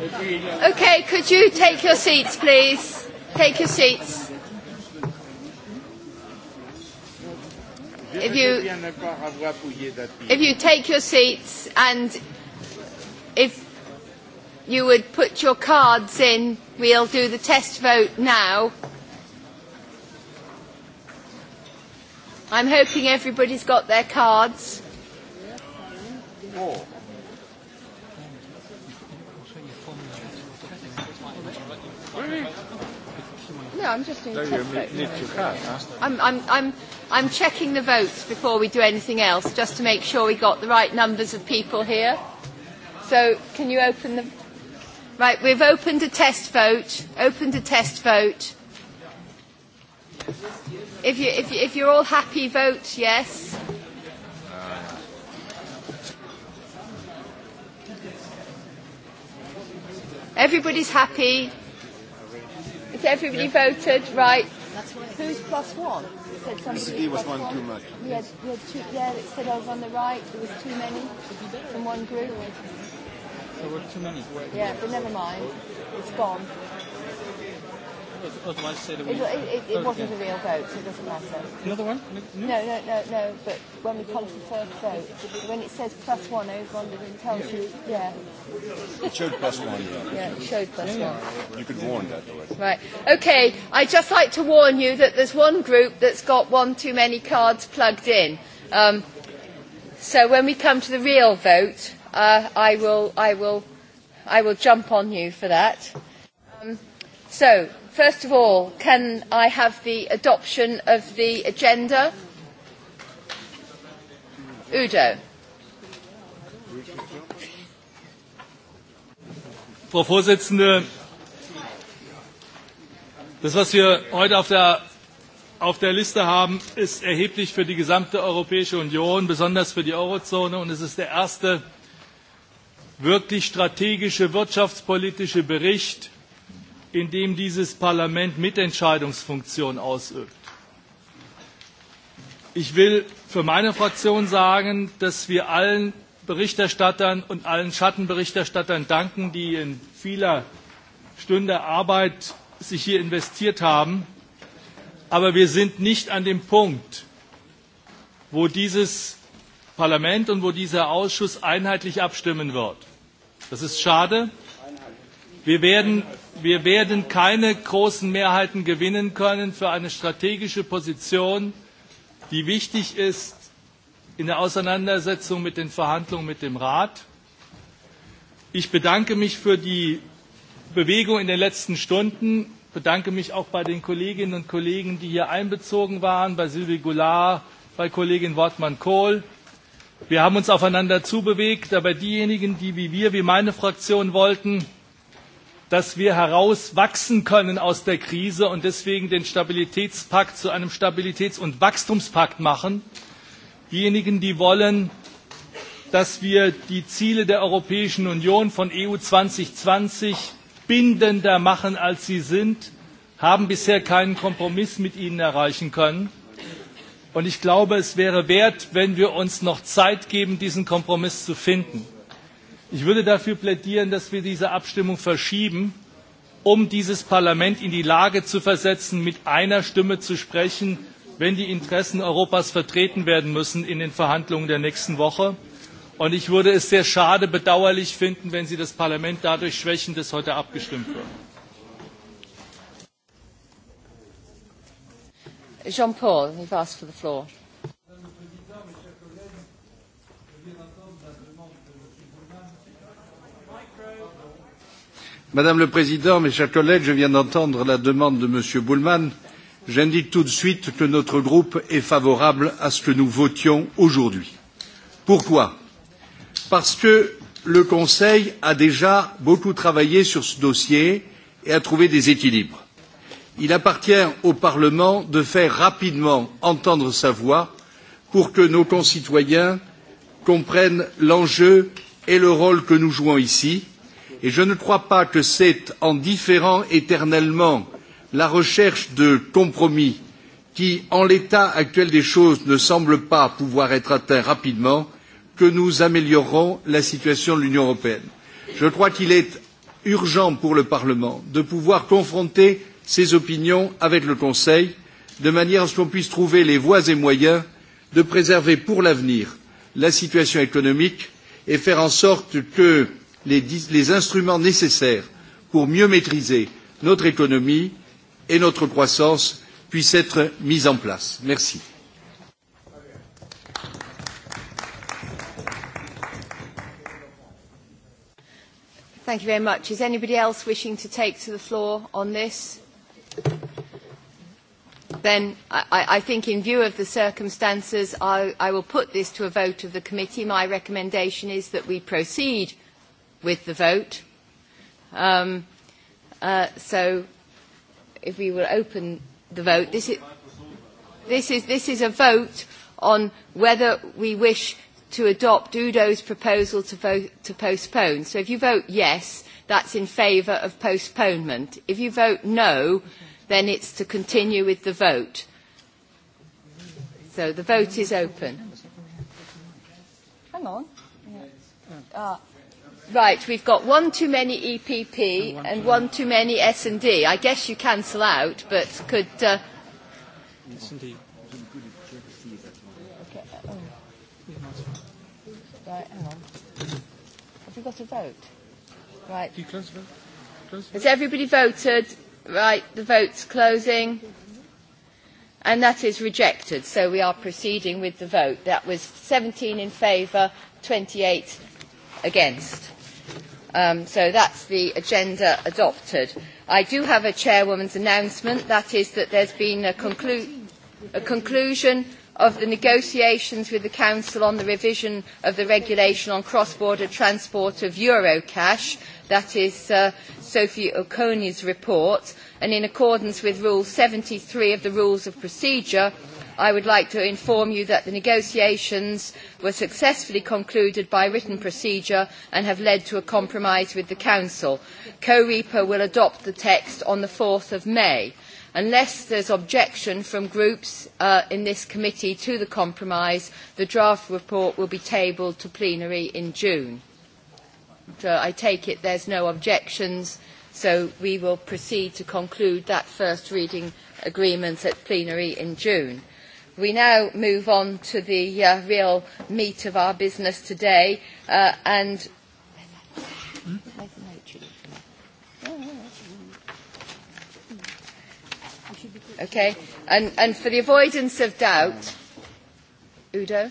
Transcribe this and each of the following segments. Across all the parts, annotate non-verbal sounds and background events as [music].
Okay, could you take your seats, please? Take your seats. If you, if you take your seats and if you would put your cards in, we'll do the test vote now. I'm hoping everybody's got their cards. Oh. No, I'm just doing I'm, I'm, I'm, I'm checking the votes before we do anything else, just to make sure we got the right numbers of people here. So, can you open the... Right, we've opened a test vote. Opened a test vote. If, you, if, you, if you're all happy, vote yes. Everybody's happy. Has everybody voted? Right. Who's plus one? Said somebody plus was one, one too much. We had, we had two, yeah, it said I was on the right there was too many from one group. There were too many. Yeah, but never mind. It's gone. Otherwise, say the it, it, it, it wasn't a real vote, so it doesn't matter. other one? No, no, no, no, no but when we call it the third vote, when it says plus one over on the it tells you, yeah. It showed plus one, yeah. Yeah, it showed plus yeah, yeah. one. You could warn that though. Right. Okay, I'd just like to warn you that there's one group that's got one too many cards plugged in. Um, so when we come to the real vote, uh, I will, I will, I will jump on you for that. Um, so First of all, can I have the adoption of the agenda? Udo. Frau Vorsitzende, das, was wir heute auf der, auf der Liste haben, ist erheblich für die gesamte Europäische Union, besonders für die Eurozone. Und es ist der erste wirklich strategische wirtschaftspolitische Bericht in dem dieses Parlament Mitentscheidungsfunktion ausübt. Ich will für meine Fraktion sagen, dass wir allen Berichterstattern und allen Schattenberichterstattern danken, die in vieler Stunde Arbeit sich hier investiert haben. Aber wir sind nicht an dem Punkt, wo dieses Parlament und wo dieser Ausschuss einheitlich abstimmen wird. Das ist schade. Wir werden Wir werden keine großen Mehrheiten gewinnen können für eine strategische Position, die wichtig ist in der Auseinandersetzung mit den Verhandlungen mit dem Rat. Ich bedanke mich für die Bewegung in den letzten Stunden, bedanke mich auch bei den Kolleginnen und Kollegen, die hier einbezogen waren, bei Sylvie Goulart, bei Kollegin Wortmann-Kohl. Wir haben uns aufeinander zubewegt, aber diejenigen, die wie wir, wie meine Fraktion wollten, dass wir herauswachsen können aus der Krise und deswegen den Stabilitätspakt zu einem Stabilitäts- und Wachstumspakt machen. Diejenigen, die wollen, dass wir die Ziele der Europäischen Union von EU 2020 bindender machen, als sie sind, haben bisher keinen Kompromiss mit ihnen erreichen können. Und ich glaube, es wäre wert, wenn wir uns noch Zeit geben, diesen Kompromiss zu finden. Ich würde dafür plädieren, dass wir diese Abstimmung verschieben, um dieses Parlament in die Lage zu versetzen, mit einer Stimme zu sprechen, wenn die Interessen Europas vertreten werden müssen in den Verhandlungen der nächsten Woche. Und ich würde es sehr schade, bedauerlich finden, wenn Sie das Parlament dadurch schwächen, dass heute abgestimmt wird. Jean-Paul, you've asked for the floor. Madame le Président, mes chers collègues, je viens d'entendre la demande de M. Bullman. J'indique tout de suite que notre groupe est favorable à ce que nous votions aujourd'hui. Pourquoi Parce que le Conseil a déjà beaucoup travaillé sur ce dossier et a trouvé des équilibres. Il appartient au Parlement de faire rapidement entendre sa voix pour que nos concitoyens comprennent l'enjeu et le rôle que nous jouons ici Et je ne crois pas que c'est en différant éternellement la recherche de compromis qui, en l'état actuel des choses, ne semble pas pouvoir être atteint rapidement, que nous améliorerons la situation de l'Union européenne. Je crois qu'il est urgent pour le Parlement de pouvoir confronter ses opinions avec le Conseil, de manière à ce qu'on puisse trouver les voies et moyens de préserver pour l'avenir la situation économique et faire en sorte que les, les instruments nécessaires pour mieux maîtriser notre économie et notre croissance puissent être mis en place. Merci. Thank you very much. Is anybody else wishing to take to the floor on this? Then I, I think in view of the circumstances, I, I will put this to a vote of the committee. My recommendation is that we proceed with the vote. Um, uh, so if we will open the vote, this is, this is, this is a vote on whether we wish to adopt Udo's proposal to, vote, to postpone. So if you vote yes, that's in favour of postponement. If you vote no, then it's to continue with the vote. So the vote is open. Hang on. Yeah. Uh, Right, we've got one too many EPP and one, and one too many S&D. I guess you cancel out, but could... Uh... S&D. Uh, oh. Right, hang on. Have we got a vote? Right. You close the vote. Close the vote. Has everybody voted? Right, the vote's closing. And that is rejected, so we are proceeding with the vote. That was 17 in favour, 28 against. Um, so that's the agenda adopted. I do have a chairwoman's announcement. That is that there's been a, conclu a conclusion of the negotiations with the Council on the revision of the regulation on cross-border transport of Eurocash. That is uh, Sophie O'Coney's report. And in accordance with Rule 73 of the Rules of Procedure, I would like to inform you that the negotiations were successfully concluded by written procedure and have led to a compromise with the Council. COREPA will adopt the text on the 4th of May. Unless there is objection from groups uh, in this committee to the compromise, the draft report will be tabled to plenary in June. So uh, I take it there is no objections, so we will proceed to conclude that first reading agreement at plenary in June. We now move on to the uh, real meat of our business today uh, and Okay, and, and for the avoidance of doubt, Udo?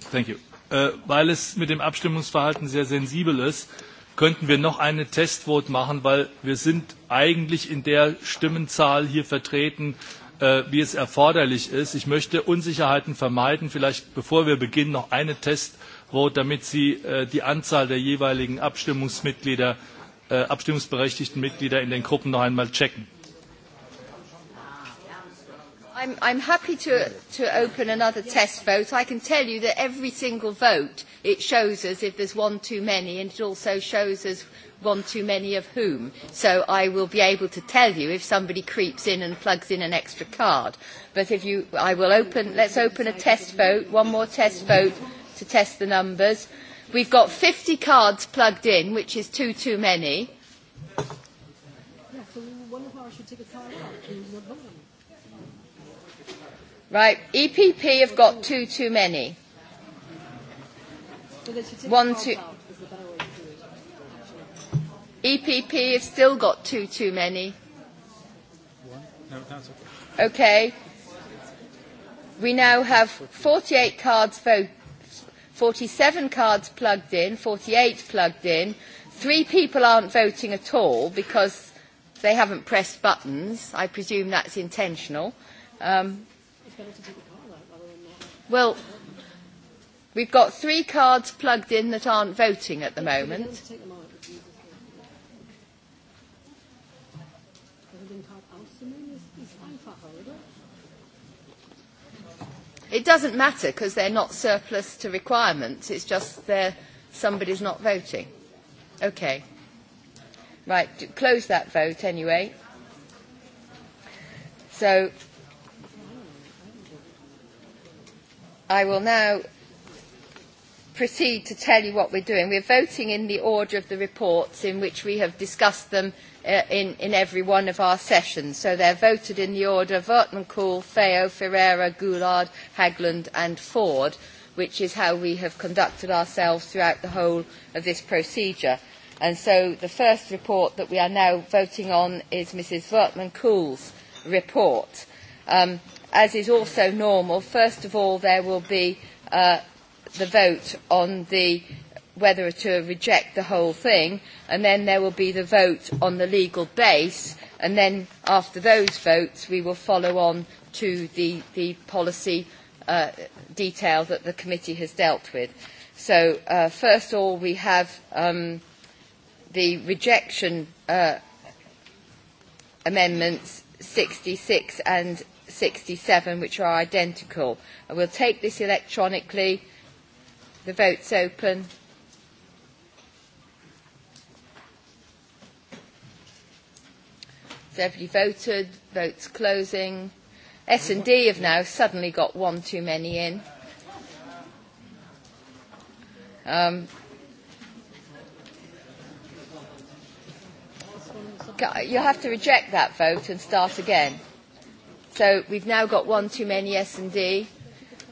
Thank you. Uh, weil es mit dem Abstimmungsverhalten sehr sensibel ist, könnten wir noch eine Testvote machen, weil wir sind eigentlich in der Stimmenzahl hier vertreten, äh, wie es erforderlich ist. Ich möchte Unsicherheiten vermeiden. Vielleicht, bevor wir beginnen, noch eine Testvote, damit Sie äh, die Anzahl der jeweiligen Abstimmungsmitglieder, äh, abstimmungsberechtigten Mitglieder in den Gruppen noch einmal checken. I'm, I'm happy to, to open another test vote. I can tell you that every single vote, it shows us if there's one too many, and it also shows us one too many of whom. So I will be able to tell you if somebody creeps in and plugs in an extra card. But if you, I will open, let's open a test vote, one more test vote to test the numbers. We've got 50 cards plugged in, which is too, too many. Yeah, so one of our should take a card out. Right, EPP have got two too many. One, two. EPP have still got two too many. Okay. We now have 48 cards vote, 47 cards plugged in, 48 plugged in. Three people aren't voting at all because they haven't pressed buttons. I presume that's intentional. Um, Well, we've got three cards plugged in that aren't voting at the moment. It doesn't matter because they're not surplus to requirements. It's just that somebody's not voting. Okay. Right, close that vote anyway. So I will now proceed to tell you what we're doing. We're voting in the order of the reports in which we have discussed them uh, in, in every one of our sessions. So they're voted in the order of Vertmann kuhl Feo, Ferreira, Goulard, Hagland and Ford, which is how we have conducted ourselves throughout the whole of this procedure. And so the first report that we are now voting on is Mrs. Vertman kuhls report. Um, as is also normal, first of all there will be uh, the vote on the whether to reject the whole thing, and then there will be the vote on the legal base, and then after those votes we will follow on to the, the policy uh, detail that the committee has dealt with. So uh, first of all we have um, the rejection uh, amendments 66 and 67, which are identical. And we'll take this electronically. The vote's open. Has everybody voted? Votes closing. S&D have now suddenly got one too many in. Um, you have to reject that vote and start again. So we've now got one too many S and D.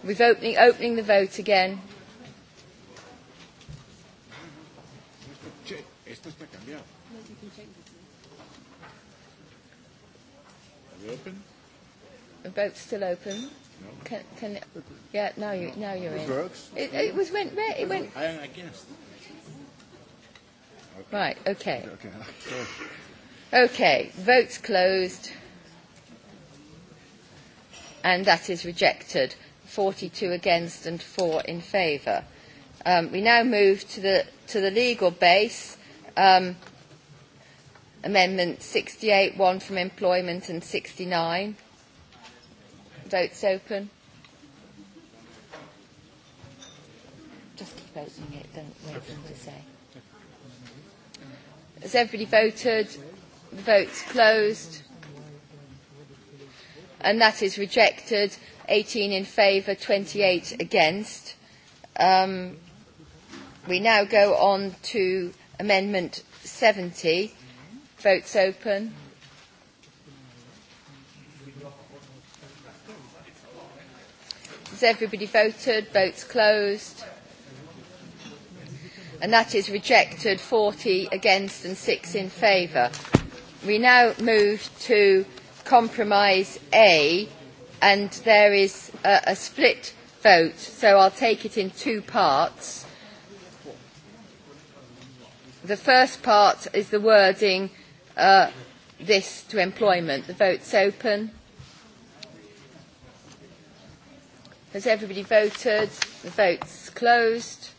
We've opening, opening the vote again. Open? The vote's still open. No. Can, can, yeah, now, you, now you're it in. Works. It, it was went red. It went. I, I guessed. Okay. Right. Okay. Okay. okay. Votes closed and that is rejected. 42 against and 4 in favour. Um, we now move to the, to the legal base. Um, amendment 68, one from employment and 69. Votes open. Just keep opening it, don't wait for them to say. Has everybody voted? The vote's closed and that is rejected. 18 in favour, 28 against. Um, we now go on to Amendment 70. Votes open. Has everybody voted? Votes closed. And that is rejected, 40 against and 6 in favour. We now move to compromise A and there is a, a split vote, so I'll take it in two parts. The first part is the wording uh, this to employment. The vote's open. Has everybody voted? The vote's closed.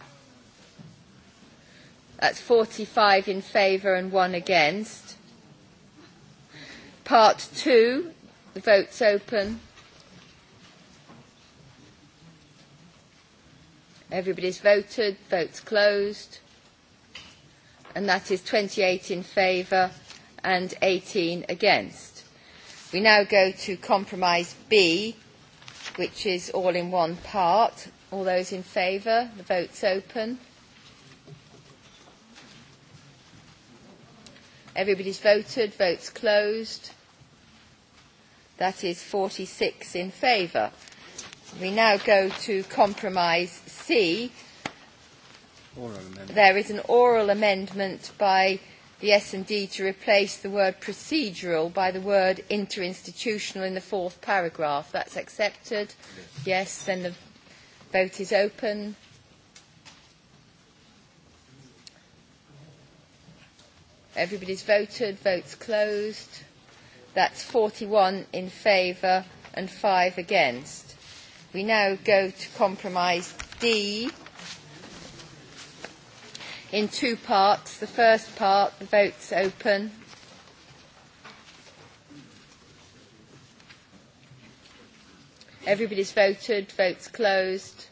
That's 45 in favour and one against. Part 2, the vote's open. Everybody's voted, votes closed. And that is 28 in favour and 18 against. We now go to compromise B, which is all in one part. All those in favour, the vote's open. Everybody's voted. Votes closed. That is 46 in favour. We now go to compromise C. Oral There is an oral amendment by the S&D to replace the word procedural by the word interinstitutional in the fourth paragraph. That's accepted. Yes, yes then the vote is open. Everybody's voted. Votes closed. That's 41 in favour and 5 against. We now go to compromise D in two parts. The first part, the vote's open. Everybody's voted, votes closed.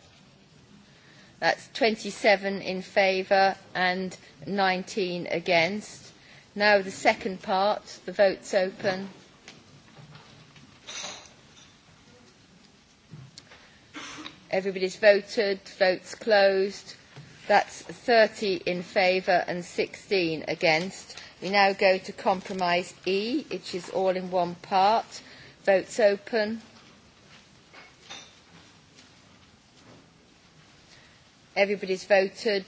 That's 27 in favour and 19 against. Now the second part, the vote's open. Everybody's voted, votes closed. That's 30 in favour and 16 against. We now go to compromise E, which is all in one part. Votes open. Everybody's voted,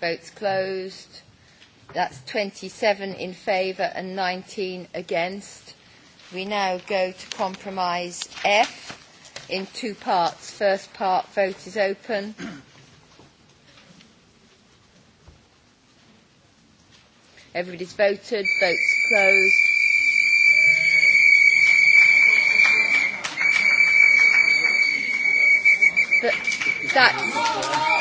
votes closed. That's 27 in favour and 19 against. We now go to compromise F in two parts. First part, vote is open. [coughs] Everybody's voted, votes closed. But that's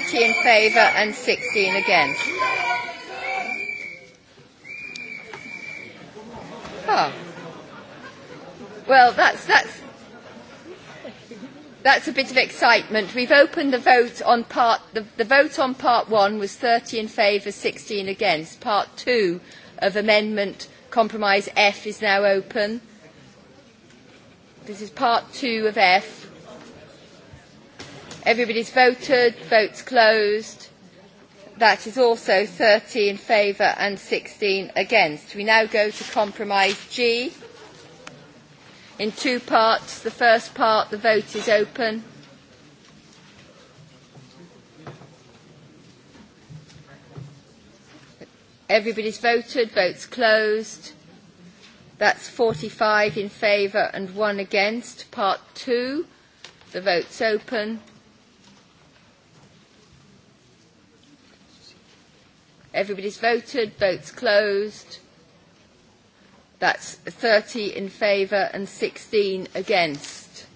30 in favour and 16 against. Oh. Well, that's, that's, that's a bit of excitement. We've opened the vote on part, the, the vote on part one was 30 in favour, 16 against. Part two of amendment compromise F is now open. This is part two of F. Everybody's voted, votes closed. That is also 30 in favour and 16 against. We now go to compromise G. In two parts, the first part, the vote is open. Everybody's voted, votes closed. That's 45 in favour and one against. Part two, the vote's open. Everybody's voted, votes closed. That's 30 in favour and 16 against.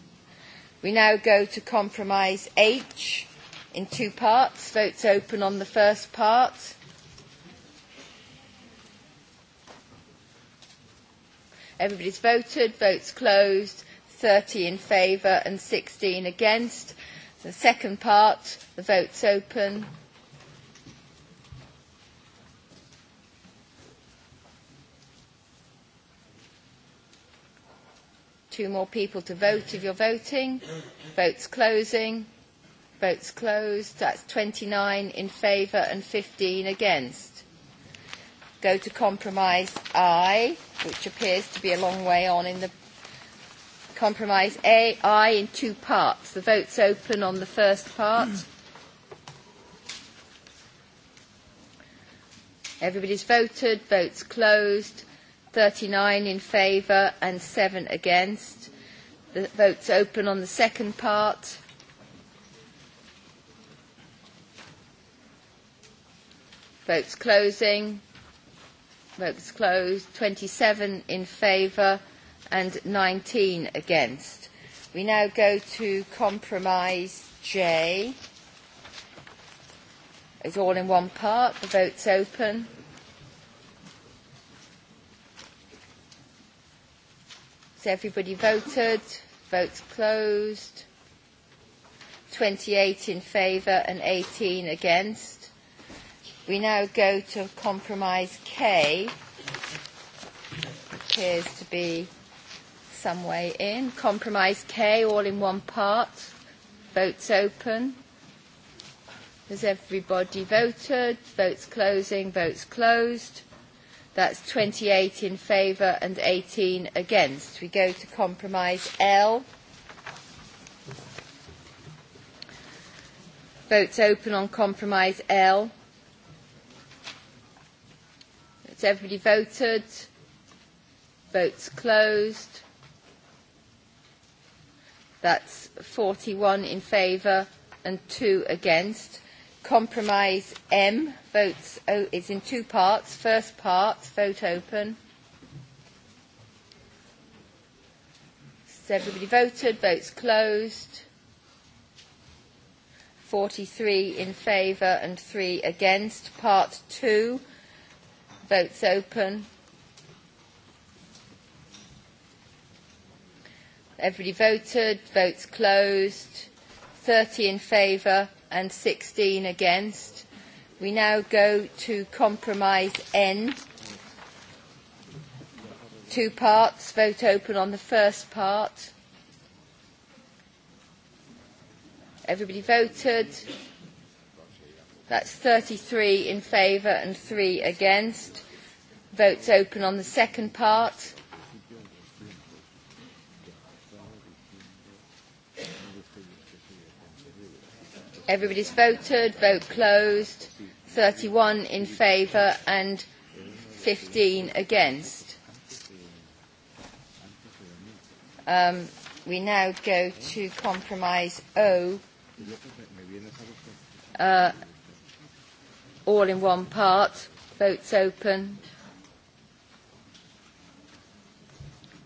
We now go to compromise H in two parts. Votes open on the first part. Everybody's voted, votes closed, 30 in favour and 16 against. The second part, the vote's open. Two more people to vote if you're voting. Votes closing. Votes closed. That's 29 in favour and 15 against. Go to compromise I, which appears to be a long way on in the compromise A, I in two parts. The vote's open on the first part. Everybody's voted. Votes closed. 39 in favour and 7 against. The vote's open on the second part. Votes closing. Votes closed. 27 in favour and 19 against. We now go to compromise J. It's all in one part. The vote's open. everybody voted? Votes closed. 28 in favour and 18 against. We now go to compromise K. Appears to be some way in. Compromise K, all in one part. Votes open. Has everybody voted? Votes closing, votes closed. That's 28 in favour and 18 against. We go to compromise L. Votes open on compromise L. Has everybody voted? Votes closed. That's 41 in favour and 2 against. Compromise M votes, oh, it's in two parts. First part, vote open. So everybody voted, votes closed. 43 in favour and 3 against. Part 2, votes open. Everybody voted, votes closed. 30 in favour, and 16 against. We now go to compromise N. Two parts. Vote open on the first part. Everybody voted. That's 33 in favour and 3 against. Votes open on the second part. Everybody's voted, vote closed, 31 in favour and 15 against. Um, we now go to compromise O, uh, all in one part, votes open.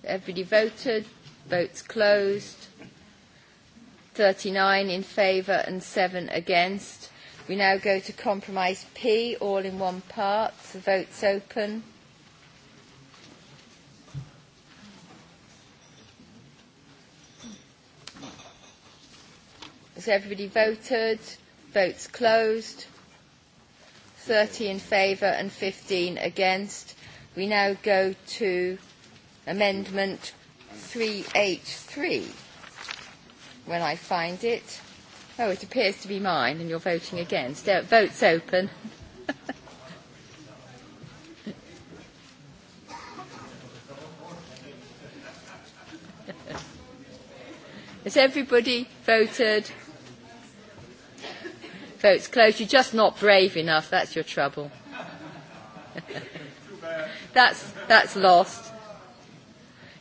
Everybody voted, votes closed. 39 in favour and 7 against. We now go to compromise P, all in one part. The vote's open. Has everybody voted? Votes closed. 30 in favour and 15 against. We now go to amendment 383 when I find it. Oh, it appears to be mine, and you're voting against. Uh, vote's open. [laughs] Has everybody voted? Votes closed. You're just not brave enough. That's your trouble. [laughs] that's, that's lost.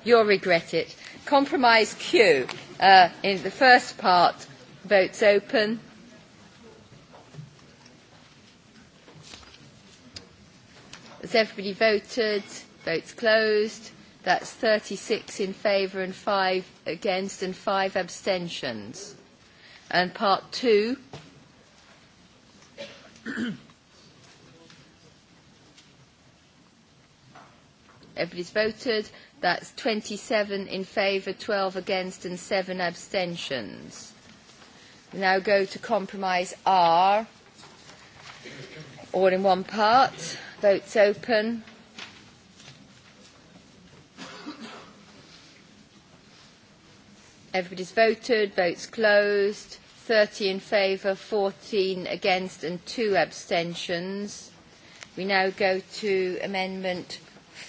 You'll regret it. Compromise Q uh, in the first part. Votes open. Has everybody voted? Votes closed. That's 36 in favour and 5 against and 5 abstentions. And part 2. [coughs] Everybody's voted. That's 27 in favour, 12 against and 7 abstentions. We now go to compromise R. All in one part. Votes open. Everybody's voted. Votes closed. 30 in favour, 14 against and 2 abstentions. We now go to amendment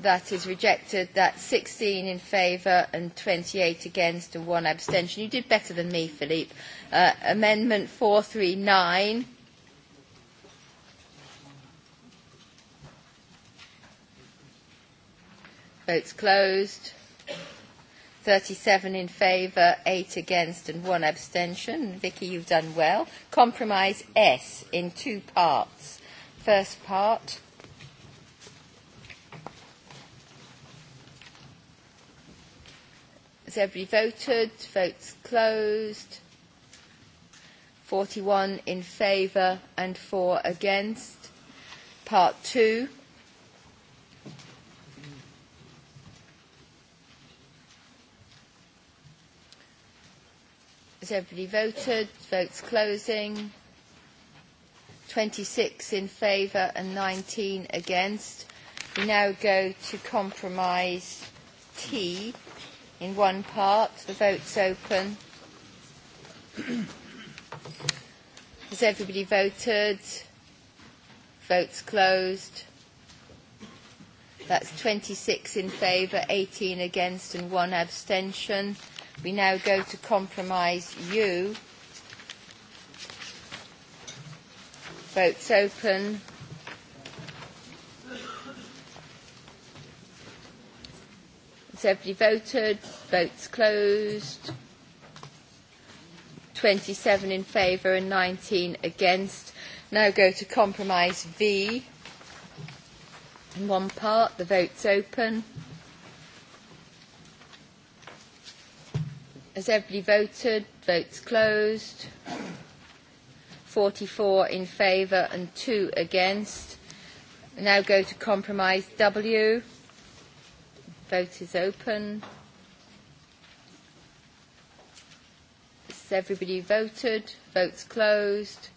That is rejected. That's 16 in favour and 28 against and one abstention. You did better than me, Philippe. Uh, amendment 439. Votes closed. 37 in favour, 8 against and 1 abstention. Vicky, you've done well. Compromise S in two parts. First part. Has everybody voted? Votes closed. 41 in favour and 4 against. Part 2. Has everybody voted? Votes closing. 26 in favour and 19 against. We now go to compromise T in one part. The vote's open. [clears throat] Has everybody voted? Votes closed. That's 26 in favour, 18 against and one abstention. We now go to compromise U. Votes open. Has everybody voted? Votes closed. 27 in favour and 19 against. Now go to compromise V. In one part, the vote's open. Has everybody voted? Votes closed. 44 in favour and 2 against. Now go to compromise W. Vote is open. Has everybody voted? Votes closed.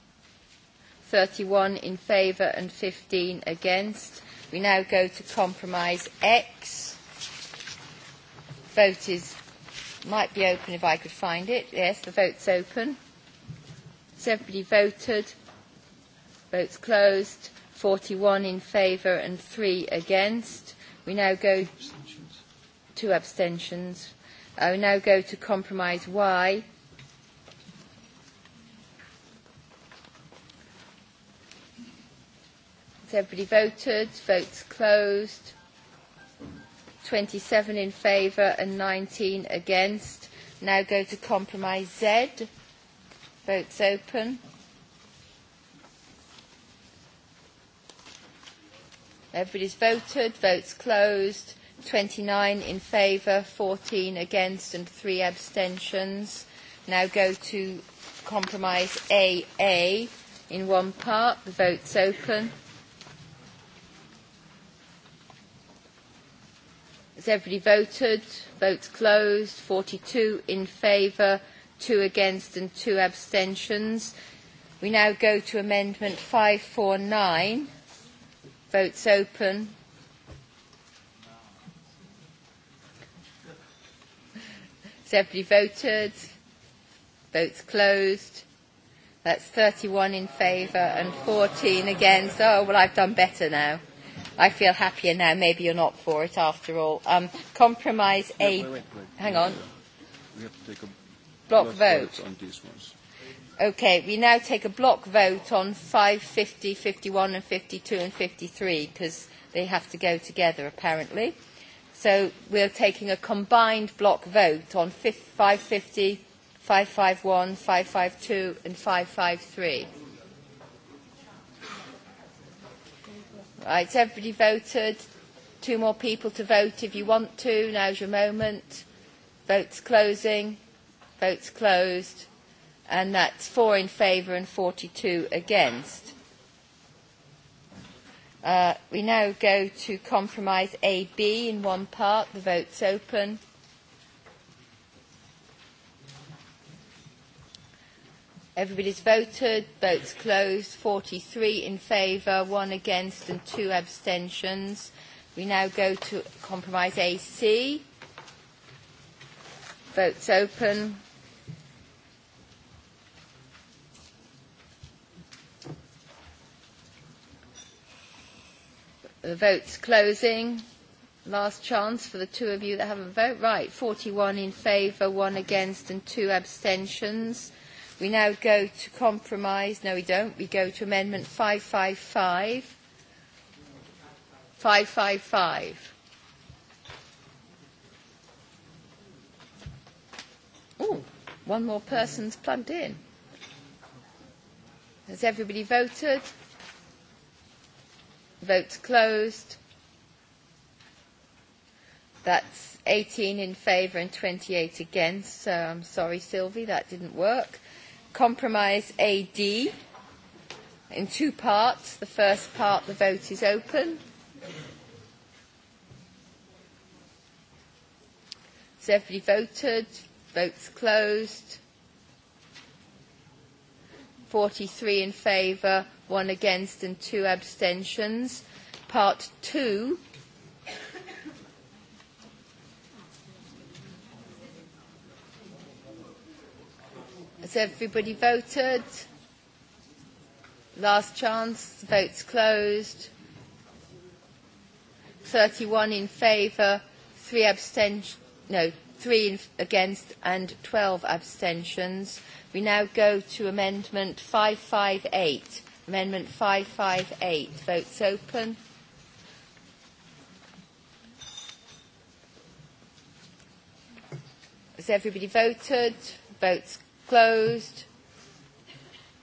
31 in favour and 15 against. We now go to compromise X. Vote is, might be open if I could find it. Yes, the vote's open. Has everybody voted? Votes closed. 41 in favour and 3 against. We now go abstentions. to abstentions. I uh, now go to compromise Y. Has everybody voted? Votes closed. 27 in favour and 19 against. Now go to compromise Z. Votes open. Everybody's voted. Votes closed. 29 in favour, 14 against and 3 abstentions. Now go to compromise AA in one part. The vote's open. Has everybody voted? Votes closed. 42 in favour, 2 against and 2 abstentions. We now go to amendment 549. Votes open. Has everybody voted? Votes closed. That's 31 in favour and 14 against. Oh, well, I've done better now. I feel happier now. Maybe you're not for it after all. Um, compromise A. wait, wait, wait. Hang on. We have to take a block, block vote. vote on these ones. Okay, we now take a block vote on 550, 51 and 52 and 53 because they have to go together apparently. So we're taking a combined block vote on 550, 551, 552 and 553. Right, everybody voted. Two more people to vote if you want to. Now's your moment. Vote's closing. Vote's closed and that's four in favour and 42 against. Uh, we now go to compromise AB in one part. The vote's open. Everybody's voted. Votes closed. 43 in favour, one against and two abstentions. We now go to compromise AC. Votes open. The vote's closing. Last chance for the two of you that haven't voted. Right, 41 in favour, one against and two abstentions. We now go to compromise. No, we don't. We go to amendment 555. 555. Oh, one more person's plugged in. Has everybody voted? Votes closed. That's 18 in favour and 28 against, so I'm sorry, Sylvie, that didn't work. Compromise AD in two parts. The first part, the vote is open. Has everybody voted? Votes closed. 43 in favour, one against and two abstentions. Part two. Has everybody voted? Last chance, votes closed. 31 in favour, three abstentions, no, three in, against and 12 abstentions. We now go to amendment 558. Amendment 558. Votes open. Has everybody voted? Votes closed.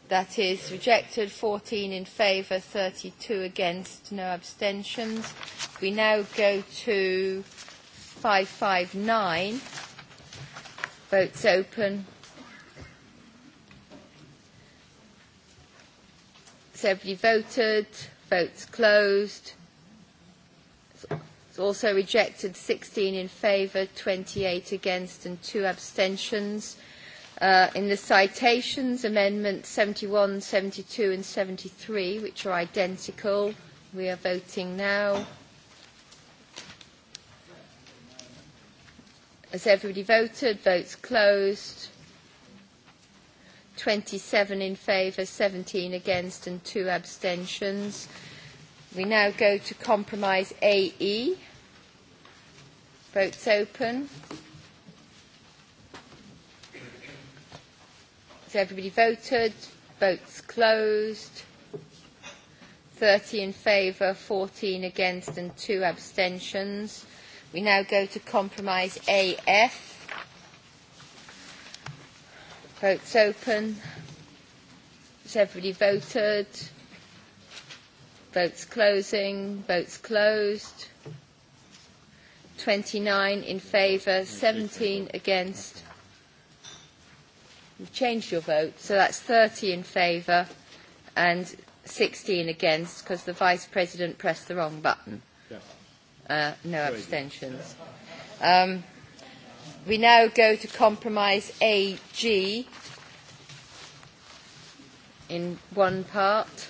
That is rejected. 14 in favour, 32 against, no abstentions. We now go to 559. Votes open. everybody voted? Votes closed. It's also rejected 16 in favour, 28 against and two abstentions. Uh, in the citations, amendments 71, 72 and 73, which are identical, we are voting now. Has everybody voted? Votes closed. 27 in favour, 17 against and two abstentions. We now go to compromise AE. Votes open. Has everybody voted? Votes closed. 30 in favour, 14 against and two abstentions. We now go to compromise AF. Votes open. Has everybody voted? Votes closing. Votes closed. 29 in favour, 17 against. You've changed your vote, so that's 30 in favour and 16 against because the Vice President pressed the wrong button. Uh, no abstentions. Um, We now go to compromise AG in one part.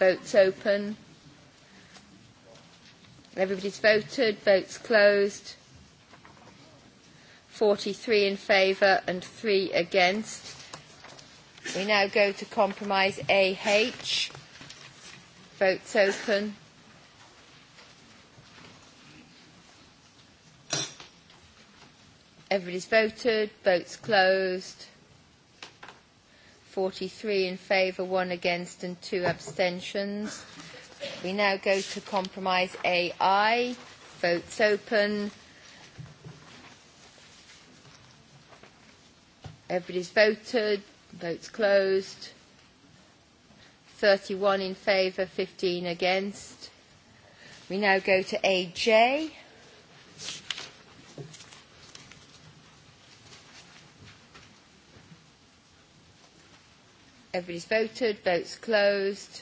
Votes open. Everybody's voted. Votes closed. 43 in favour and 3 against. We now go to compromise AH. Votes open. Everybody's voted. Votes closed. 43 in favour, one against and two abstentions. We now go to compromise AI. Votes open. Everybody's voted. Votes closed. 31 in favour, 15 against. We now go to AJ. Everybody's voted. Votes closed.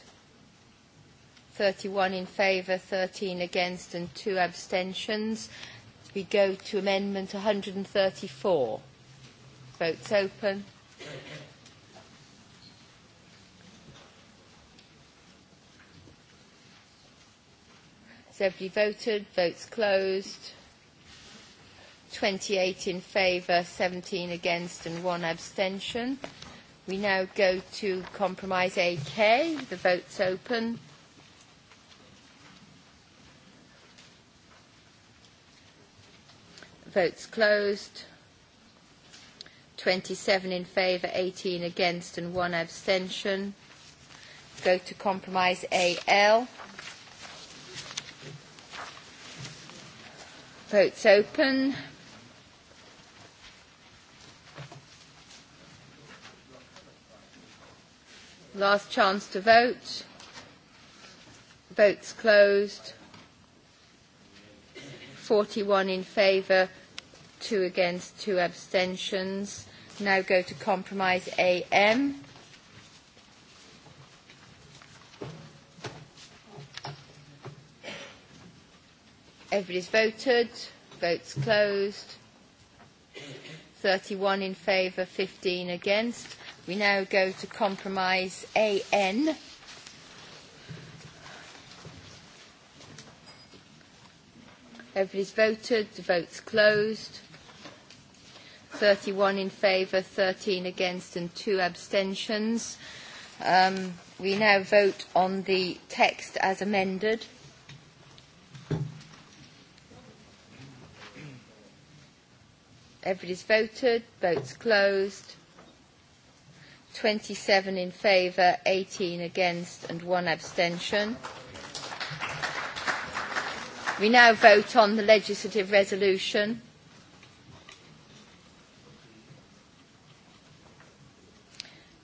31 in favour, 13 against and two abstentions. We go to Amendment 134. Votes open. Has everybody voted? Votes closed. 28 in favour, 17 against and one abstention. We now go to compromise AK. The vote's open. Votes closed. 27 in favour, 18 against and one abstention. Go to compromise AL. Votes open. Last chance to vote. Votes closed. 41 in favour, 2 against, 2 abstentions. Now go to compromise AM. Everybody's voted. Votes closed. 31 in favour, 15 against. We now go to compromise AN. Everybody's voted, the vote's closed. 31 in favour, 13 against and two abstentions. Um, we now vote on the text as amended. Everybody's voted, votes closed. 27 in favour, 18 against and one abstention. We now vote on the legislative resolution.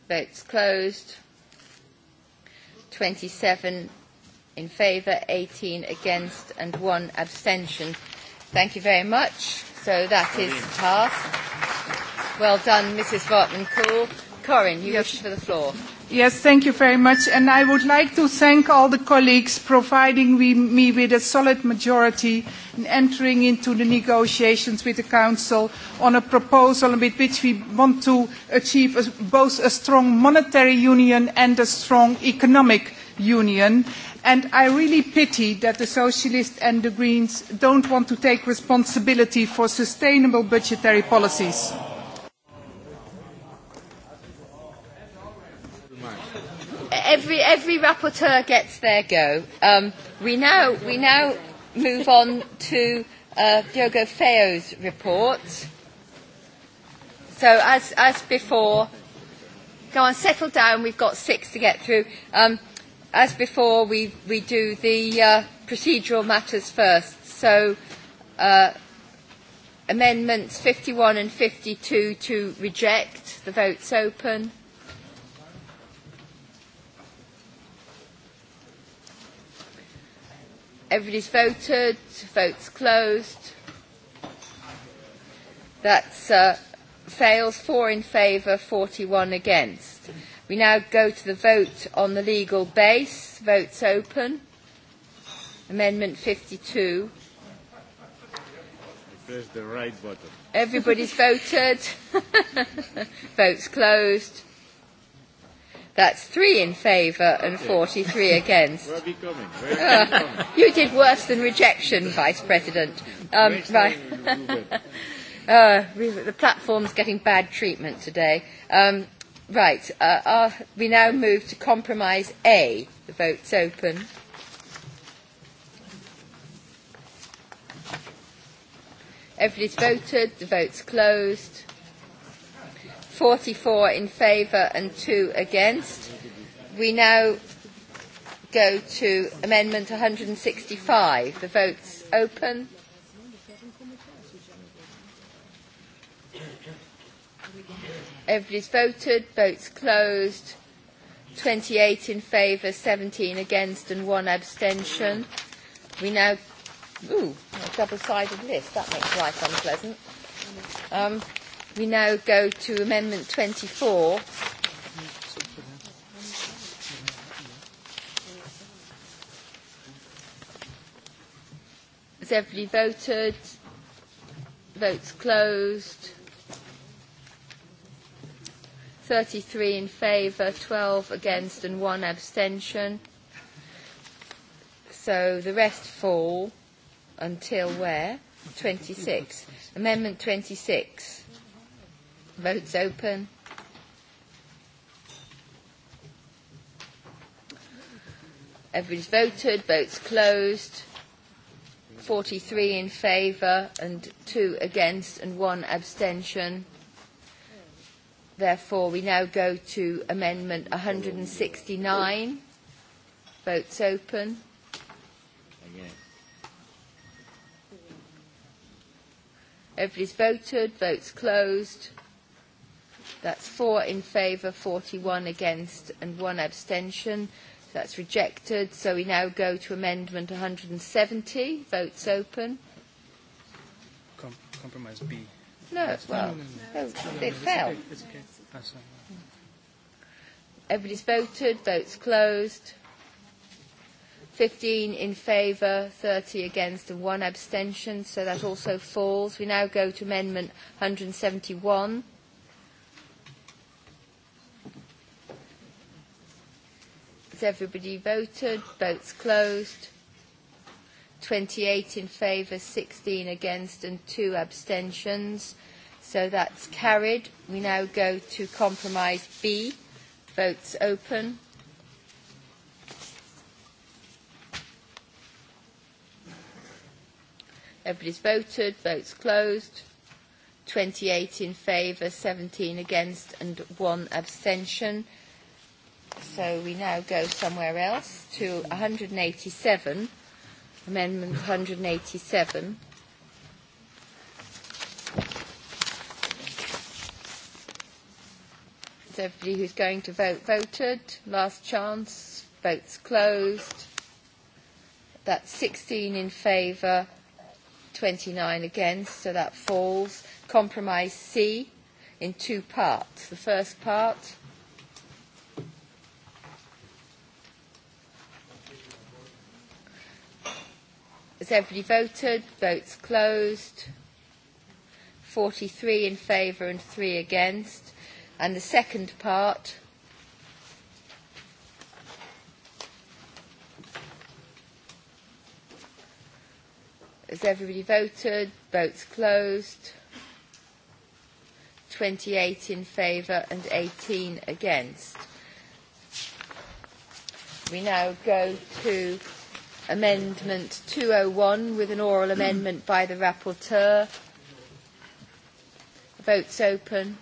Votes closed. 27 in favour, 18 against and one abstention. Thank you very much. So that is passed. Well done, Mrs. Vartman-Cool. Corin, you yes. wish for the floor. Yes, thank you very much. And I would like to thank all the colleagues providing we, me with a solid majority in entering into the negotiations with the Council on a proposal with which we want to achieve a, both a strong monetary union and a strong economic union. And I really pity that the Socialists and the Greens don't want to take responsibility for sustainable budgetary policies. every, every rapporteur gets their go. Um, we, now, we now move on to uh, Diogo Feo's report. So as, as before, go on, settle down. We've got six to get through. Um, as before, we, we do the uh, procedural matters first. So uh, amendments 51 and 52 to reject. The vote's open. Everybody's voted, votes closed. That uh, fails, four in favour, 41 against. We now go to the vote on the legal base. Votes open. Amendment 52. Press the right button. Everybody's voted. [laughs] Votes closed. That's three in favour and 43 [laughs] against. Where are we coming? Where are we ah, coming? Uh, [laughs] you did worse than rejection, [laughs] Vice President. Um, right. uh, the platform's getting bad treatment today. Um, right. Uh, our, we now move to compromise A. The vote's open. Everybody's voted. The vote's closed. 44 in favour and 2 against. We now go to Amendment 165. The vote's open. Everybody's voted, votes closed. 28 in favour, 17 against and one abstention. We now, ooh, a double-sided list, that makes life unpleasant. Um, We now go to Amendment 24. Has everybody voted? Votes closed. 33 in favour, 12 against and one abstention. So the rest fall until where? 26. Amendment 26. Votes open. Everybody's voted. Votes closed. 43 in favour and two against and one abstention. Therefore, we now go to Amendment 169. Votes open. Everybody's voted. Votes closed. That's four in favour, 41 against and one abstention. That's rejected. So we now go to amendment 170. Votes open. Com compromise B. No, That's well, no, no, no. no, no it fell. Okay. It's okay. That's fine. Everybody's voted. Votes closed. 15 in favour, 30 against and one abstention. So that also falls. We now go to amendment 171. Has everybody voted? Votes closed. 28 in favour, 16 against and two abstentions. So that's carried. We now go to compromise B. Votes open. Everybody's voted. Votes closed. 28 in favour, 17 against and one abstention. So we now go somewhere else to 187, Amendment 187. Is everybody who's going to vote voted? Last chance. Votes closed. That's 16 in favour, 29 against, so that falls. Compromise C in two parts. The first part Has everybody voted? Votes closed. 43 in favour and 3 against. And the second part. Has everybody voted? Votes closed. 28 in favour and 18 against. We now go to Amendment 201 with an oral amendment by the rapporteur. Votes open.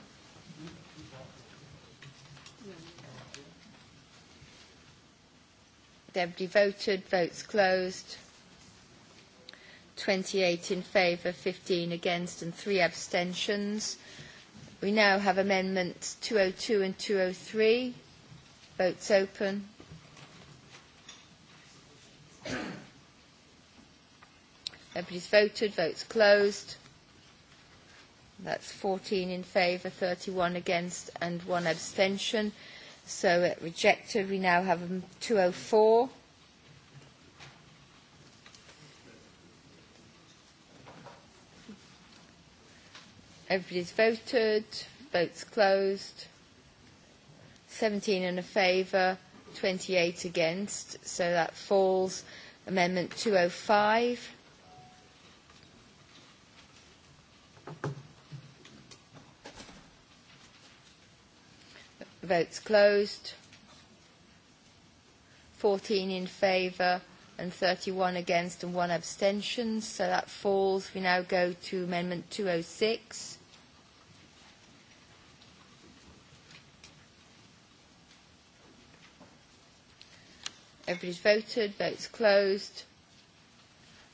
Deputy voted, votes closed. 28 in favour, 15 against and 3 abstentions. We now have amendments 202 and 203. Votes open. Everybody's voted, votes closed. That's 14 in favour, 31 against and one abstention. So it uh, rejected. We now have 204. Um, Everybody's voted, votes closed. 17 in a favour, 28 against, so that falls. Amendment 205. Votes closed. 14 in favour and 31 against and one abstention, so that falls. We now go to Amendment 206. Everybody's voted. Votes closed.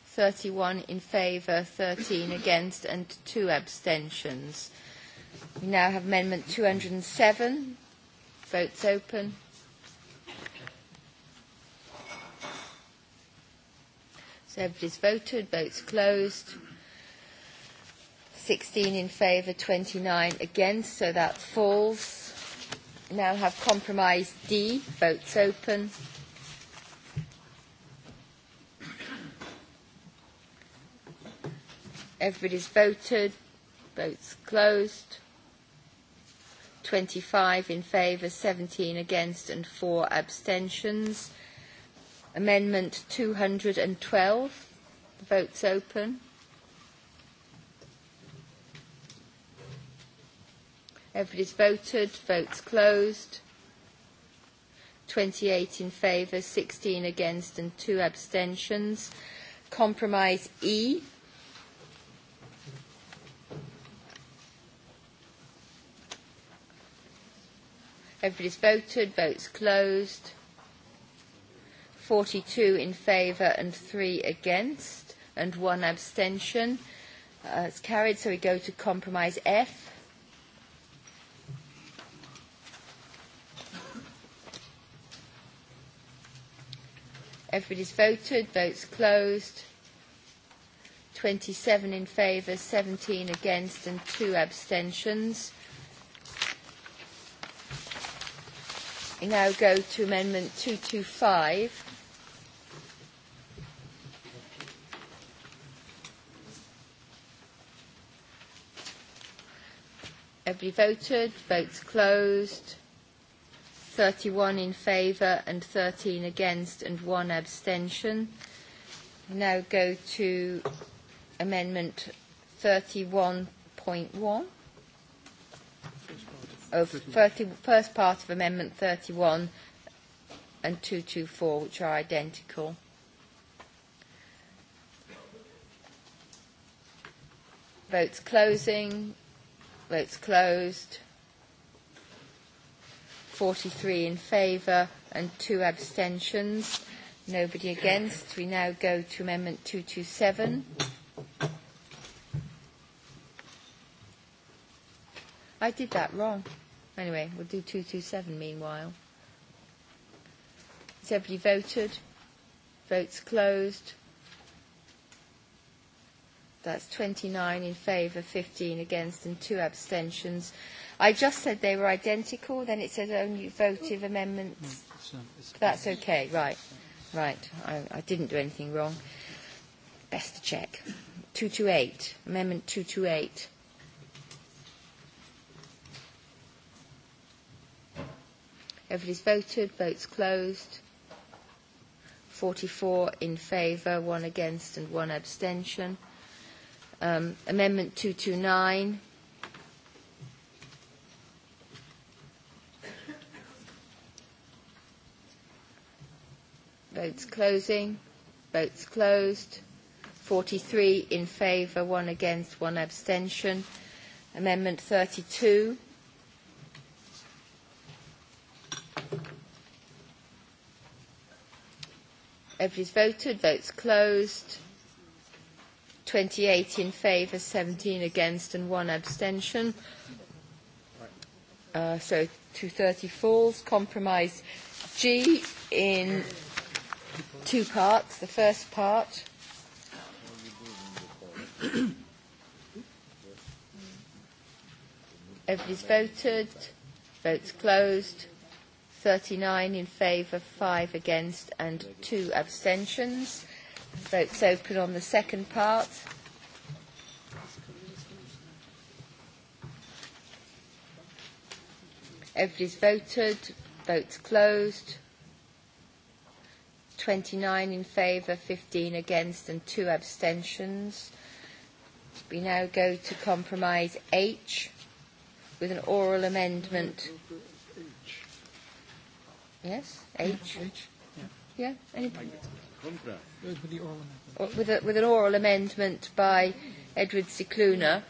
31 in favour, 13 against and two abstentions. We now have Amendment 207. Votes open. So everybody's voted, votes closed. 16 in favour, 29 against, so that falls. We Now have compromise D, votes open. Everybody's voted. Votes closed. 25 in favour, 17 against and 4 abstentions. Amendment 212. The vote's open. Everybody's voted. Votes closed. 28 in favour, 16 against and 2 abstentions. Compromise E. Everybody's voted. Votes closed. 42 in favour and 3 against and 1 abstention. Uh, it's carried, so we go to compromise F. Everybody's voted. Votes closed. 27 in favour, 17 against and 2 abstentions. We now go to Amendment 225. Everybody voted, votes closed. 31 in favour and 13 against and one abstention. Now go to Amendment 31.1 of 30, first part of Amendment 31 and 224, which are identical. Votes closing. Votes closed. 43 in favour and two abstentions. Nobody against. We now go to Amendment 227. I did that wrong. Anyway, we'll do 227 meanwhile. Has everybody voted? Votes closed. That's 29 in favour, 15 against and two abstentions. I just said they were identical, then it says only votive amendments. That's okay, right. Right, I, I didn't do anything wrong. Best to check. 228, Amendment 228. Everybody's voted. Votes closed. 44 in favour, one against and one abstention. Um, amendment 229. Votes closing. Votes closed. 43 in favour, one against, one abstention. Amendment 32. Everybody's voted. Votes closed. 28 in favour, 17 against and one abstention. Uh, so 230 falls. Compromise G in two parts. The first part. Everybody's voted. Votes closed. 39 in favour, 5 against and 2 abstentions. Votes open on the second part. Everybody's voted. Votes closed. 29 in favour, 15 against and 2 abstentions. We now go to compromise H with an oral amendment. Mm -hmm Yes? H? H? Yeah, anybody? With, oh, With, a, with an oral amendment by Edward Cicluna.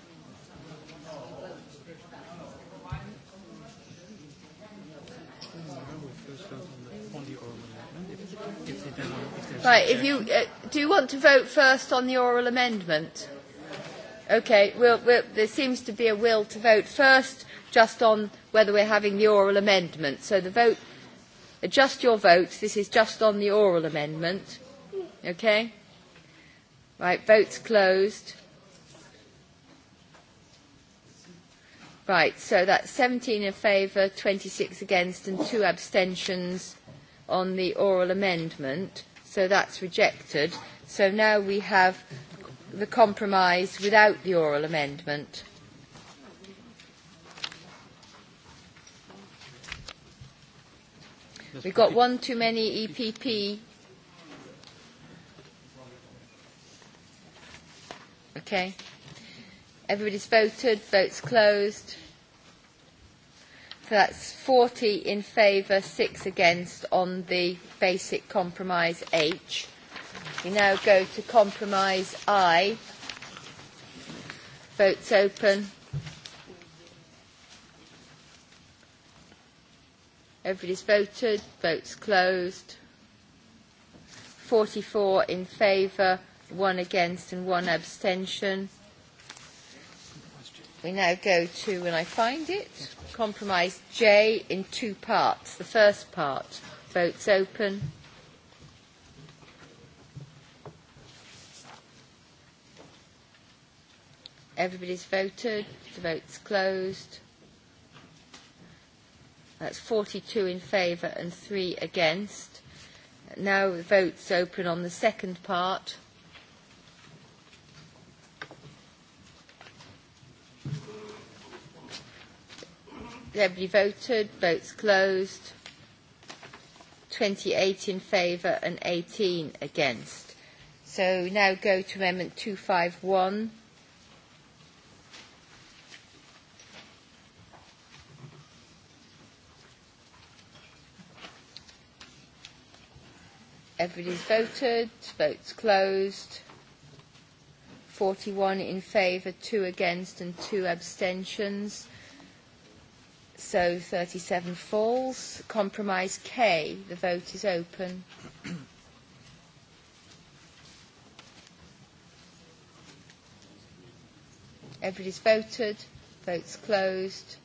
Right, if you, uh, do you want to vote first on the oral amendment? Okay, we'll, we'll, there seems to be a will to vote first just on whether we're having the oral amendment. So the vote adjust your votes. This is just on the oral amendment. Okay? Right, votes closed. Right, so that's 17 in favour, 26 against and two abstentions on the oral amendment. So that's rejected. So now we have the compromise without the oral amendment. We've got one too many EPP. Okay. Everybody's voted. Votes closed. So that's 40 in favour, 6 against on the basic compromise H. We now go to compromise I. Votes open. Everybody's voted. Votes closed. 44 in favour, one against and one abstention. We now go to, when I find it, compromise J in two parts. The first part, votes open. Everybody's voted. The vote's closed. That's 42 in favour and 3 against. Now the vote's open on the second part. Everybody voted, votes closed. 28 in favour and 18 against. So we now go to Amendment 251. Everybody's voted. Votes closed. 41 in favour, 2 against and 2 abstentions. So 37 falls. Compromise K. The vote is open. [clears throat] Everybody's voted. Votes closed.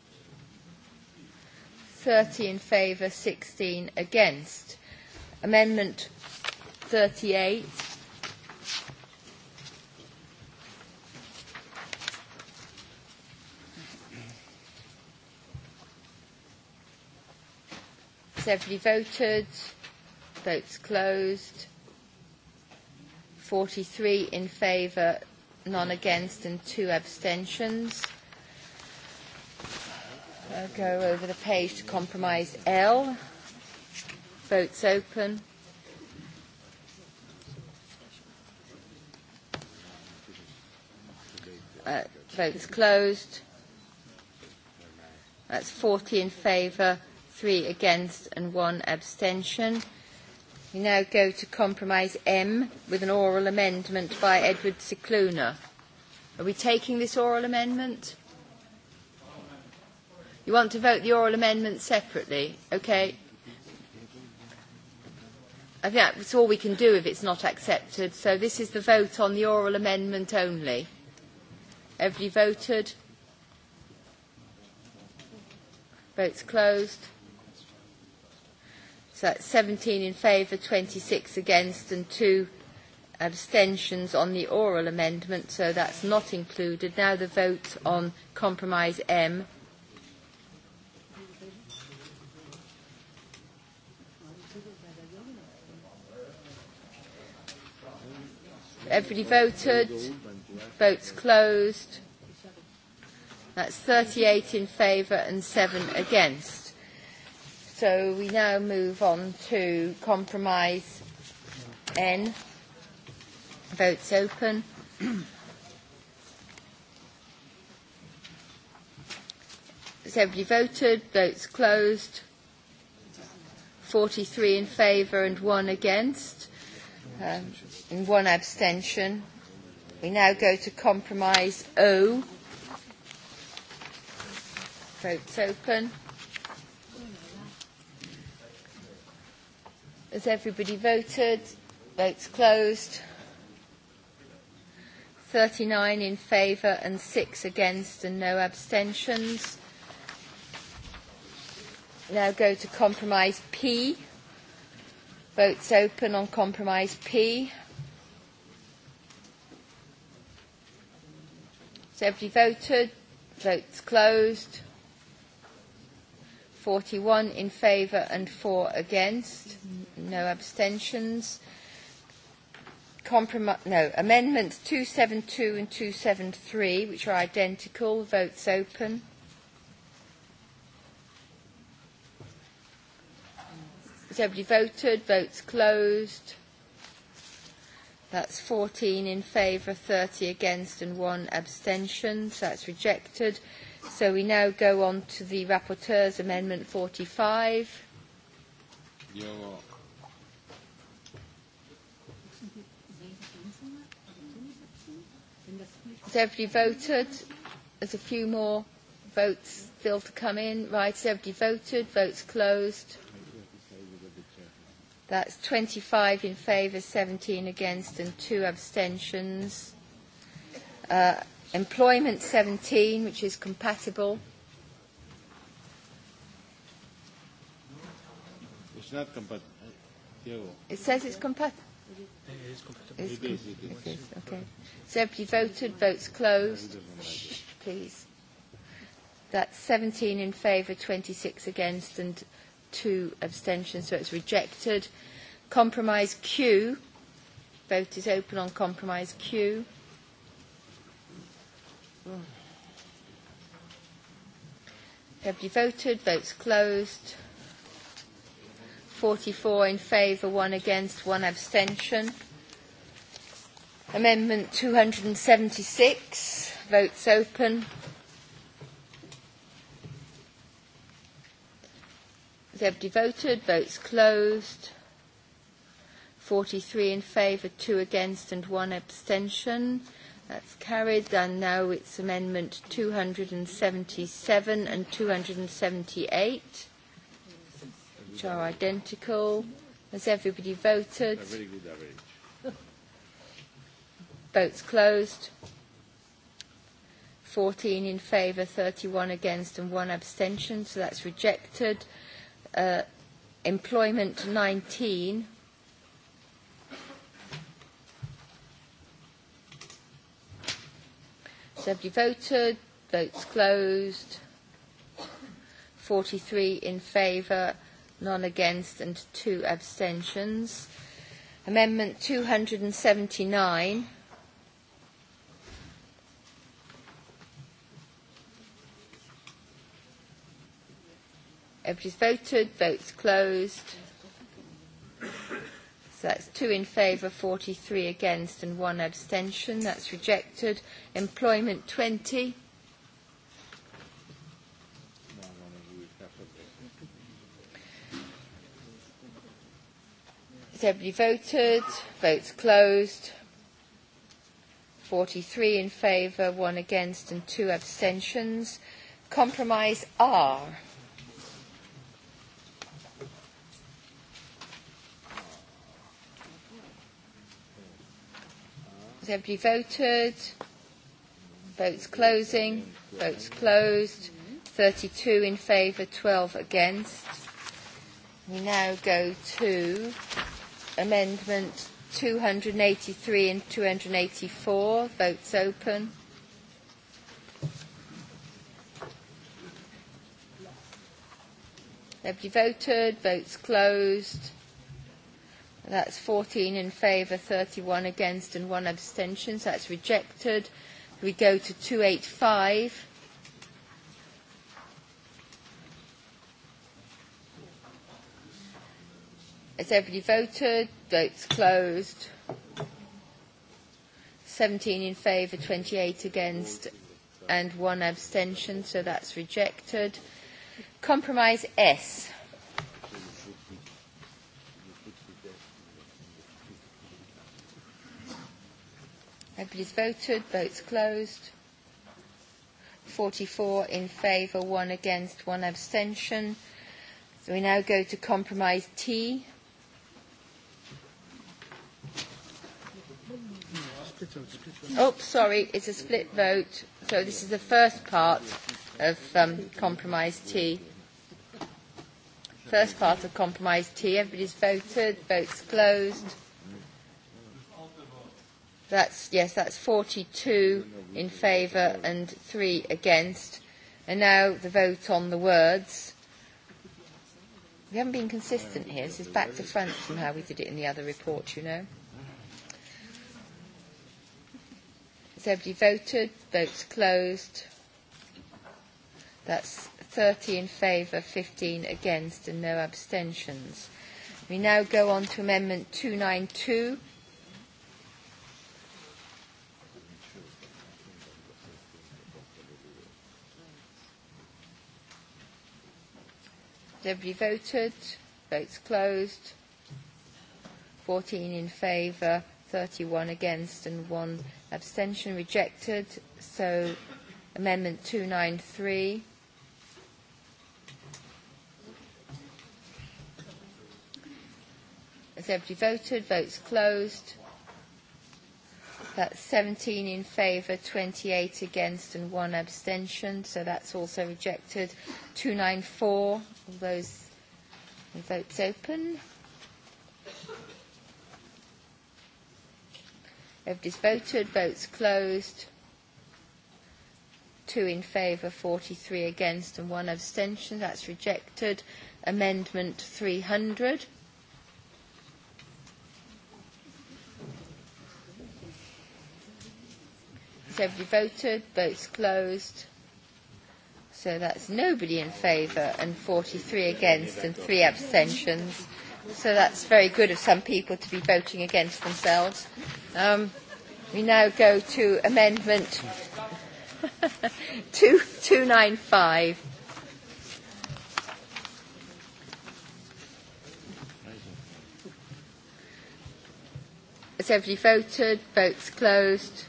30 in favour, 16 against. Amendment 38. Seventy voted. Votes closed. 43 in favour, none against and two abstentions. I'll go over the page to compromise L. Votes open. Uh, votes closed. That's 40 in favour, 3 against and 1 abstention. We now go to compromise M with an oral amendment by Edward Cicluna. Are we taking this oral amendment? You want to vote the oral amendment separately? Okay. I think that's all we can do if it's not accepted. So this is the vote on the oral amendment only. Everybody voted? Votes closed. So that's 17 in favour, 26 against and two abstentions on the oral amendment, so that's not included. Now the vote on compromise M. Everybody voted. Votes closed. That's 38 in favour and 7 against. So we now move on to compromise N. Votes open. Has everybody voted? Votes closed. 43 in favour and 1 against. Um, and one abstention. We now go to compromise O. Votes open. Has everybody voted? Votes closed. 39 in favour and 6 against and no abstentions. Now go to compromise P. Votes open on compromise P. So everybody voted, votes closed. 41 in favour and 4 against, no abstentions. Comprom- no, amendments 272 and 273, which are identical, votes open. Has everybody voted? Votes closed. That's 14 in favour, 30 against and one abstention. So that's rejected. So we now go on to the rapporteur's amendment 45. Yo. Has everybody voted? There's a few more votes still to come in. Right, has everybody voted? Votes closed. That's 25 in favour, 17 against and two abstentions. Uh, employment 17, which is compatible. It's not compatible. It says it's compatible. It is compatible. It is, it okay. So if you voted, votes closed. Shh, please. That's 17 in favour, 26 against and two abstentions, so it's rejected. Compromise Q. Vote is open on compromise Q. Have you voted? Votes closed. 44 in favour, one against, one abstention. Amendment 276. Votes open. Has everybody voted? Votes closed. 43 in favour, 2 against and 1 abstention. That's carried. And now it's Amendment 277 and 278, which are identical. Has everybody voted? A very good average. Votes closed. 14 in favour, 31 against and 1 abstention, so that's rejected. Uh, employment 19, So have you voted? Votes closed. 43 in favour, none against and two abstentions. Amendment 279. Everybody's voted. Votes closed. So that's two in favour, 43 against and one abstention. That's rejected. Employment 20. Has everybody voted? Votes closed. 43 in favour, one against and two abstentions. Compromise R. Has everybody voted? Votes closing. Votes closed. 32 in favour, 12 against. We now go to amendment 283 and 284. Votes open. Everybody voted. Votes closed. That's 14 in favour, 31 against and one abstention. So that's rejected. We go to 285. Has everybody voted? Votes closed. 17 in favour, 28 against and one abstention. So that's rejected. Compromise S. Everybody's voted. Votes closed. 44 in favour, one against, one abstention. So we now go to compromise T. Oh, sorry, it's a split vote. So this is the first part of um, compromise T. First part of compromise T. Everybody's voted. Votes closed. That's, yes, that's 42 in favour and three against. And now the vote on the words. We haven't been consistent here. This is back to front from how we did it in the other report, you know. Has everybody voted? Votes closed. That's 30 in favour, 15 against and no abstentions. We now go on to Amendment 292. Everybody voted. Votes closed. 14 in favour, 31 against and one abstention rejected. So Amendment 293. Has everybody voted? Votes closed. That's 17 in favour, 28 against and one abstention, so that's also rejected. 294, all those votes open. Everybody's voted, votes closed. Two in favour, 43 against and one abstention, that's rejected. Amendment 300. everybody voted? Votes closed. So that's nobody in favour and 43 against and three abstentions. So that's very good of some people to be voting against themselves. Um, we now go to amendment 295. [laughs] Has everybody voted? Votes closed.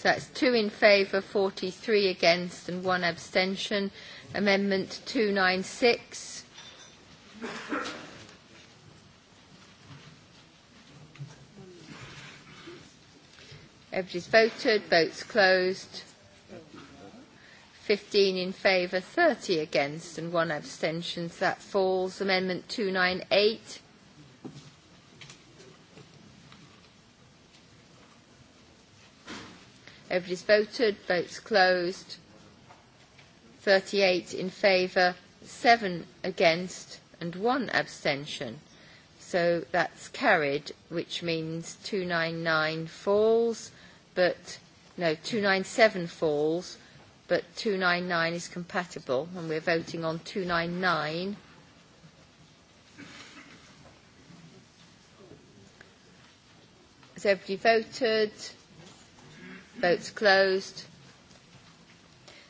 So that's two in favour, 43 against and one abstention. Amendment 296. Everybody's voted, votes closed. 15 in favour, 30 against and one abstention. So that falls. Amendment 298. Everybody's voted. Votes closed. 38 in favour, 7 against and 1 abstention. So that's carried, which means 299 falls, but no, 297 falls, but 299 is compatible, and we're voting on 299. Has everybody voted? Votes closed.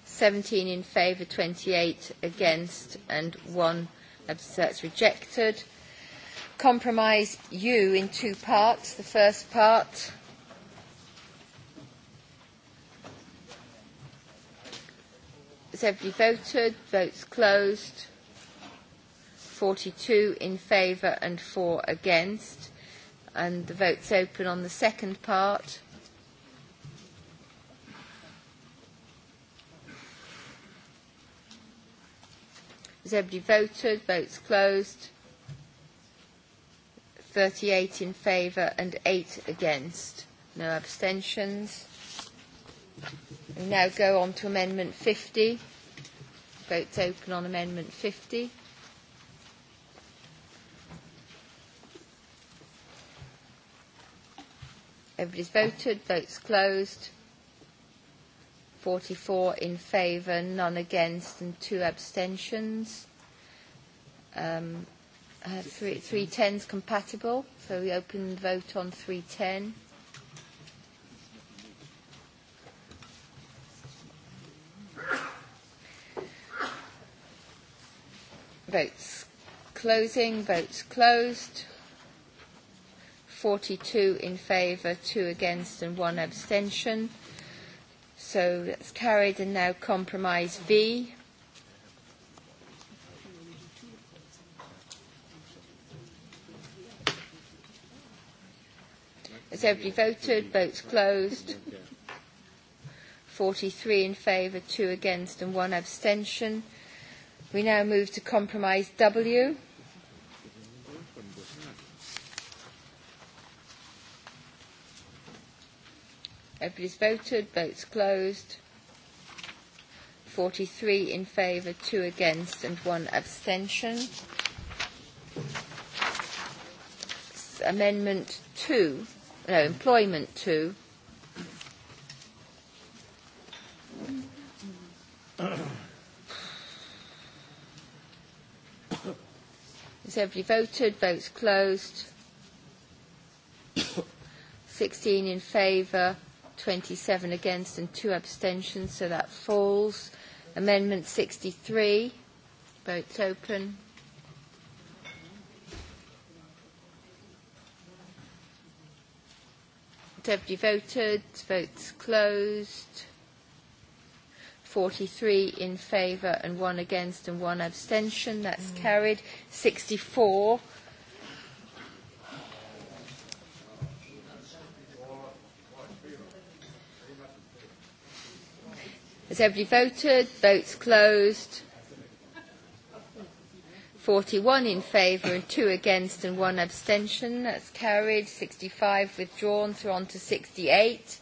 17 in favour, 28 against and one that's rejected. Compromise U in two parts. The first part. Has everybody voted? Votes closed. 42 in favour and 4 against. And the vote's open on the second part. Has everybody voted? Votes closed. 38 in favour and 8 against. No abstentions. We now go on to Amendment 50. Votes open on Amendment 50. Everybody's voted. Votes closed. 44 in favour, none against and two abstentions. Um, uh, three, 310's compatible, so we open the vote on 310. Votes closing, votes closed. 42 in favour, two against and one abstention. So that's carried and now compromise V. Has everybody voted? Votes closed. 43 in favour, 2 against and 1 abstention. We now move to compromise W. Everybody's voted. Votes closed. 43 in favour, 2 against and 1 abstention. Amendment 2, no, Employment 2. Has everybody voted? Votes closed. 16 [coughs] in favour, 27 against and two abstentions, so that falls. Amendment 63. Votes open. Deputy voted. Votes closed. 43 in favour and one against and one abstention. That's mm. carried. 64 Has everybody voted? Votes closed. 41 in favour and 2 against and 1 abstention. That's carried. 65 withdrawn. So on to 68.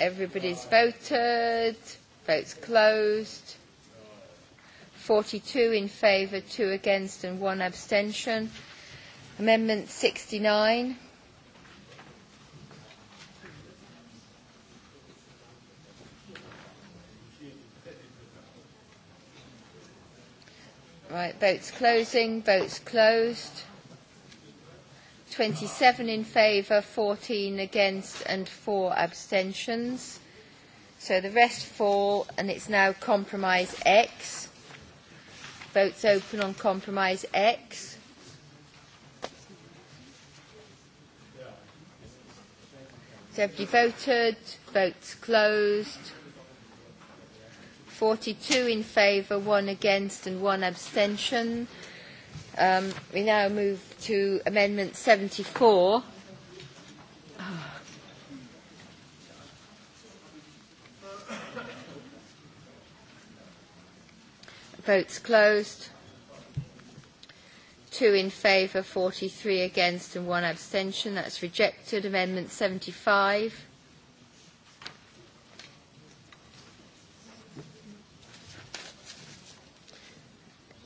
Everybody's voted. Votes closed. 42 in favour, 2 against and 1 abstention. Amendment 69. Right, votes closing, votes closed. 27 in favour, 14 against and 4 abstentions. So the rest fall and it's now compromise X. Votes open on compromise X. So Has you voted? Votes closed. 42 in favour, one against and one abstention. Um, we now move to Amendment 74. Votes closed. Two in favour, 43 against and one abstention. That's rejected. Amendment 75.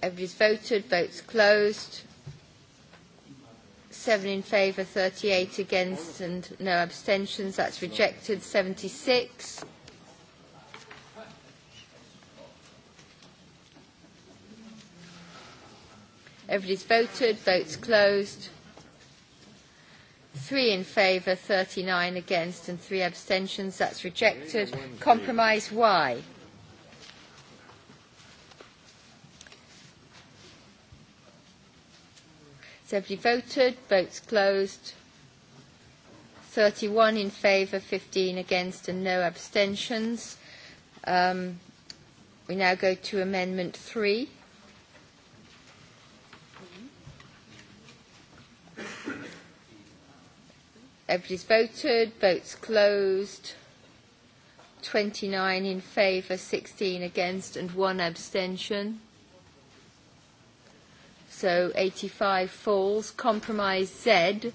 Everybody's voted. Votes closed. Seven in favour, 38 against and no abstentions. That's rejected. 76. Everybody's voted. Votes closed. Three in favour, 39 against and three abstentions. That's rejected. Compromise Y. Has everybody voted? Votes closed. 31 in favour, 15 against and no abstentions. Um, we now go to Amendment 3. Everybody's voted. Votes closed. 29 in favour, 16 against and one abstention. So 85 falls. Compromise Z.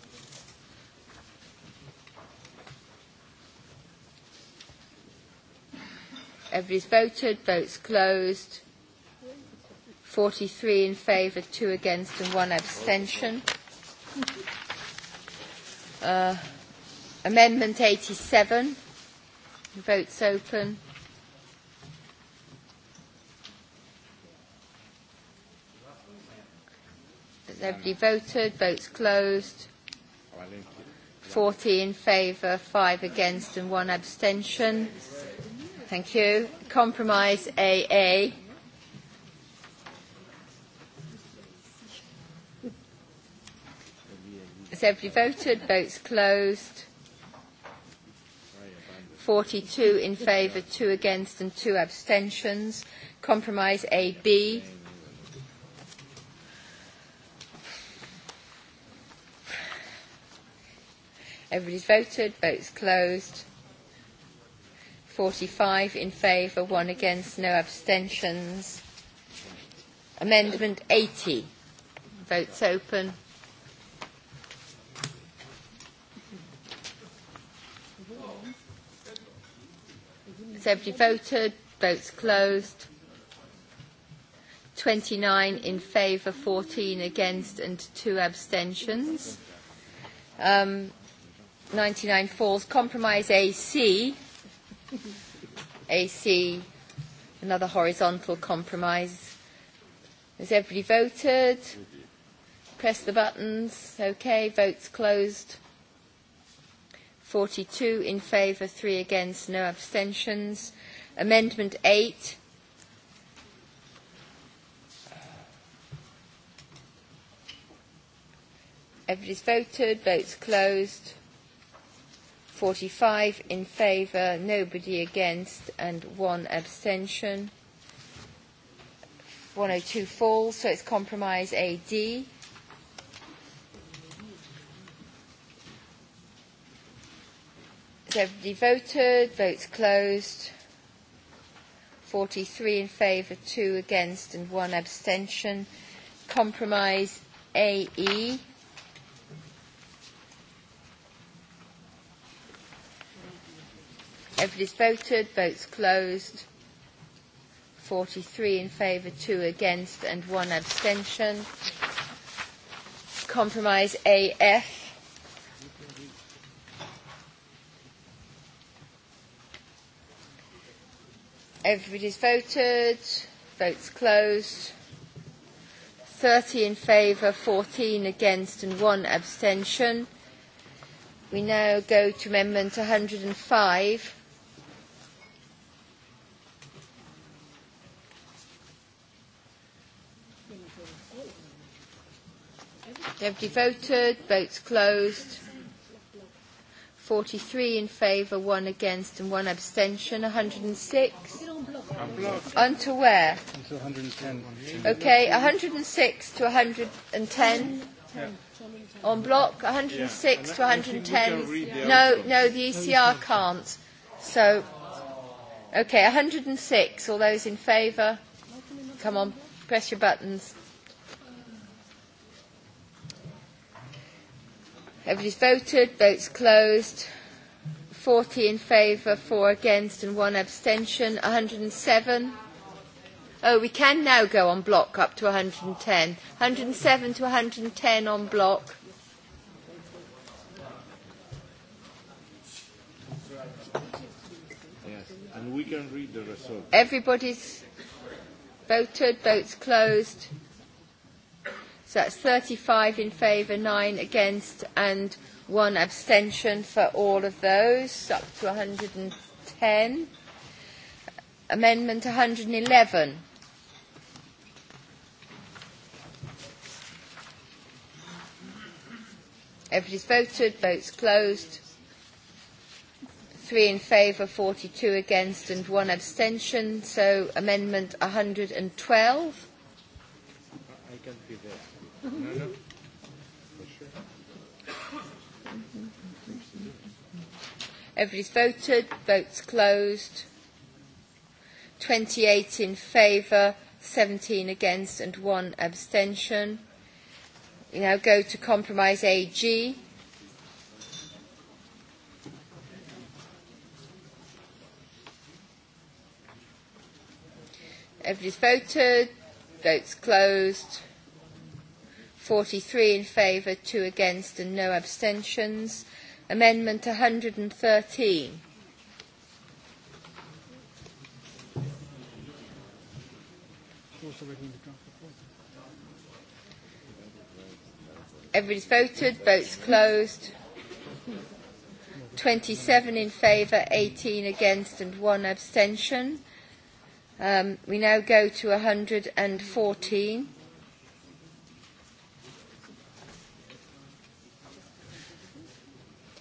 Everybody's voted. Votes closed. 43 in favour, two against and one abstention. Okay. Uh, amendment 87. The vote's open. Has everybody voted? Votes closed. 40 in favour, 5 against and 1 abstention. Thank you. Compromise AA. everybody voted? Votes closed. 42 in favour, 2 against and 2 abstentions. Compromise AB. Everybody's voted. Votes closed. 45 in favour, 1 against, no abstentions. Amendment 80. Votes open. Has everybody voted? Votes closed. 29 in favour, 14 against and two abstentions. Um, 99 falls. Compromise AC. AC, [laughs] another horizontal compromise. Has everybody voted? Press the buttons. Okay, votes closed. 42 in favour, 3 against, no abstentions. Amendment 8. Everybody's voted, votes closed. 45 in favour, nobody against and one abstention. 102 falls, so it's compromise AD. Has everybody voted? Votes closed. 43 in favour, 2 against and 1 abstention. Compromise AE. Everybody's voted, votes closed. 43 in favour, 2 against and 1 abstention. Compromise AF. Everybody's voted. Votes closed. 30 in favour, 14 against and one abstention. We now go to Amendment 105. Everybody voted. Votes closed. 43 in favour, 1 against and 1 abstention. 106. On to where? Until 110. Okay, 106 to 110. Yeah. On block, 106 yeah. to 110. No, no, the ECR can't. So, okay, 106. All those in favour? Come on, press your buttons. Everybody's voted, votes closed. 40 in favour, 4 against and 1 abstention. 107. Oh, we can now go on block up to 110. 107 to 110 on block. and we can read the result. Everybody's voted, votes closed. So that's 35 in favour, 9 against and one abstention for all of those, up to 110. Amendment 111. Everybody's voted, votes closed. Three in favour, 42 against and one abstention. So amendment 112. Everybody's voted, votes closed. 28 in favour, 17 against and one abstention. We now go to compromise AG. Everybody's voted, votes closed. 43 in favour, 2 against and no abstentions. Amendment 113. Everybody's voted, votes closed. 27 in favour, 18 against and one abstention. Um, we now go to 114.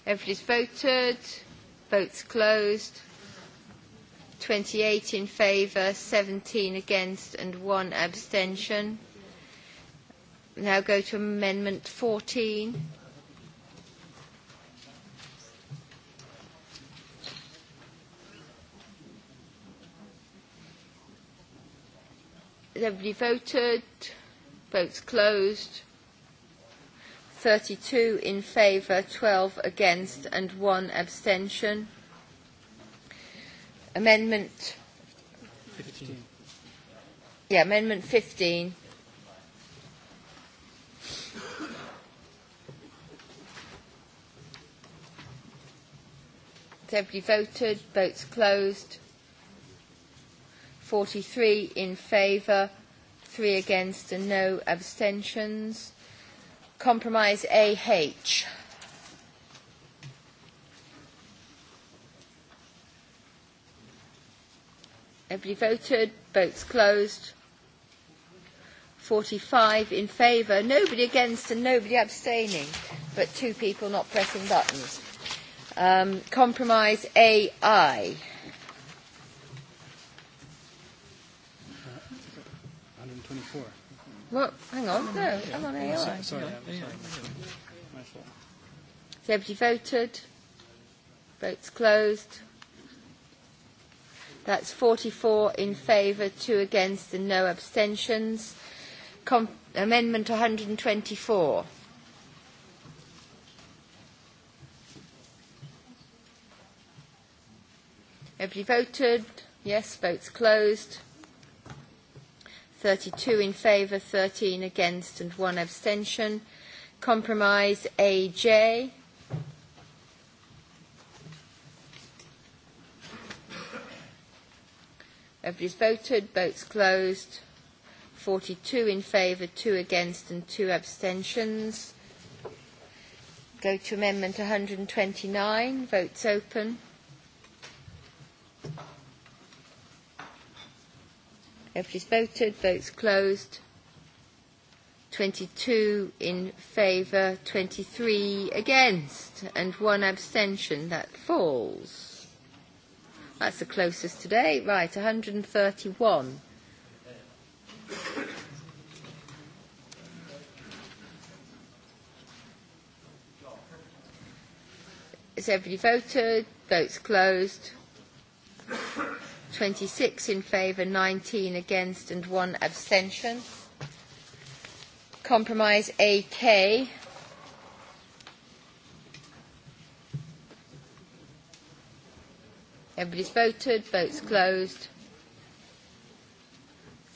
Everybody's voted. Votes closed. 28 in favour, 17 against and one abstention. Now go to Amendment 14. Everybody voted. Votes closed. 32 in favour, 12 against and 1 abstention. Amendment 15. Yeah, Amendment 15. Everybody voted, votes closed. 43 in favour, 3 against and no abstentions. Compromise AH. Everybody voted. Votes closed. 45 in favour. Nobody against and nobody abstaining, but two people not pressing buttons. Um, compromise AI. Uh, 124. Well, hang on. No, I'm on AI. Sorry, Has everybody voted? Votes closed. That's 44 in favour, two against and no abstentions. Com amendment 124. Everybody voted? Yes, votes closed. 32 in favour, 13 against and one abstention. Compromise AJ. Everybody's voted, votes closed. 42 in favour, 2 against and 2 abstentions. Go to Amendment 129, votes open. Everybody's voted. Votes closed. 22 in favour, 23 against, and one abstention. That falls. That's the closest today. Right, 131. Has everybody voted? Votes closed. 26 in favour, 19 against and one abstention. Compromise AK. Everybody's voted, votes closed.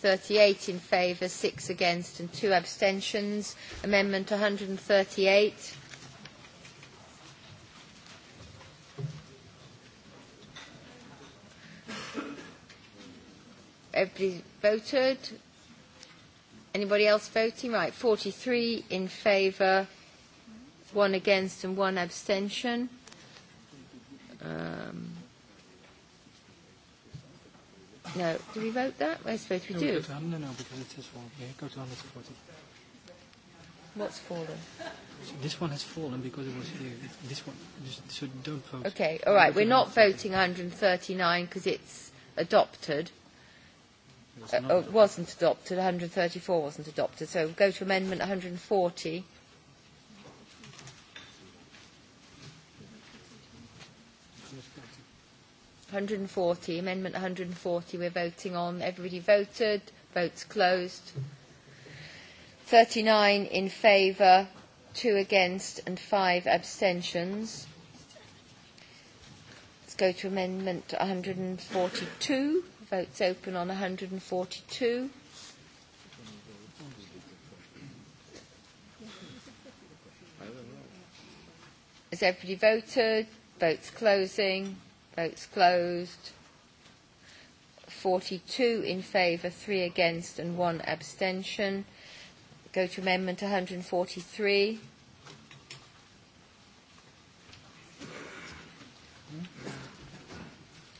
38 in favour, 6 against and 2 abstentions. Amendment 138. Everybody voted? Anybody else voting? Right, 43 in favour, one against and one abstention. Um, no, do we vote that? I suppose we no, do. We go to because it says fallen. Yeah, go to Anna's What's fallen? So this one has fallen because it was here. This one, so don't vote. Okay, all right, we're not voting 139 because it's adopted uh, oh, wasn't adopted, 134 wasn't adopted. So we'll go to Amendment 140. Hundred and forty, Amendment one hundred and forty we're voting on. Everybody voted, votes closed. Thirty nine in favour, two against and five abstentions. Let's go to amendment one hundred and forty two. Votes open on 142. Has everybody voted? Votes closing. Votes closed. 42 in favour, 3 against and 1 abstention. Go to Amendment 143.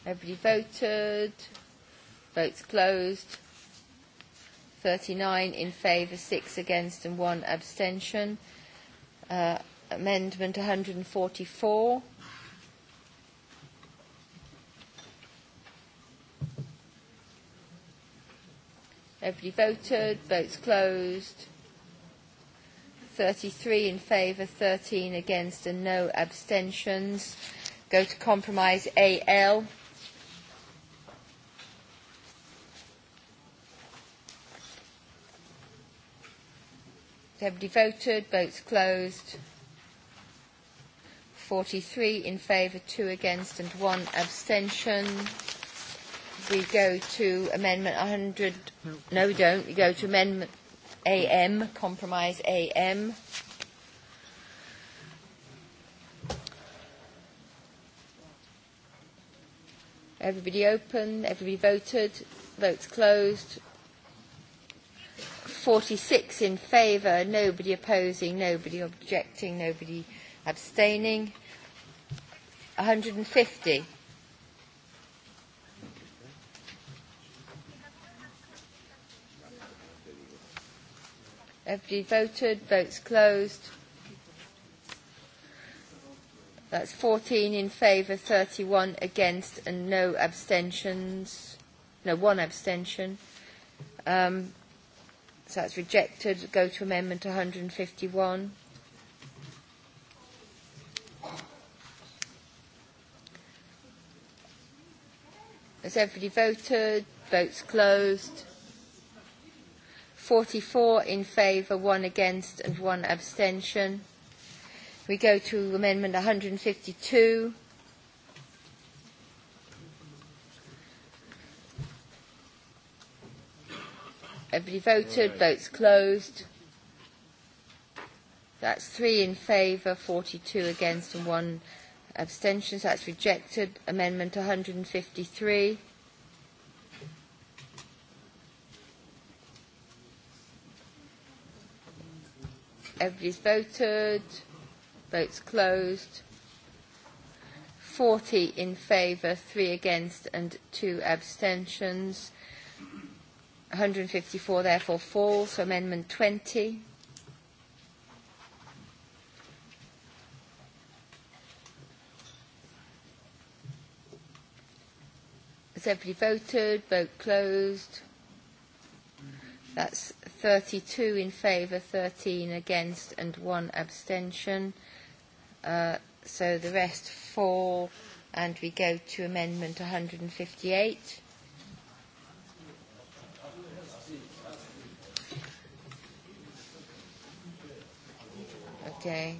Everybody voted. Votes closed. 39 in favour, 6 against and 1 abstention. Uh, amendment 144. Everybody voted. Votes closed. 33 in favour, 13 against and no abstentions. Go to compromise AL. Everybody voted. Votes closed. 43 in favour, 2 against and 1 abstention. We go to Amendment 100. No, we don't. We go to Amendment AM, Compromise AM. Everybody open, everybody voted, votes closed, 46 in favour, nobody opposing, nobody objecting, nobody abstaining. 150. Everybody voted, votes closed. That's 14 in favour, 31 against and no abstentions. No, one abstention. Um, So that's rejected. Go to Amendment 151. Has everybody voted? Votes closed. 44 in favour, one against and one abstention. We go to Amendment 152. Everybody voted, right. votes closed. That's three in favour, 42 against and one abstention. So that's rejected. Amendment 153. Everybody's voted. Votes closed. 40 in favour, three against and two abstentions. 154 therefore falls, so amendment 20. Has everybody voted? Vote closed. That's 32 in favour, 13 against and one abstention. Uh, so the rest fall and we go to amendment 158. Okay.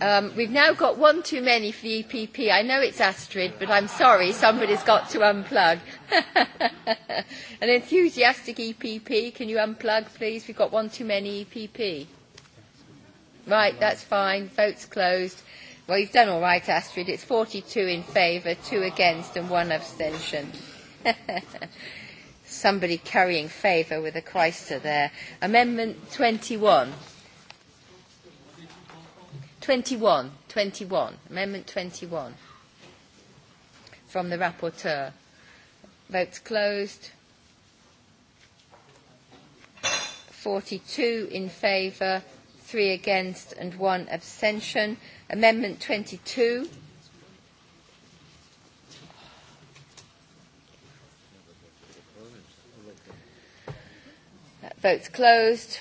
Um, we've now got one too many for the EPP. I know it's Astrid, but I'm sorry, somebody's got to unplug. [laughs] An enthusiastic EPP, can you unplug, please? We've got one too many EPP. Right, that's fine. Vote's closed. Well, you've done all right, Astrid. It's 42 in favour, two against, and one abstention. [laughs] Somebody carrying favour with a Chrysler there. Amendment 21. 21, 21, Amendment 21 from the rapporteur. Votes closed. 42 in favour, 3 against and 1 abstention. Amendment 22. Votes closed.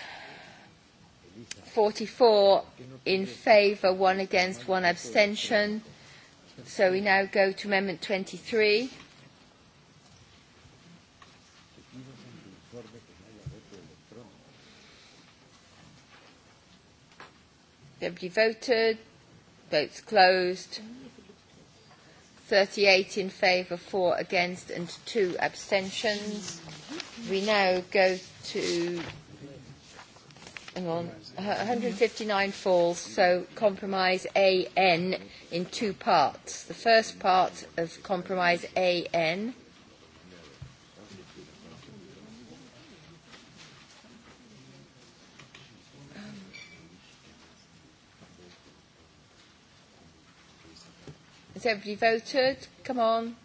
44 in favour, one against, one abstention. So we now go to Amendment 23. Everybody voted. Votes closed. 38 in favour, 4 against and 2 abstentions. We now go to... Hang on. 159 falls, so compromise AN in two parts. The first part of compromise AN. Has everybody voted? Come on.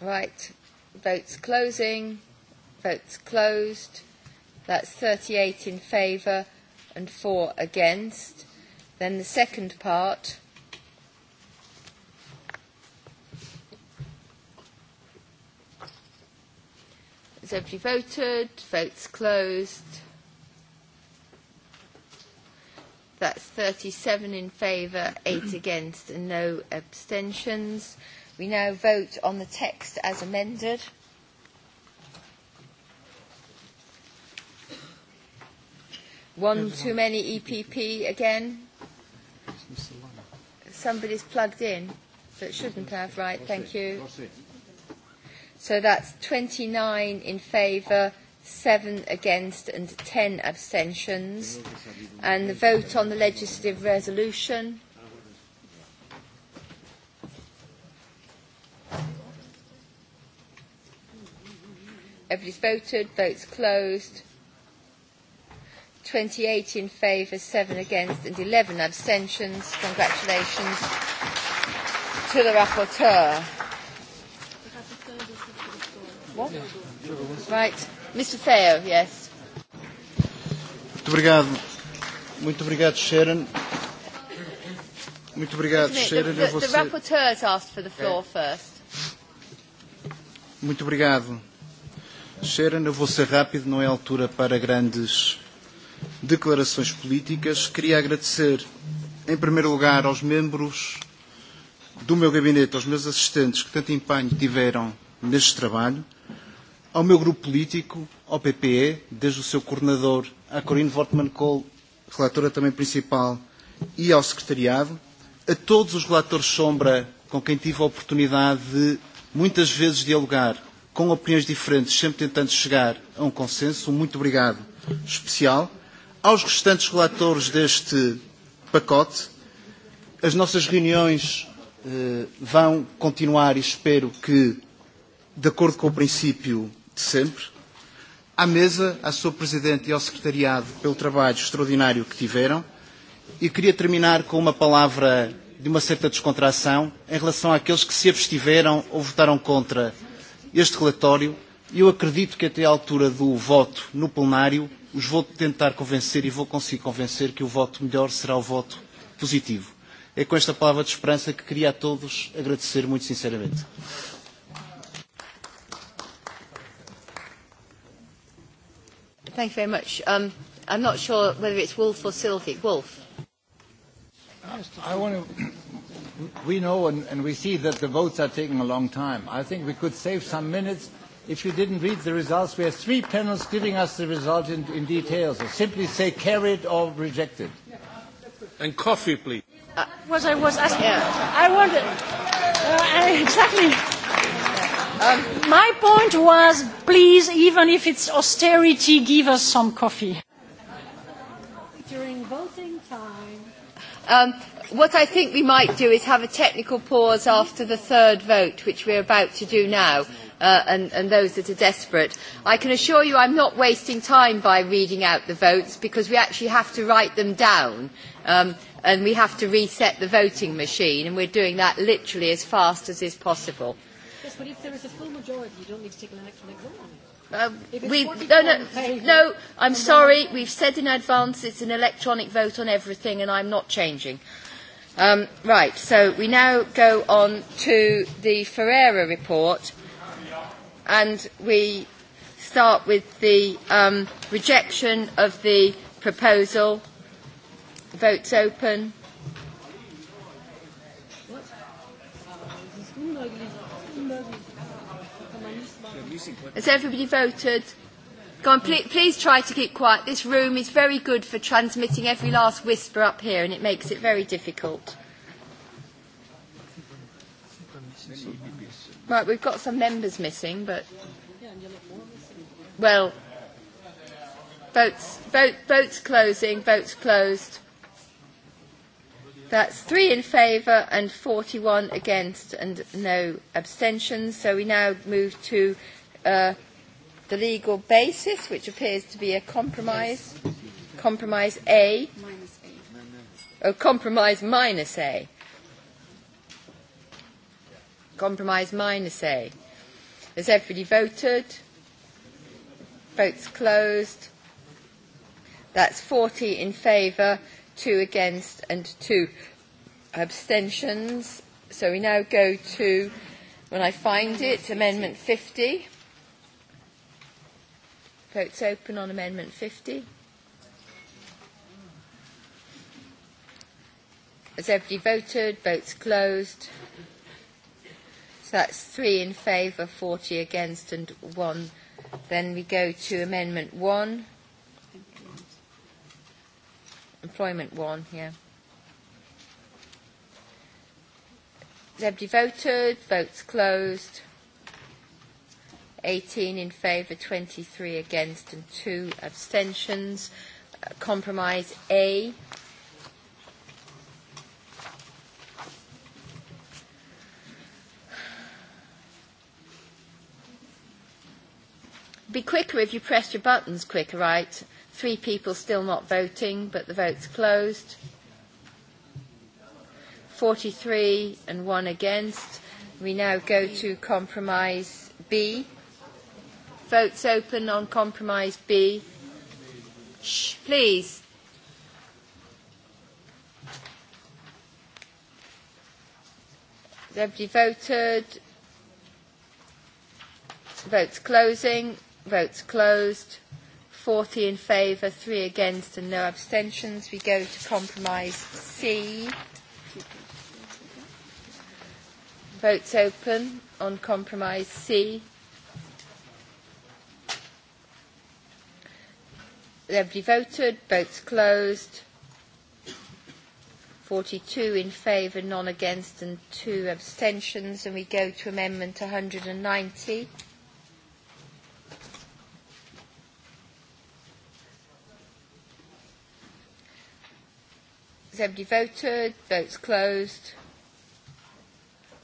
Right. Votes closing. Votes closed. That's 38 in favour and 4 against. Then the second part. Has everybody voted? Votes closed. That's 37 in favour, 8 [clears throat] against and no abstentions. We now vote on the text as amended. One too many EPP again? Somebody's plugged in that shouldn't have, right, thank you. So that's 29 in favour, 7 against and 10 abstentions. And the vote on the legislative resolution. Everybody's voted, votes closed. 28 in favour, 7 against and 11 abstentions. Congratulations to the rapporteur. What? Right. Mr Theo, yes. Muito obrigado. Muito obrigado, Sharon. Muito obrigado, Sharon. The, the, the rapporteur has asked for the floor yeah. first. Muito obrigado. Sharon, eu vou ser rápido, não é altura para grandes declarações políticas, queria agradecer, em primeiro lugar, aos membros do meu gabinete, aos meus assistentes que tanto empenho tiveram neste trabalho, ao meu grupo político, ao PPE, desde o seu coordenador, à Corinne Wortmann Kohl, relatora também principal, e ao secretariado, a todos os relatores sombra com quem tive a oportunidade de muitas vezes dialogar com opiniões diferentes, sempre tentando chegar a um consenso, um muito obrigado especial aos restantes relatores deste pacote. As nossas reuniões eh, vão continuar e espero que, de acordo com o princípio de sempre, à mesa, à sua Presidente e ao Secretariado pelo trabalho extraordinário que tiveram e queria terminar com uma palavra de uma certa descontração em relação àqueles que se abstiveram ou votaram contra este relatório. Eu acredito que até à altura do voto no plenário os vou tentar convencer e vou conseguir convencer que o voto melhor será o voto positivo. É com esta palavra de esperança que queria a todos agradecer muito sinceramente. Thank you very much. Um, I'm not sure whether it's Wolf or Sylvie. Wolf. I want to. We know and, and we see that the votes are taking a long time. I think we could save some minutes if you didn't read the results, we have three panels giving us the result in, in detail. So simply say carried or rejected. And coffee, please. Uh, what I was asking, yeah. I wanted, uh, exactly. Um, My point was, please, even if it's austerity, give us some coffee. During voting time. Um, what I think we might do is have a technical pause after the third vote, which we're about to do now, uh, and, and those that are desperate. I can assure you I'm not wasting time by reading out the votes, because we actually have to write them down, um, and we have to reset the voting machine, and we're doing that literally as fast as is possible. Yes, but if there is a full majority, you don't need to take an electoral exam on it. Uh, um, we, no, no, no, I'm sorry. We've said in advance it's an electronic vote on everything, and I'm not changing. Um, right, so we now go on to the Ferreira report, and we start with the um, rejection of the proposal. Votes open. Has everybody voted? Go on, please, please try to keep quiet. This room is very good for transmitting every last whisper up here, and it makes it very difficult. Right, we've got some members missing, but... Well, votes, vote, votes closing, votes closed. That's three in favour and 41 against and no abstentions. So we now move to... Uh, the legal basis, which appears to be a compromise, yes. compromise A, minus A. compromise minus A, compromise minus A. Has everybody voted? Votes closed. That's 40 in favour, two against and two abstentions. So we now go to, when I find it, Amendment 50. Votes open on Amendment 50. Has everybody voted? Votes closed. So that's three in favour, 40 against and one. Then we go to Amendment 1. Employment 1, yeah. Has everybody voted? Votes closed. 18 in favour, 23 against and 2 abstentions. Uh, compromise A. Be quicker if you press your buttons quicker, right? Three people still not voting, but the vote's closed. 43 and one against. We now go to compromise B. Votes open on compromise B. Shh, please. everybody voted? Votes closing. Votes closed. 40 in favour, 3 against and no abstentions. We go to compromise C. Votes open on compromise C. Everybody voted, votes closed. 42 in favour, none against and two abstentions. And we go to Amendment 190. Has everybody voted? Votes closed.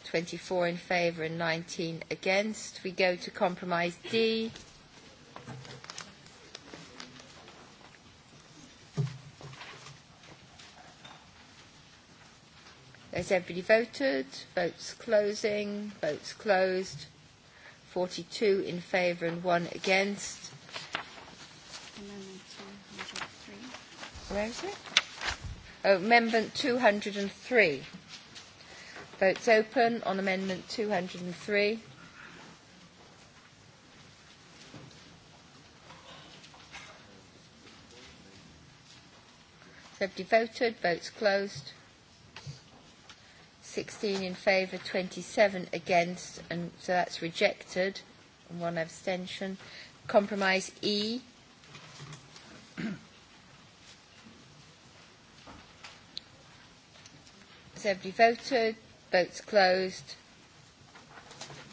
24 in favour and 19 against. We go to Compromise D. Has everybody voted? Votes closing. Votes closed. 42 in favour and one against. Amendment 203. Where is it? Oh, amendment 203. Votes open on Amendment 203. Everybody voted. Votes closed. 42 16 in favour, 27 against, and so that's rejected, and one abstention. Compromise E. Has everybody voted? Votes closed.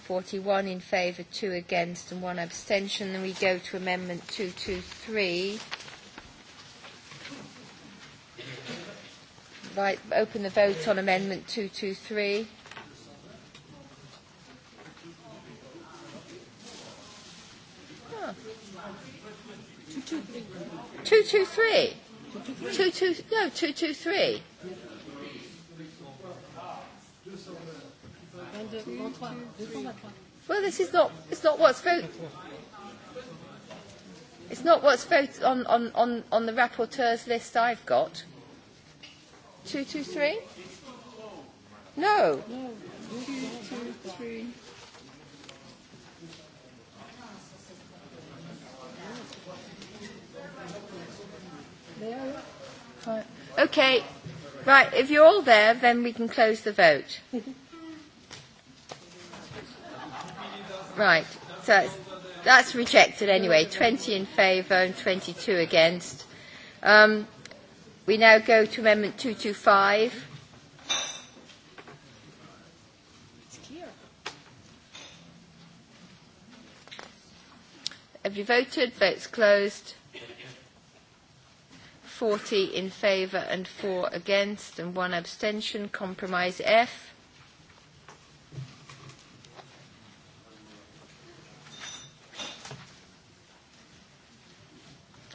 41 in favour, 2 against, and one abstention. Then we go to Amendment 223. Right, open the vote on Amendment 223. three. Two two No, two two three. Well, this is not, it's not what's voted. It's not what's voted on, on, on, on the rapporteur's list I've got. 223? No. No. Two, Okay. Right, if you're all there, then we can close the vote. right, so that's, that's rejected anyway. 20 in favour and 22 against. Um, We now go to Amendment 225. Have you voted? Votes closed. 40 in favour and 4 against and 1 abstention. Compromise F.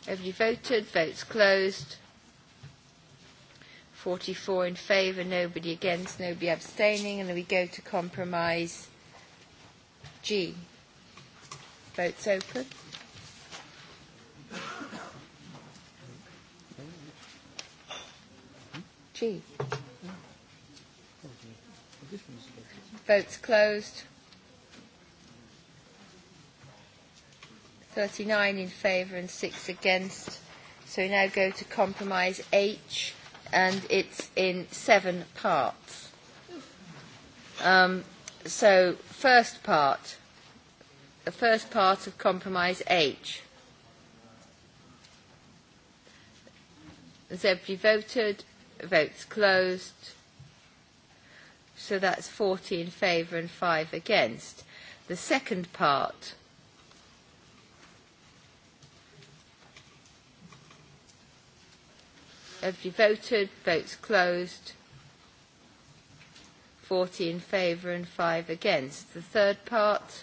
Have you voted? Votes closed. 44 in favour, nobody against, nobody abstaining, and then we go to compromise G. Votes open. G. Votes closed. 39 in favour and 6 against. So we now go to compromise H and it's in seven parts. Um, so, first part, the first part of Compromise H. Has everybody voted? Votes closed. So that's 40 in favour and 5 against. The second part have you voted. Votes closed. 40 in favour and 5 against. The third part.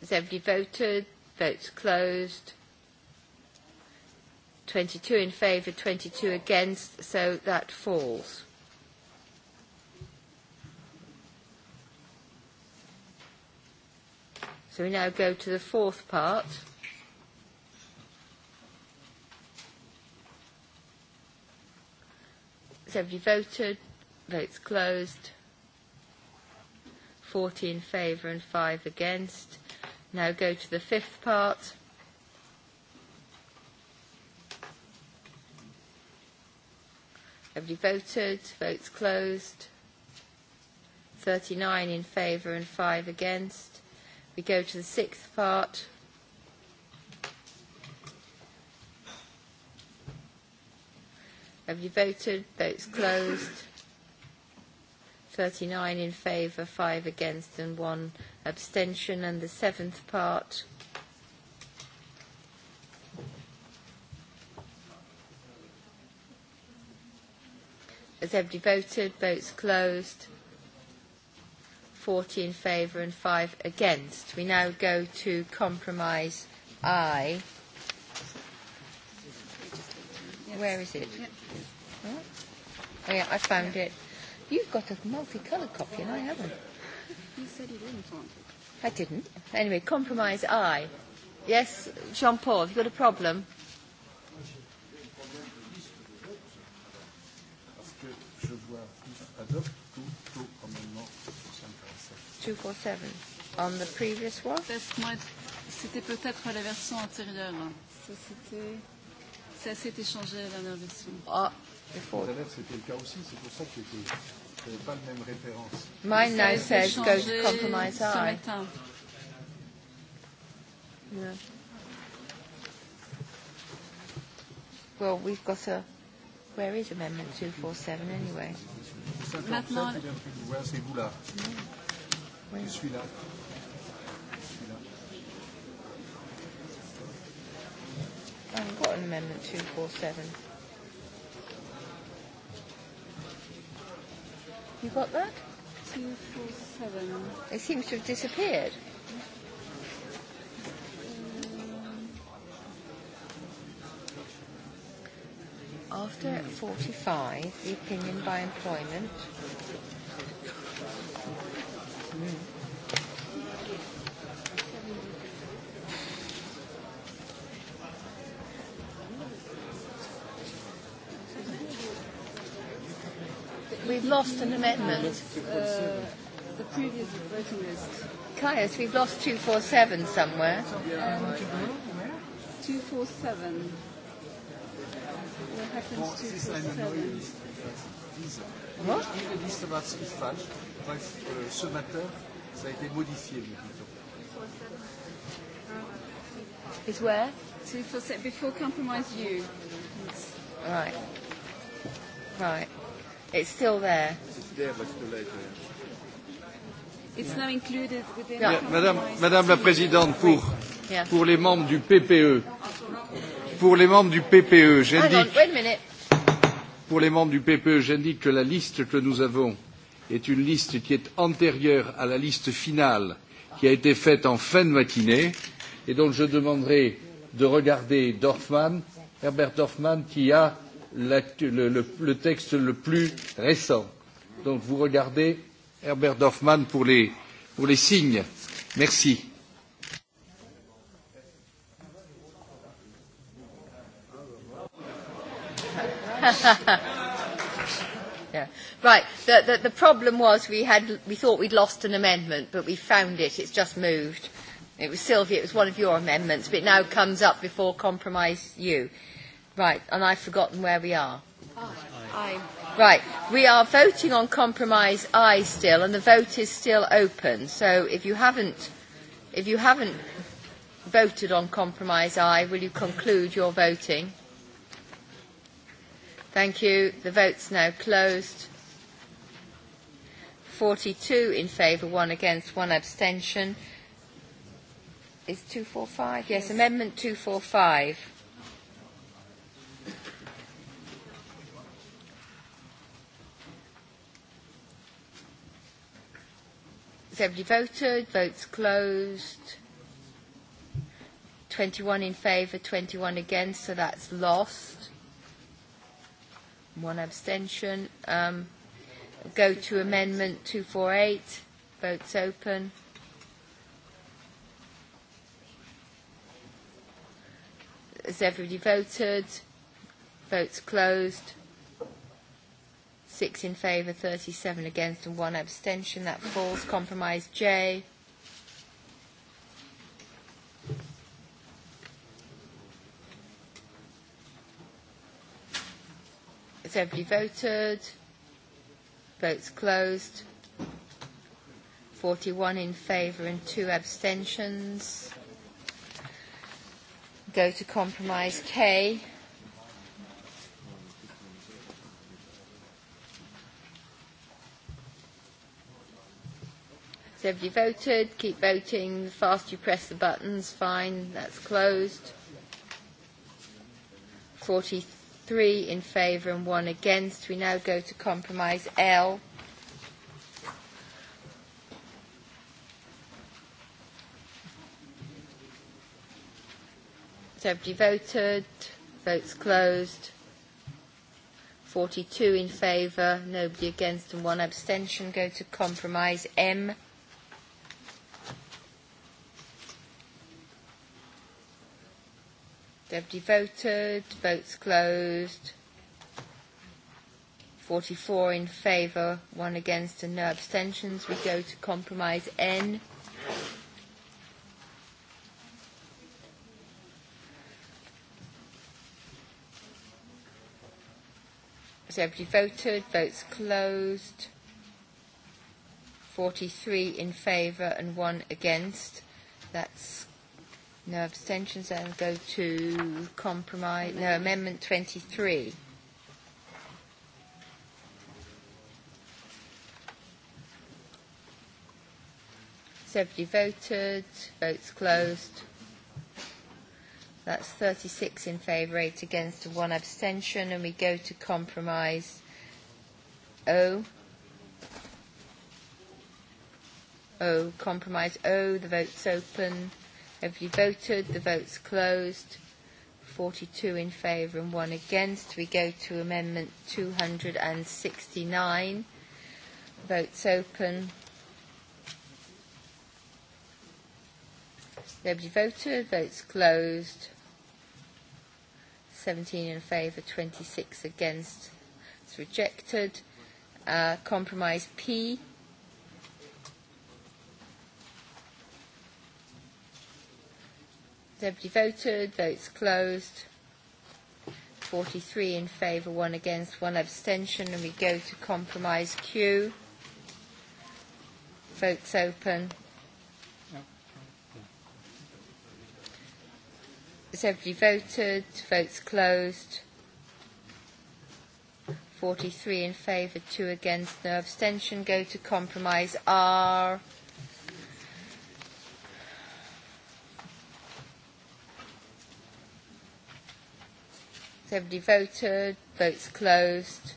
Has everybody voted? Votes closed. 22 in favour, 22 against, so that falls. So we now go to the fourth part. So have you voted? Votes closed. 40 in favour and 5 against. Now go to the fifth part. Have you voted? Votes closed. 39 in favour and 5 against. We go to the sixth part. Have you voted? Votes closed. 39 in favour, 5 against and 1 abstention. And the seventh part. Has everybody voted? Votes closed. 40 in favour and 5 against. We now go to compromise I. Where is it? Oh, yeah, I found it. You've got a multicoloured copy and I haven't. You said you didn't want it. I didn't. Anyway, compromise I. Yes, Jean-Paul, have you got a problem? Adopte 247 on the previous one. C'était peut-être la version antérieure. Ça, s'est échangé la dernière version. Ah, c'était le cas aussi, c'est pour ça que pas la même référence. Mine now says go to compromise I. Yeah. Well, we've got a... Where is Amendment 247 anyway? Maintenant... Where Je suis I've ah, got an amendment 247. You got that? 247. It seems to have disappeared. Mm. After 45, the opinion by employment. lost an amendment. Uh, the previous voting list. Caius, we've lost 247 somewhere. Um, 247. What happens to 247? What? Ihre Liste war ziemlich falsch, weil euh, äh, ce matin, ça a été modifié, nous dit-on. Is where? 247, before compromise you. Right. Right. It's still there. It's there, but it's too late. Yeah. It's now included within yeah. the yeah, Madame, Madame la Présidente, pour, yeah. pour les membres du PPE, pour les membres du PPE, j'indique... wait a minute. Pour les membres du PPE, j'indique que la liste que nous avons est une liste qui est antérieure à la liste finale qui a été faite en fin de matinée et donc je demanderai de regarder Dorfman, Herbert Dorfman qui a le, le, le texte le plus récent. Donc vous regardez Herbert Dorfman pour les, pour les signes. Merci. [laughs] yeah. Right. The, the, the problem was we had we thought we'd lost an amendment, but we found it. It's just moved. It was Sylvia. It was one of your amendments, but it now comes up before compromise. You. Right, and I've forgotten where we are. Aye. Right, we are voting on compromise I still, and the vote is still open. So if you haven't, if you haven't voted on compromise I, will you conclude your voting? Thank you. The vote's now closed. 42 in favour, one against, one abstention. Is 245? Yes, yes. Amendment 245. Has everybody voted? Votes closed. 21 in favour, 21 against, so that's lost. One abstention. Um, go to amendment 248. Votes open. Has everybody voted? Votes closed. Six in favour, 37 against and one abstention. That falls. Compromise J. Has everybody voted? Votes closed. 41 in favour and two abstentions. Go to compromise K. everybody voted? Keep voting. The faster you press the buttons, fine. That's closed. 43 in favour and one against. We now go to compromise L. Everybody voted. Votes closed. 42 in favour, nobody against and one abstention. Go to compromise M. Deputy voted, votes closed. 44 in favour, one against and no abstentions. We go to compromise N. Has everybody voted? Votes closed. 43 in favour and one against. That's No abstentions and go to compromise. No, Amendment 23. Seventy voted. Votes closed. That's 36 in favour, 8 against, and abstention. And we go to compromise O. O, compromise O. The vote's open. Everybody voted. The vote's closed. 42 in favour and one against. We go to Amendment 269. Votes open. Nobody voted. Votes closed. 17 in favour, 26 against. It's rejected. Uh, compromise P. Deputy voted, votes closed. 43 in favour, one against, one abstention, and we go to compromise Q. Votes open. Has everybody voted? Votes closed. 43 in favour, two against, no abstention. Go to compromise R. Has everybody voted? Votes closed.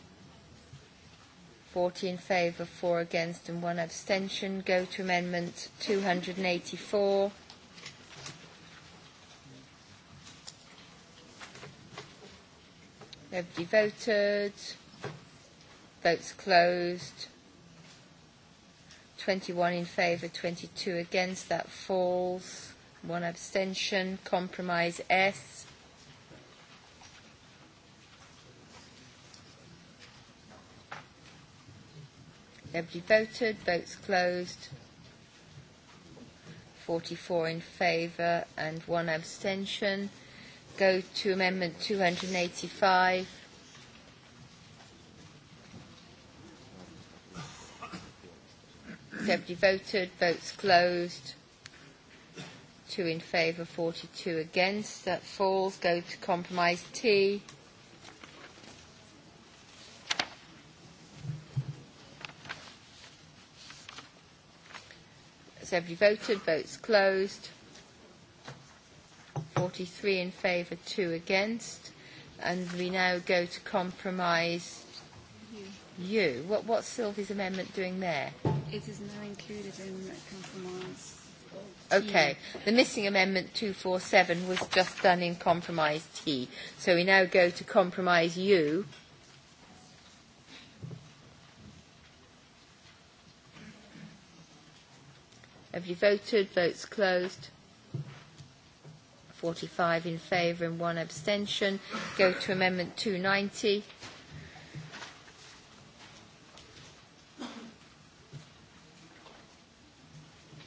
14 in favour, 4 against and 1 abstention. Go to Amendment 284. Nobody voted. Votes closed. 21 in favour, 22 against. That falls. One abstention. Compromise S. Everybody voted. Votes closed. 44 in favour and one abstention. Go to Amendment 285. Deputy voted, votes closed. Two in favour, 42 against. That falls. Go to compromise T. Has everybody voted? Votes closed. 43 in favour, 2 against. And we now go to compromise you. What, what's Sylvie's amendment doing there? It is now included in compromise. Okay, T. the missing amendment 247 was just done in compromise T. So we now go to compromise U. Have you voted? Votes closed. 45 in favour and one abstention. Go to Amendment 290.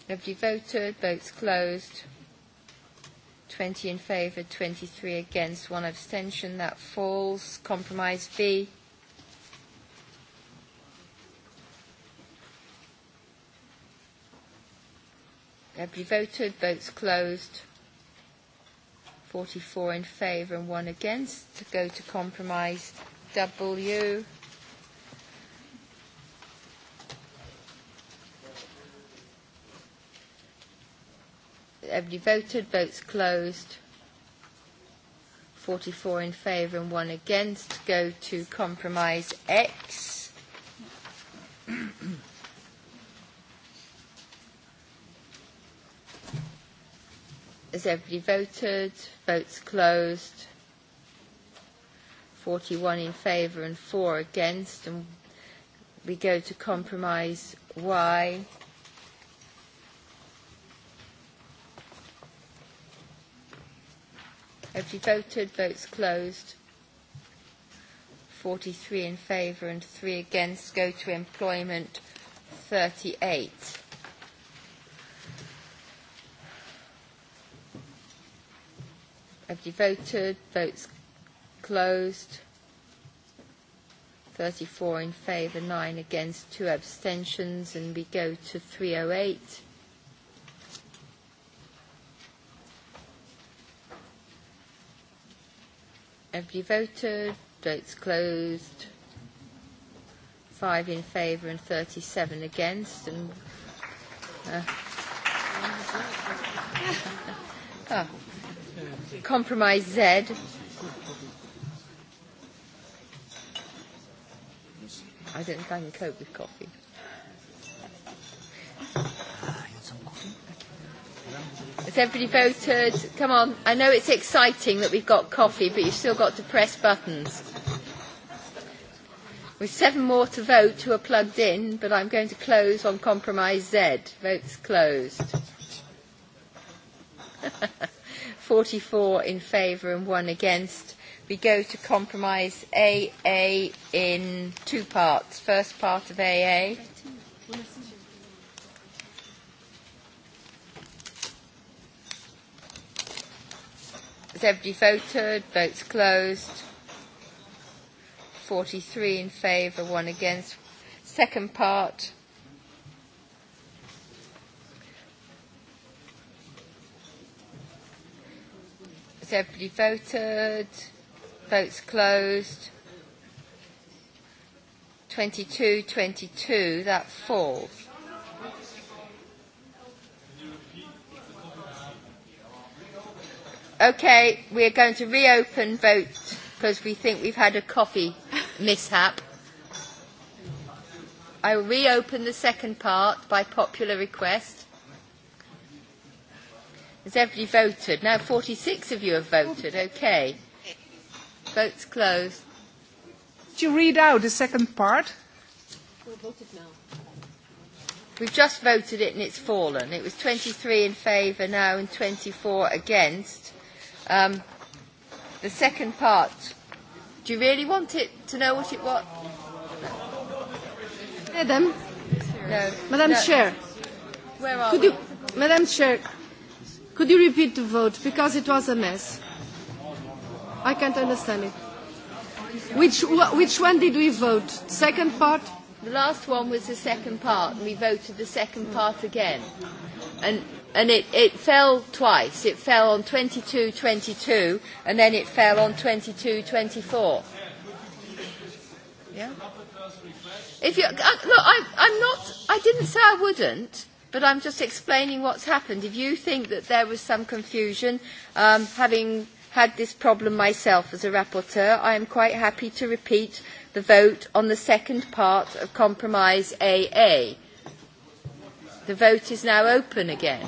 Have you voted? Votes closed. 20 in favour, 23 against, one abstention. That falls. Compromise B. Everybody voted. Votes closed. 44 in favour and one against. To go to compromise W. Everybody voted. Votes closed. 44 in favour and one against. Go to compromise X. Has everybody voted? Votes closed. 41 in favour and 4 against. And we go to compromise Y. Everybody voted? Votes closed. 43 in favour and 3 against. Go to employment 38. Everybody voted. Votes closed. 34 in favour, 9 against, 2 abstentions, and we go to 308. Everybody voted. Votes closed. 5 in favour and 37 against. And, uh, oh. [laughs] Compromise Z. I don't think I can cope with coffee. Has everybody voted? Come on, I know it's exciting that we've got coffee, but you've still got to press buttons. With seven more to vote who are plugged in, but I'm going to close on compromise Z. Votes closed. [laughs] 44 in favour and one against. We go to compromise AA in two parts. First part of AA. Has everybody voted? Votes closed. 43 in favour, one against. Second part. everybody voted? Votes closed. 22, 22, that falls. Okay, we are going to reopen vote because we think we've had a coffee [laughs] mishap. I will reopen the second part by popular request. Has everybody voted? Now 46 of you have voted. Okay. Votes closed. Did you read out the second part? We voted now. We've just voted it and it's fallen. It was 23 in favour now and 24 against. Um, the second part, do you really want it to know what it was? Madam, no. Madam no. Chair, Where are could we? you, Madam Chair, Could you repeat the vote? Because it was a mess. I can't understand it. Which, which one did we vote? Second part? The last one was the second part, and we voted the second part again. And, and it, it fell twice. It fell on 22-22, and then it fell on 22-24. Yeah? If you, I, uh, look, I, I'm not, I didn't say I wouldn't but I'm just explaining what's happened. If you think that there was some confusion, um, having had this problem myself as a rapporteur, I am quite happy to repeat the vote on the second part of Compromise AA. The vote is now open again.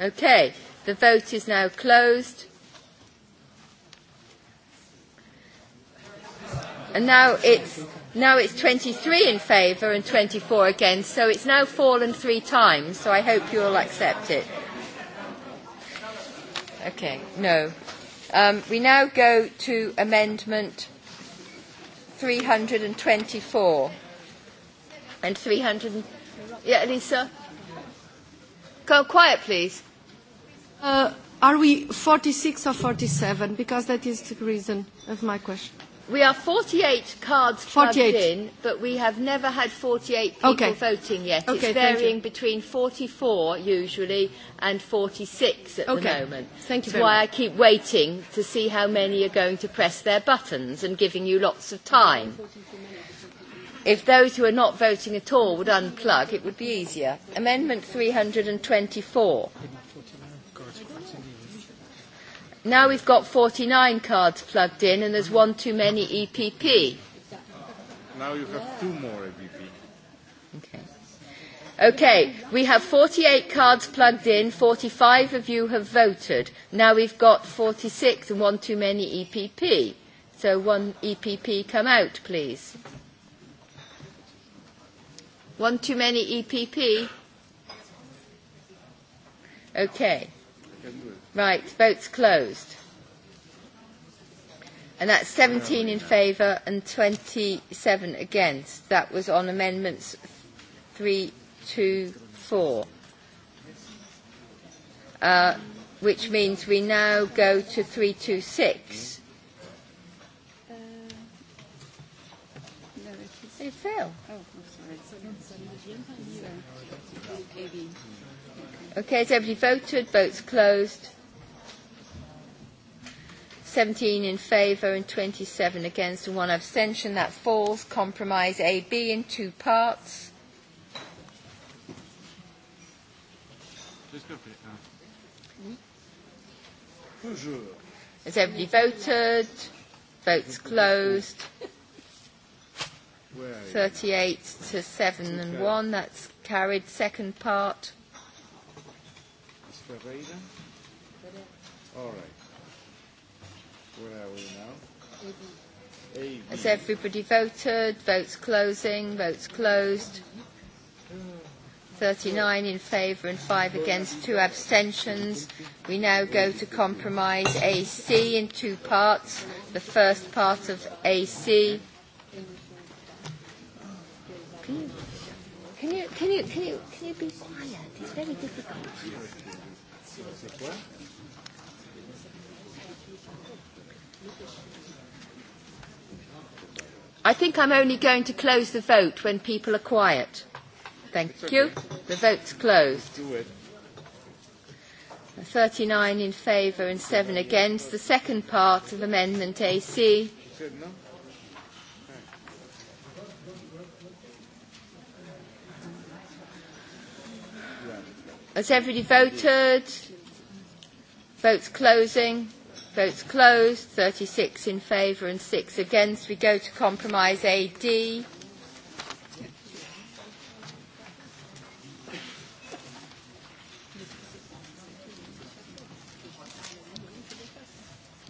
Okay, the vote is now closed. And now it's, now it's 23 in favour and 24 against, so it's now fallen three times, so I hope you all accept it. Okay, no. Um, we now go to amendment 324 and 300. Yeah, Lisa? Go quiet, please. Uh, are we 46 or 47? Because that is the reason of my question. We are 48 cards 48. plugged in, but we have never had 48 people okay. voting yet. Okay, it's varying between 44 usually and 46 at okay. the moment. Thank you That's very why much. I keep waiting to see how many are going to press their buttons and giving you lots of time. If those who are not voting at all would unplug, it would be easier. Amendment 324. Now we've got 49 cards plugged in and there's one too many EPP. Now you have two more EPP. Okay. Okay, we have 48 cards plugged in, 45 of you have voted. Now we've got 46 and one too many EPP. So one EPP come out, please. One too many EPP? Okay. I can do it. Right, votes closed. And that's 17 in favour and 27 against. That was on amendments 3, 2, 4. Uh, which means we now go to 326. Uh, no, Okay, has everybody voted? Votes closed. 17 in favour and 27 against and one abstention. That falls. Compromise a b in two parts. Has everybody voted? Votes closed. 38 to 7 and 1. That's carried. Second part. All right. Where are we now? AV. Has everybody voted? Votes closing. Votes closed. 39 in favour and 5 against, 2 abstentions. We now go to compromise AC in two parts. The first part of AC. can you, can you, can you, can you be quiet? It's very difficult. I think I'm only going to close the vote when people are quiet. Thank okay. you. The vote's closed. 39 in favour and 7 against. The second part of Amendment AC. Has everybody voted? Votes closing. Votes closed. 36 in favour and 6 against. We go to compromise AD.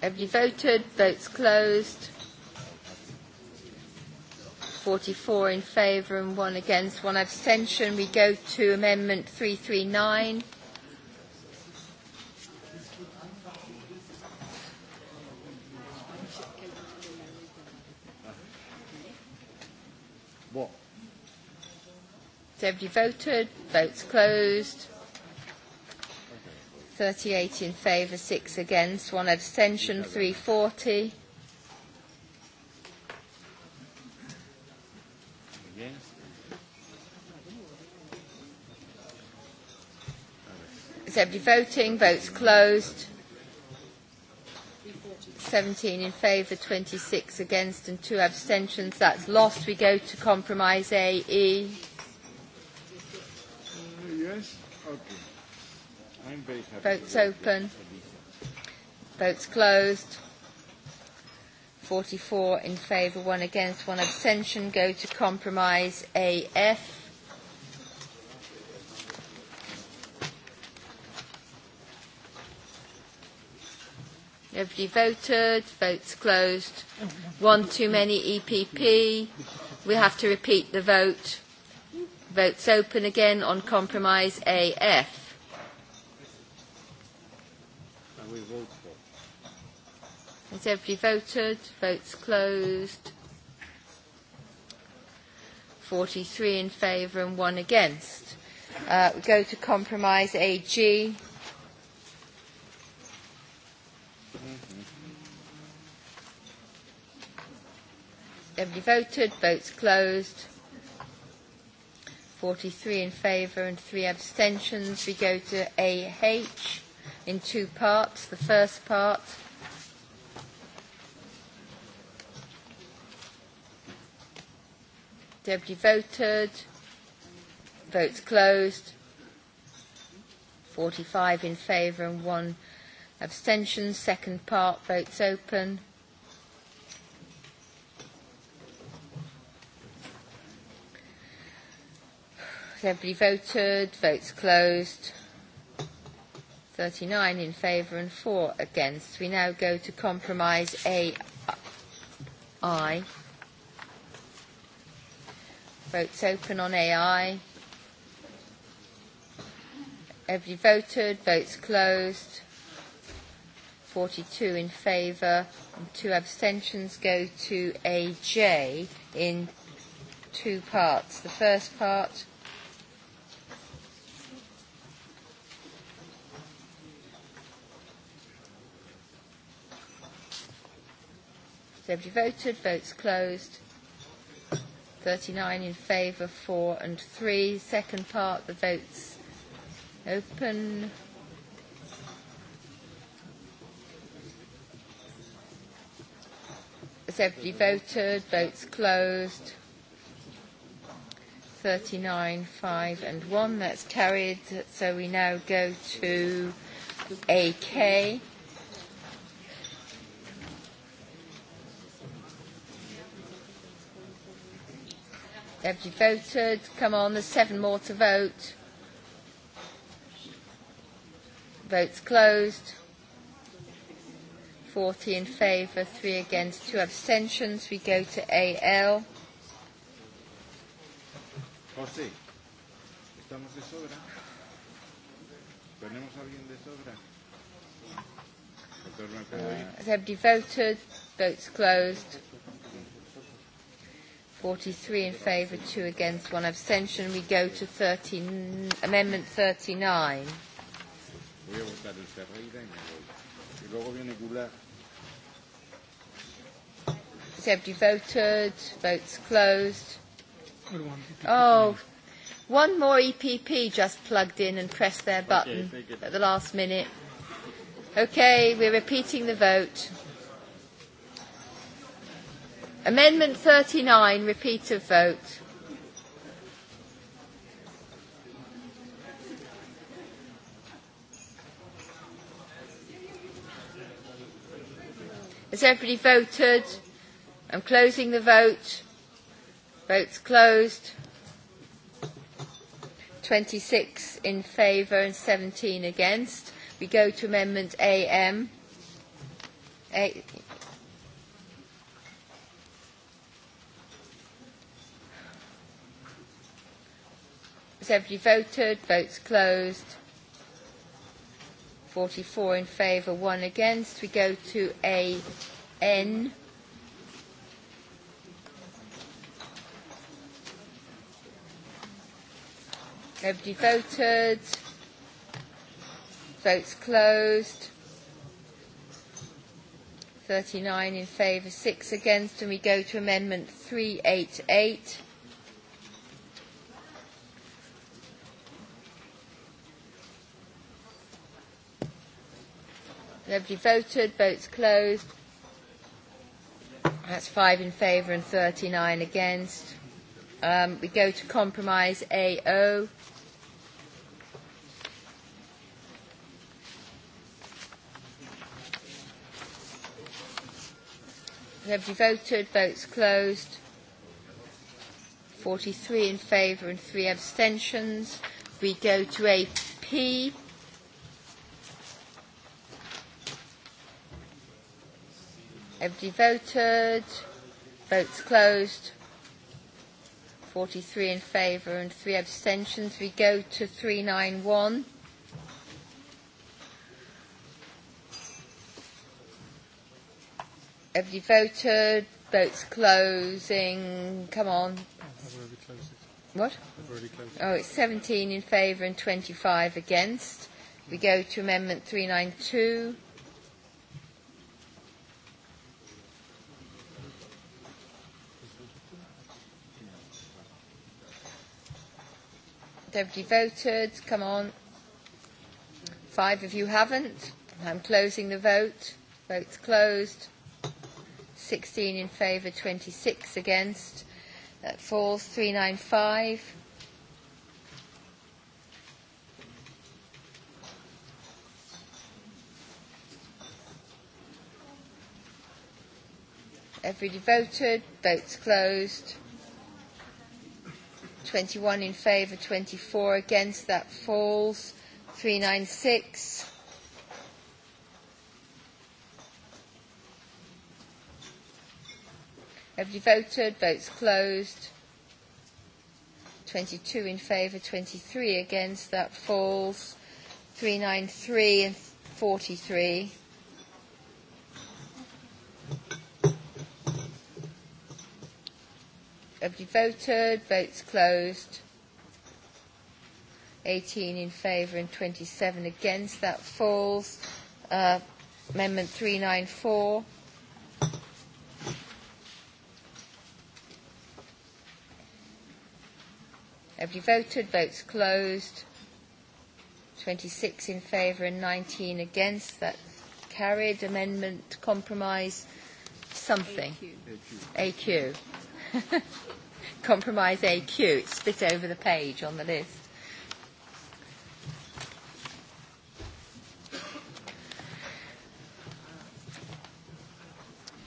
Have you voted? Votes closed. 44 in favour and one against, one abstention. We go to Amendment 339. Has everybody voted? Votes closed. 38 in favour, 6 against, 1 abstention, 340. Is everybody voting? Votes closed. 17 in favour, 26 against and 2 abstentions. That's lost. We go to compromise A, E. Votes open. Votes closed. 44 in favour, one against, one abstention. Go to compromise AF. Everybody voted, votes closed. One too many EPP. We have to repeat the vote. Votes open again on compromise AF. And we vote for. Has everybody voted? Votes closed. 43 in favour and one against. Uh, we go to compromise AG. Everybody voted, votes closed. 43 in favour and three abstentions. We go to AH in two parts. The first part. Deputy voted. Votes closed. 45 in favour and one abstention. Second part. Votes open. everybody voted? Votes closed. 39 in favour and 4 against. We now go to compromise AI. Votes open on AI. Everybody voted. Votes closed. 42 in favour and 2 abstentions go to AJ in two parts. The first part Everybody voted, votes closed. 39 in favour, 4 and 3. Second part, the votes open. Has everybody voted? Votes closed. 39, 5 and 1. That's carried. So we now go to AK. Everybody voted. Come on, there's seven more to vote. Votes closed. 40 in favour, three against, two abstentions. We go to oh, AL. Uh, has everybody voted? Votes closed. 43 in favour, 2 against, 1 abstention. We go to 13, Amendment 39. Deputy voted? Votes closed. E oh, one more EPP just plugged in and pressed their button okay, at the last minute. Okay, we're repeating the vote. Amendment 39, repeat of vote. Has everybody voted? I'm closing the vote. Votes closed. 26 in favour and 17 against. We go to Amendment AM. A Has everybody voted? Votes closed. 44 in favour, 1 against. We go to A N. Nobody voted. Votes closed. 39 in favour, 6 against, and we go to Amendment 388. Nobody voted. Votes closed. That's five in favour and 39 against. Um, we go to compromise AO. Nobody voted. Votes closed. 43 in favour and three abstentions. We go to AP. Everybody voted. Votes closed. 43 in favour and three abstentions. We go to 391. Everybody voted. Votes closing. Come on. What? Oh, it's 17 in favour and 25 against. We go to Amendment 392. Everybody voted? Come on. Five of you haven't. I'm closing the vote. Vote's closed. 16 in favour, 26 against. That falls 395. Everybody voted. Vote's closed. 21 in favour, 24 against, that falls. 396. Have you voted? Votes closed. 22 in favour, 23 against, that falls. 393 and 43. Have you voted. Votes closed. 18 in favour and 27 against. That falls. Uh, amendment 394. Have you voted. Votes closed. 26 in favour and 19 against. That carried. Amendment compromise something. AQ. AQ. [laughs] Compromise AQ, it's split over the page on the list.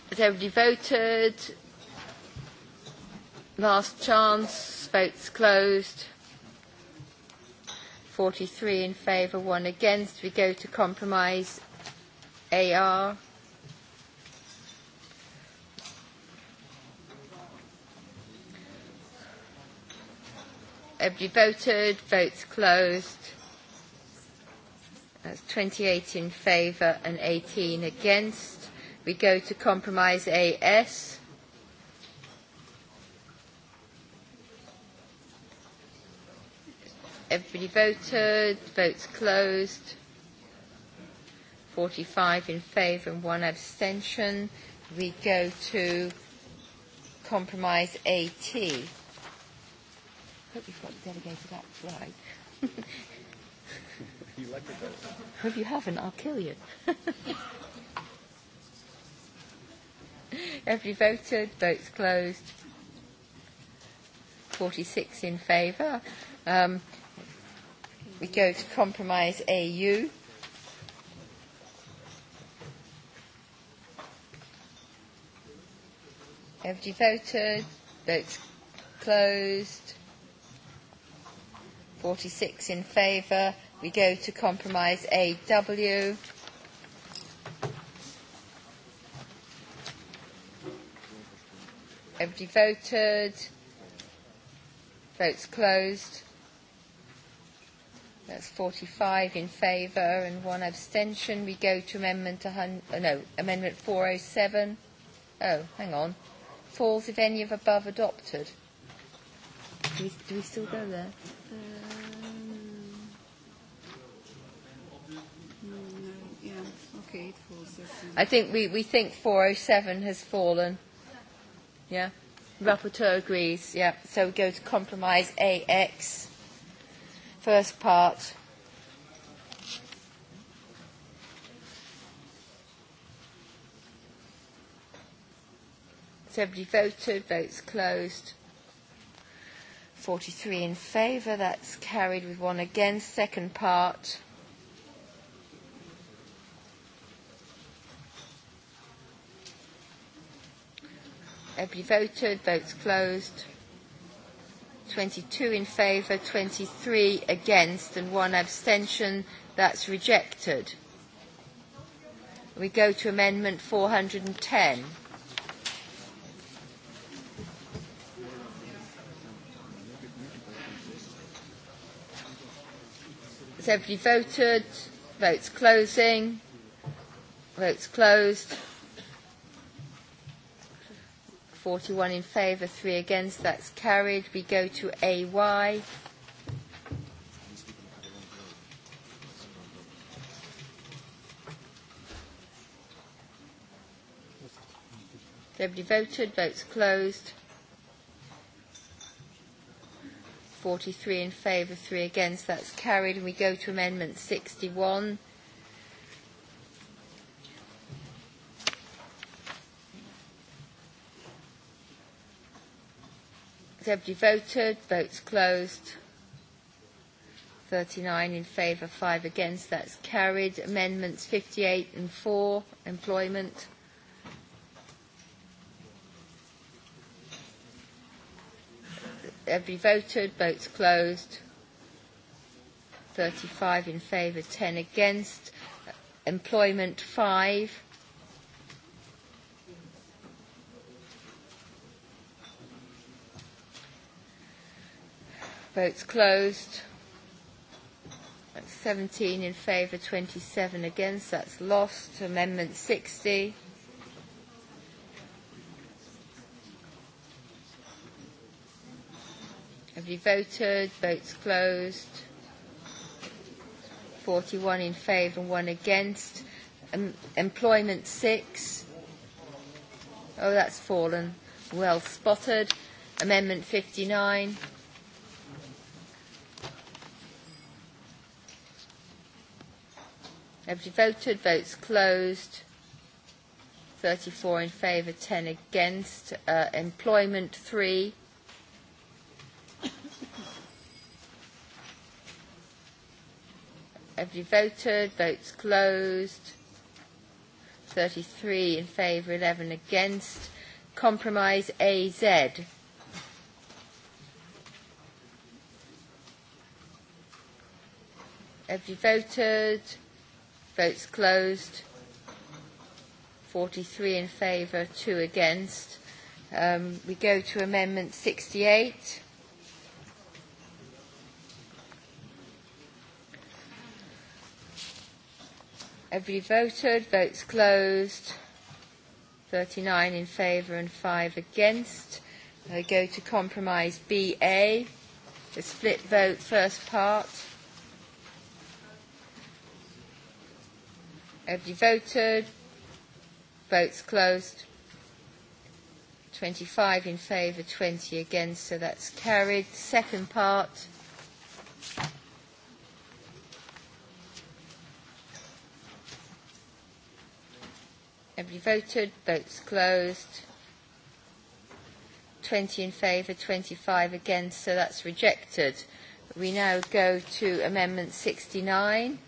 Has everybody voted? Last chance, votes closed. 43 in favour, one against. We go to compromise AR. Everybody voted. Votes closed. That's 28 in favour and 18 against. We go to compromise AS. Everybody voted. Votes closed. 45 in favour and one abstention. We go to compromise AT hope you've got the delegated act right. [laughs] you like it, though. If you haven't, I'll kill you. [laughs] Every voted, votes closed. 46 in favour. Um, we go to compromise AU. Everybody voted, votes closed. 46 in favour. We go to compromise AW. Everybody voted. Votes closed. That's 45 in favour and one abstention. We go to amendment 100, uh, no, amendment 407. Oh, hang on. Falls if any of above adopted. Do we, do we still go there? Uh, I think we, we think 407 has fallen. Yeah. Rapporteur agrees. Yeah. So we go to compromise AX. First part. Everybody voted. Votes closed. 43 in favour. That's carried with one against. Second part. Have you voted? Votes closed. 22 in favour, 23 against and one abstention. That's rejected. We go to Amendment 410. Has everybody voted? Votes closing. Votes closed. 41 in favour, 3 against, that's carried. We go to AY. Nobody voted, votes closed. 43 in favour, 3 against, that's carried. And we go to Amendment 61. everybody voted? Votes closed. 39 in favour, 5 against. That's carried. Amendments 58 and 4, employment. Every voted? Votes closed. 35 in favour, 10 against. Employment 5. Votes closed. That's 17 in favour, 27 against. That's lost. Amendment 60. Have you voted? Votes closed. 41 in favour and 1 against. Um, employment 6. Oh, that's fallen. Well spotted. Amendment 59. Everybody voted, votes closed. 34 in favour, 10 against. Uh, employment, 3. Everybody voted, votes closed. 33 in favour, 11 against. Compromise AZ. Everybody voted, Votes closed. 43 in favour, 2 against. Um, we go to Amendment 68. Everybody voted. Votes closed. 39 in favour and 5 against. I go to compromise BA. The split vote, first part. Have you voted? Votes closed. 25 in favour, 20 against, so that's carried. Second part. Have you voted, votes closed. 20 in favour, 25 against, so that's rejected. We now go to Amendment 69.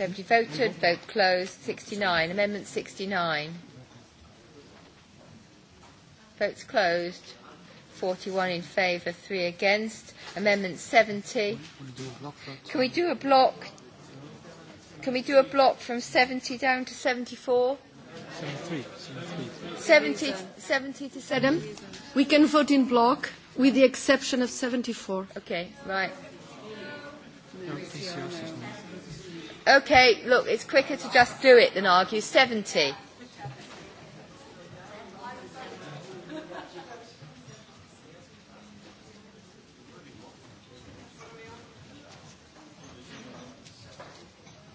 Deputy voted. Vote closed. 69. Amendment 69. Votes closed. 41 in favour, 3 against. Amendment 70. Can we do a block? Can we do a block from 70 down to 74? 70, 70 to 7? We can vote in block with the exception of 74. Okay, right. No, Okay, look, it's quicker to just do it than argue. 70.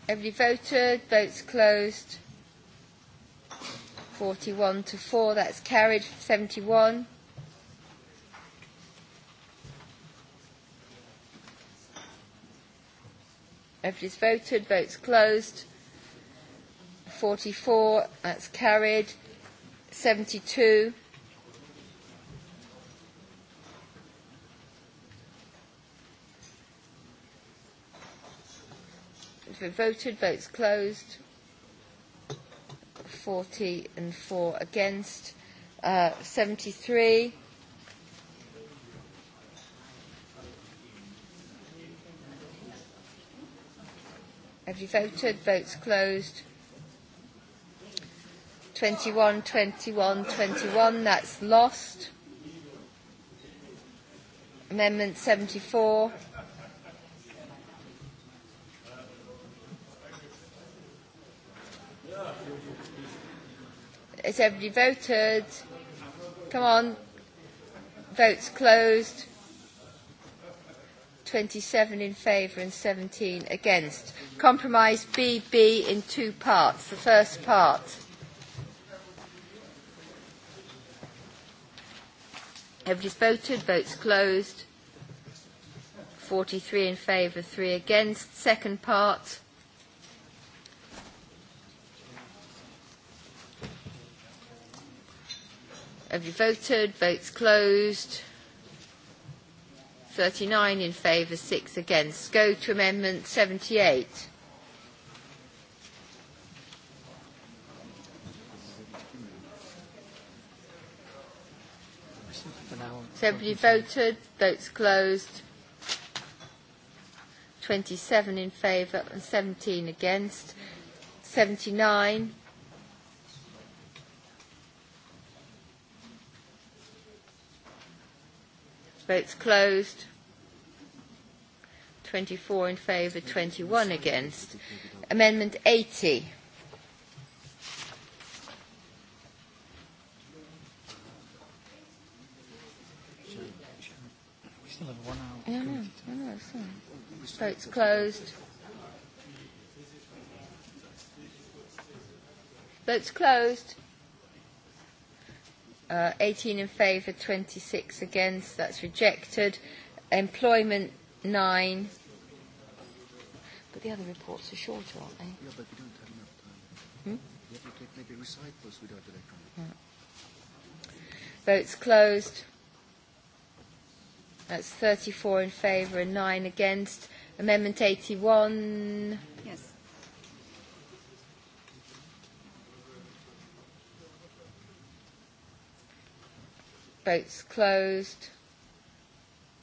Everybody voted, votes closed. 41 to 4, that's carried. 71. Everybody's voted. Votes closed. 44. That's carried. 72. If voted, votes closed. 40 and 4 against. Uh, 73. Have you voted? Votes closed. 21, 21, 21. That's lost. Amendment 74. Has everybody voted? Come on. Votes closed. 21, 21. 27 in favour and 17 against. Compromise BB in two parts. The first part. Everybody's voted. Votes closed. 43 in favour, 3 against. Second part. Have you voted? Votes closed. 39 in favour, 6 against. Go to Amendment 78. everybody voted? Votes closed. 27 in favour and 17 against. 79 Votes closed. 24 in favour, 21 against. Amendment 80. Votes closed. Votes closed. Uh, 18 in favour, 26 against, that's rejected. Employment, 9. But the other reports are shorter, aren't they? Yeah, but we don't have enough time. Hmm? We have to take maybe recycles without electronic. Yeah. Hmm. Votes closed. That's 34 in favour and 9 against. Amendment 81. Votes closed.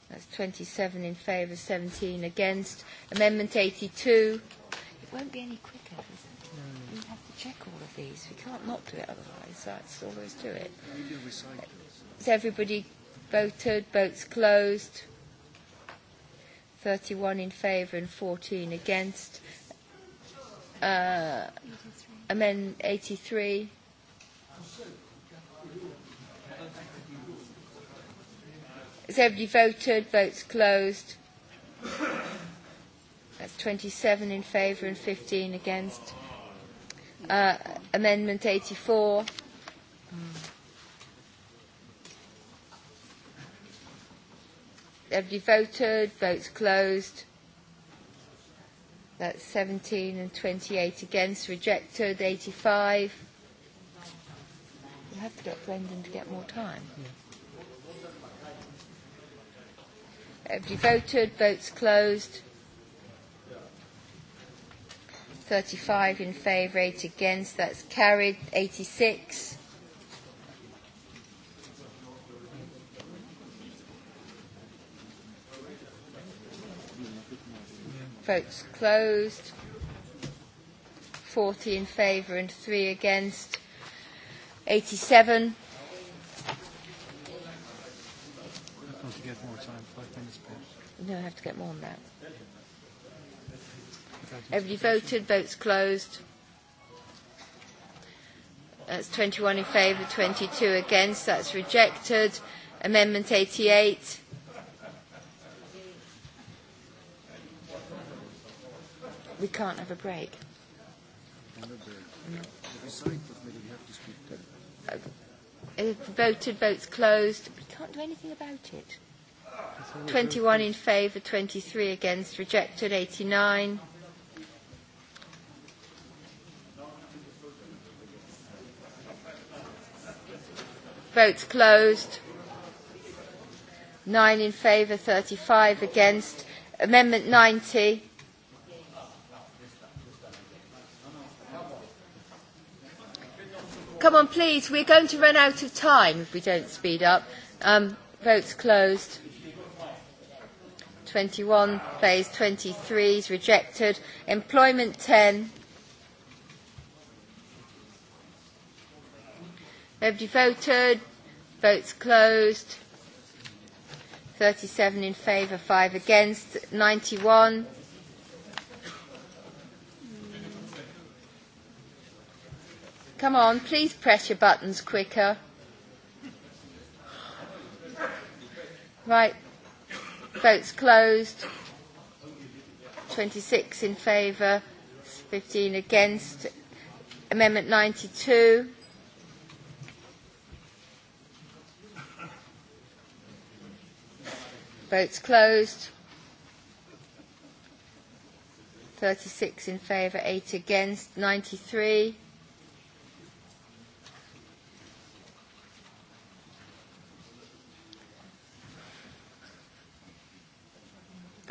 That's 27 in favour, 17 against. Amendment 82. It won't be any quicker, is it? No. We have to check all of these. We can't not do it otherwise. That's all there is to it. Has everybody voted? Votes closed. 31 in favour and 14 against. Uh, amendment 83. Has everybody voted? Votes closed. That's 27 in favour and 15 against. Uh, amendment 84. Everybody voted? Votes closed. That's 17 and 28 against. Rejected 85. You have to get Brendan to get more time. Yeah. Have you voted, votes closed. 35 in favour, 8 against, that's carried. 86. Votes closed. 40 in favour and 3 against. 87. get more time, five minutes per. No, I have to get more than that. Everybody voted, votes closed. That's 21 in favour, 22 against. That's rejected. Amendment 88. We can't have a break. No. Uh, voted, votes closed. We can't do anything about it. 21 in favour, 23 against, rejected 89. Votes closed. Nine in favour, 35 against. Amendment 90. Come on, please. We're going to run out of time if we don't speed up. Um, votes closed. 21, phase 23 is rejected. Employment 10. Nobody voted. Votes closed. 37 in favour, 5 against. 91. Come on, please press your buttons quicker. Right, Votes closed. 26 in favour, 15 against. Amendment 92. Votes closed. 36 in favour, 8 against. 93.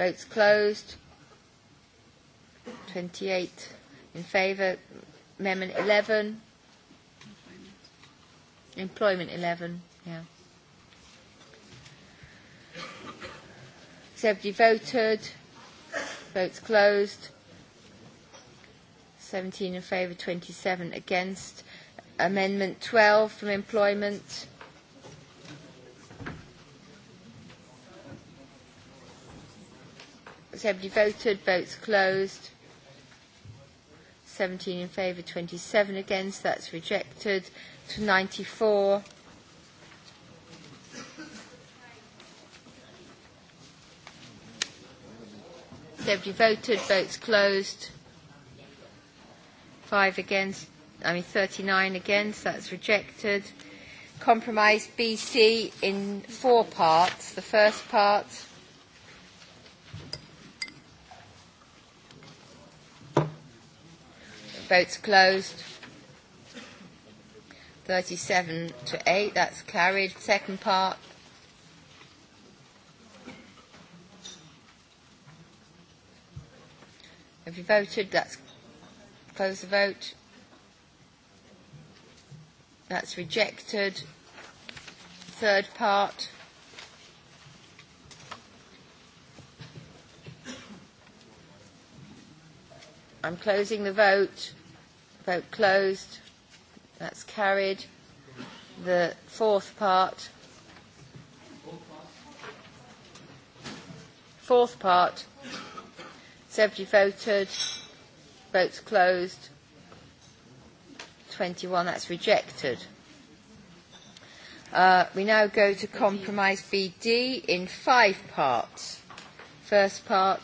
Votes closed. 28 in favour. Amendment 11. Employment 11, yeah. Seventy voted. Votes closed. 17 in favour, 27 against. Amendment 12 from employment. Has everybody voted? Votes closed. 17 in favour, 27 against. That's rejected. To 94. Everybody voted. Votes closed. Five against. I mean, 39 against. That's rejected. Compromise BC in four parts. The first part. Votes closed. 37 to 8, that's carried. Second part. Have you voted? That's close the vote. That's rejected. Third part. I'm closing the vote. Vote closed. That's carried. The fourth part. Fourth part. Seventy voted. Votes closed. 21, that's rejected. Uh, we now go to compromise BD in five parts. First part,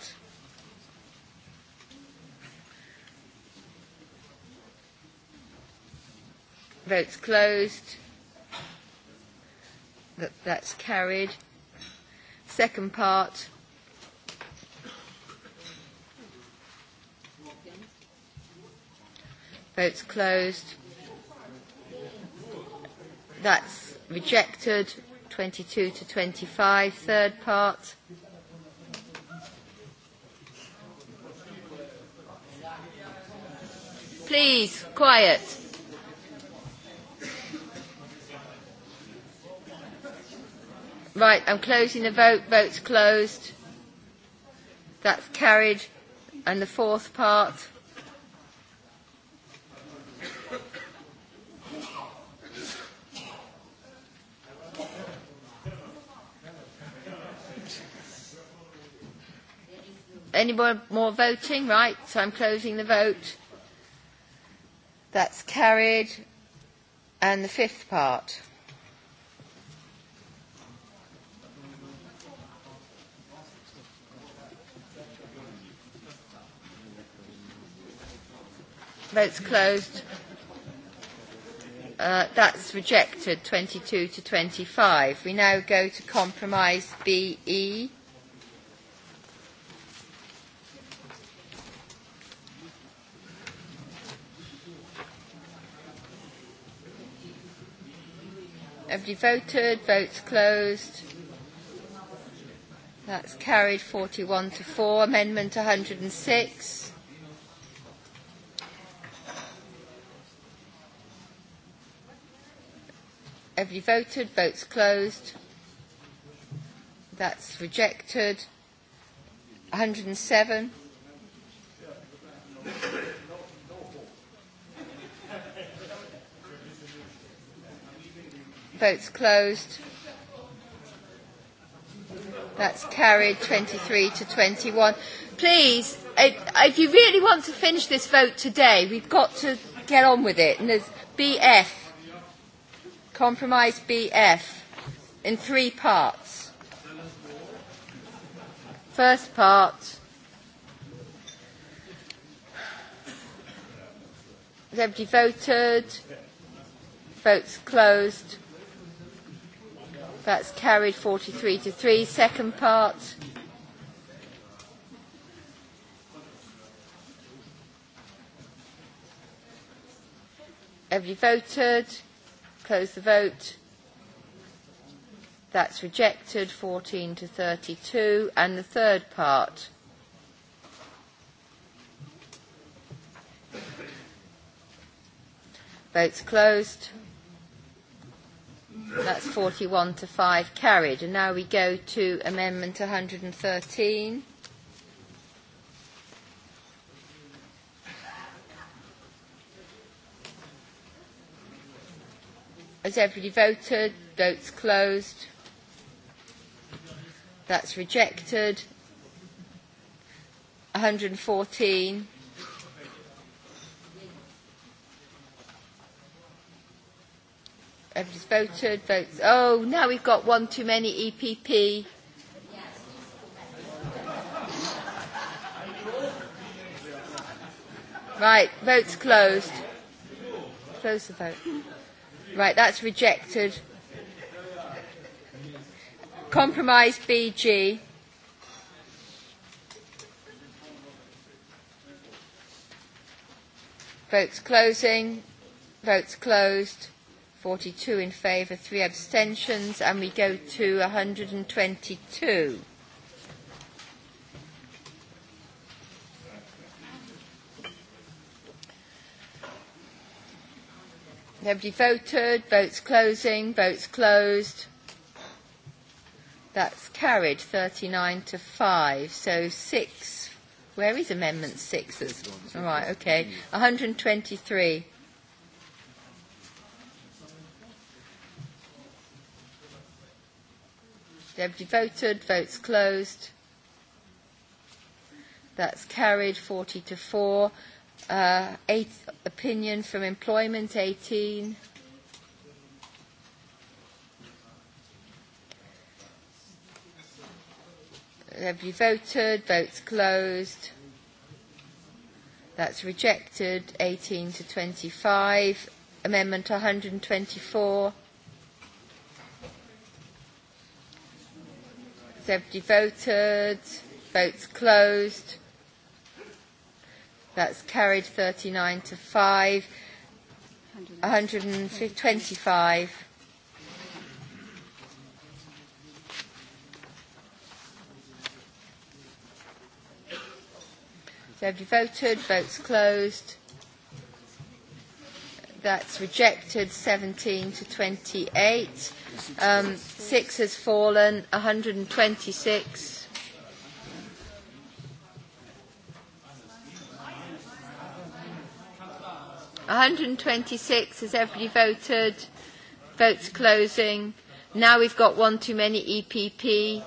Votes closed. That, that's carried. Second part. Votes closed. That's rejected. 22 to 25. Third part. Please, quiet. Right, I'm closing the vote. Vote's closed. That's carried. And the fourth part. Any more, more voting? Right, so I'm closing the vote. That's carried. And the fifth part. Votes closed. Uh, that's rejected, 22 to 25. We now go to compromise BE. Everybody voted, votes closed. That's carried 41 to 4. Amendment 106. Every voted, votes closed. That's rejected. 107. Votes closed. That's carried 23 to 21. Please, if you really want to finish this vote today, we've got to get on with it. And there's BF. Compromise BF in three parts. First part. Has everybody voted? Votes closed. That's carried 43 to 3. Second part. Have you voted? Close the vote. That's rejected, 14 to 32. And the third part. Votes closed. That's 41 to 5 carried. And now we go to Amendment 113. Has everybody voted? Votes closed. That's rejected. 114. Everybody's voted. Votes. Oh, now we've got one too many EPP. Right, votes closed. Close the vote. Right, that's rejected. Compromise BG. Votes closing. Votes closed. 42 in favour, 3 abstentions, and we go to 122. Nobody voted. Votes closing. Votes closed. That's carried 39 to 5. So 6. Where is Amendment 6? all right, okay. 123. Deputy voted. Votes closed. That's carried 40 to 4. Uh, eighth opinion from employment 18. Have you voted? Votes closed. That's rejected. 18 to 25. Amendment 124. Have you voted? Votes closed. That's carried 39 to 5. 125. So have you voted? Votes closed. That's rejected, 17 to 28. Um, six has fallen, 126. 126 has everybody voted? Votes closing. Now we've got one too many EPP.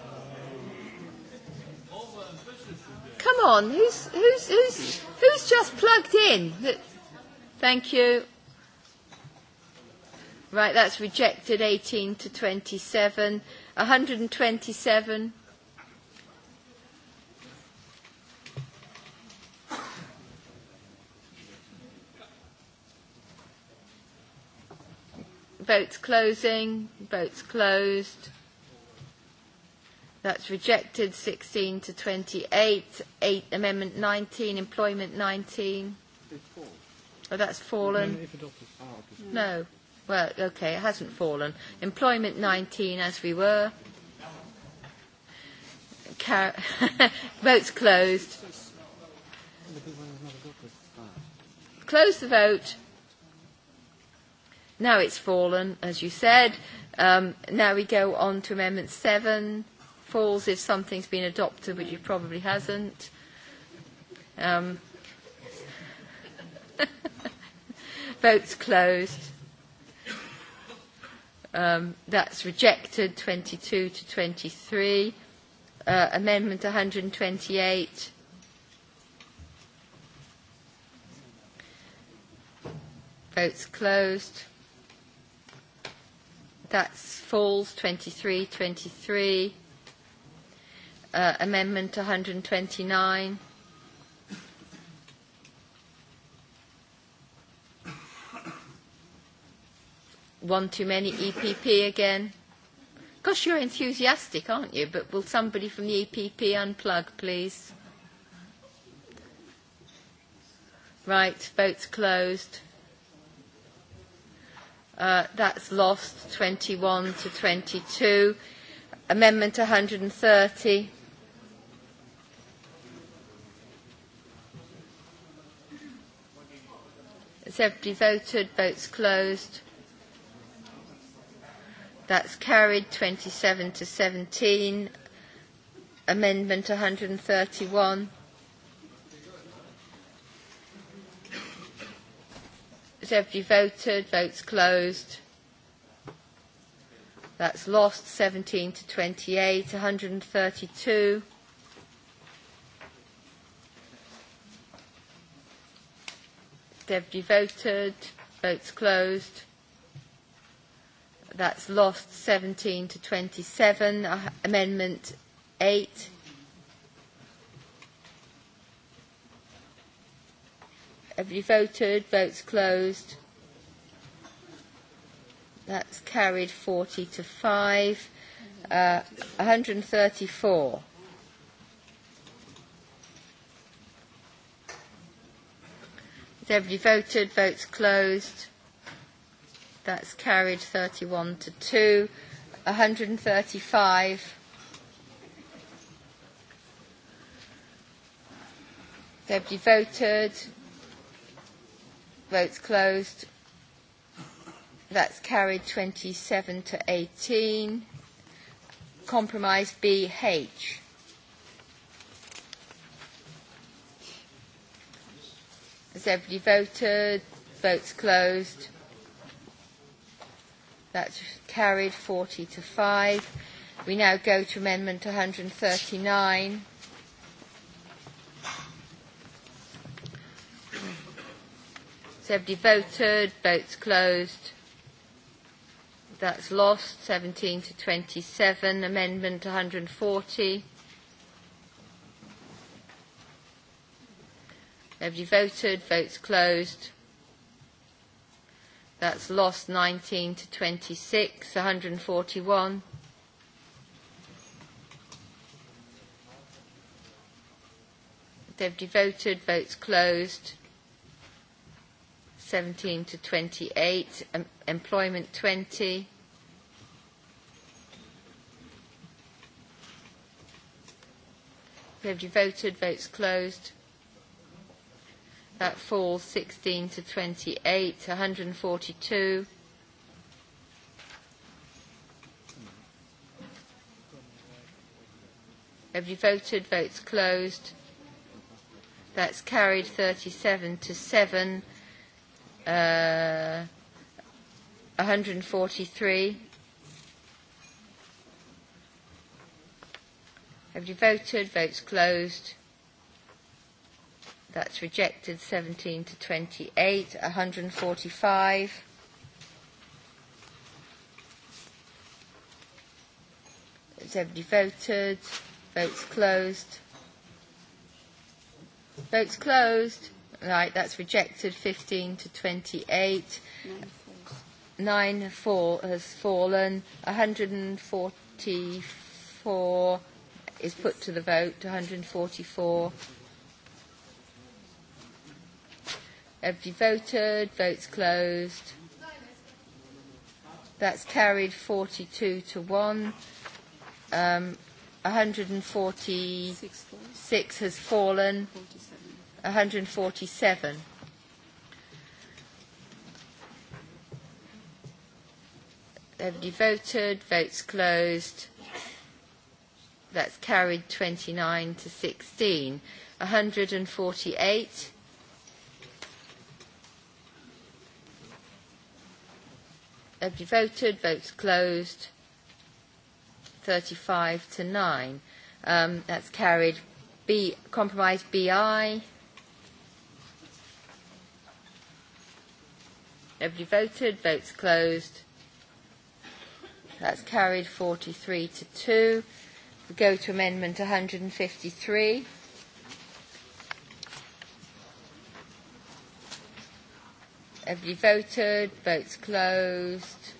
Come on, who's, who's, who's, who's just plugged in? Thank you. Right, that's rejected 18 to 27. 127. Vote's closing. Vote's closed. That's rejected. 16 to 28. 8 Amendment 19. Employment 19. Oh, that's fallen. Ah, no. Well, okay, it hasn't fallen. Employment 19 as we were. Car [laughs] Vote's closed. Close the vote. Now it's fallen, as you said. Um, now we go on to Amendment 7. Falls if something's been adopted, which it probably hasn't. Um, [laughs] votes closed. Um, that's rejected, 22 to 23. Uh, amendment 128. Votes closed. That's falls 23, 23. Uh, amendment 129. One too many EPP again. Gosh, you're enthusiastic, aren't you? But will somebody from the EPP unplug, please? Right, vote's closed. Uh, that's lost 21 to 22. Amendment 130. Has everybody voted? Votes closed. That's carried 27 to 17. Amendment 131. Has everybody voted? Votes closed. That's lost 17 to 28, 132. Deputy voted, votes closed. That's lost 17 to 27. Uh, amendment 8 Have you voted? Votes closed. That's carried 40 to 5. Uh, 134. everybody voted? Votes closed. That's carried 31 to 2. 135. Everybody voted. Votes closed. That's carried 27 to 18. Compromise BH. Has everybody voted? Votes closed. That's carried 40 to 5. We now go to Amendment 139. 70 voted, votes closed. That's lost, 17 to 27. Amendment 140. Nobody voted, votes closed. That's lost 19 to 26, 141. Deputy voted, votes closed. 17 to 28, em employment 20. Have you voted, votes closed. That falls 16 to 28, 142. Have you voted, votes closed. That's carried 37 to 7. 143. Uh, Have you voted? Votes closed. That's rejected 17 to 28. 145. Has everybody voted? Votes closed. Votes closed right, that's rejected. 15 to 28. Nine Nine four has fallen. 144 is put to the vote. 144. Everybody voted. Votes closed. That's carried 42 to 1. Um, 146 has fallen. 46. 147. Everybody voted, votes closed. That's carried 29 to 16. 148. Everybody voted, votes closed. 35 to 9. Um, that's carried. B, compromise BI. Everybody voted. Votes closed. That's carried 43 to 2. We go to Amendment 153. Everybody voted. Votes closed.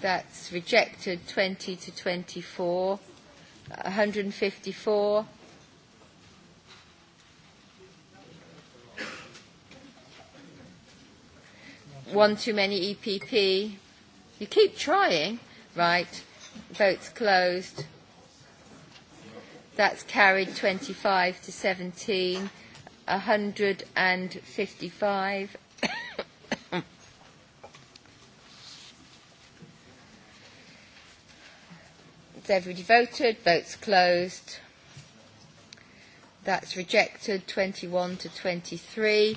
That's rejected 20 to 24. 154. One too many EPP. You keep trying. Right. Votes closed. That's carried 25 to 17. 155. [coughs] everybody voted? Votes closed. That's rejected 21 to 23.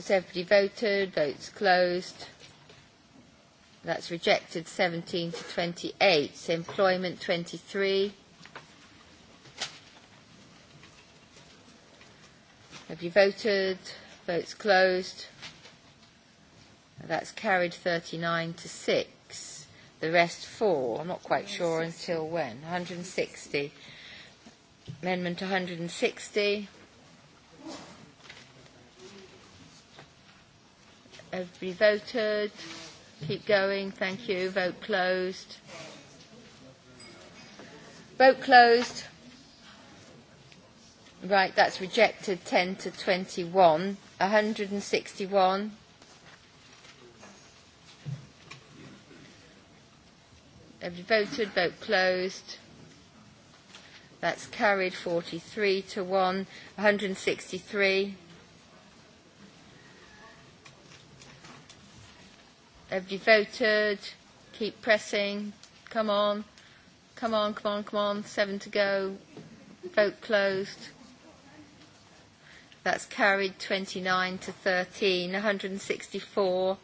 Has everybody voted? Votes closed. That's rejected 17 to 28. So Employment 23. Have you voted? Votes closed. That's carried 39 to 6. The rest 4. I'm not quite sure until when. 160. Amendment 160. Everybody voted. Keep going. Thank you. Vote closed. Vote closed. Right, that's rejected 10 to 21. 161. Everybody voted. Vote closed. That's carried 43 to 1. 163. Have you voted. Keep pressing. Come on. Come on, come on, come on. Seven to go. Vote closed. That's carried 29 to 13. 164.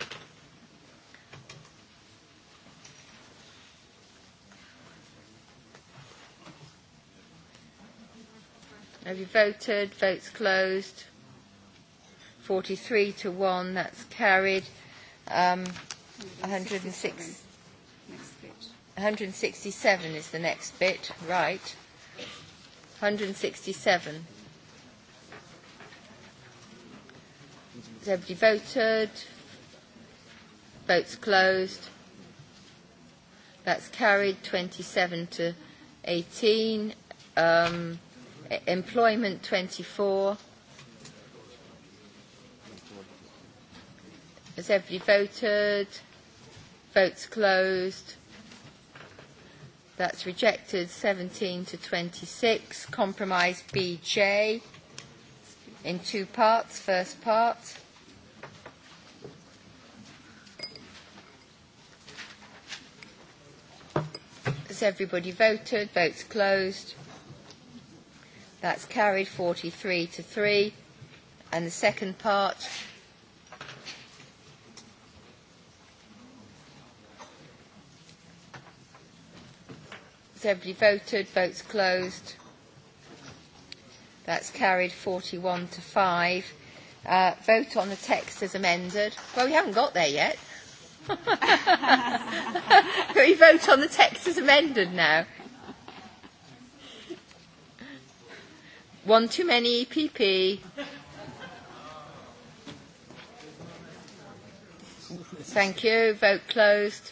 Have you voted? Votes closed. 43 to 1. That's carried. Um, 167 is the next bit, right. 167. Has everybody voted? Votes closed. That's carried 27 to 18. Um, e-, employment 24. Has everybody voted? Votes closed. That's rejected 17 to 26. Compromise BJ in two parts. First part. Has everybody voted? Votes closed. That's carried 43 to 3. And the second part. Everybody voted. Votes closed. That's carried 41 to 5. Uh, vote on the text as amended. Well, we haven't got there yet. [laughs] Can we vote on the text as amended now? One too many PP. E Thank you. Vote closed.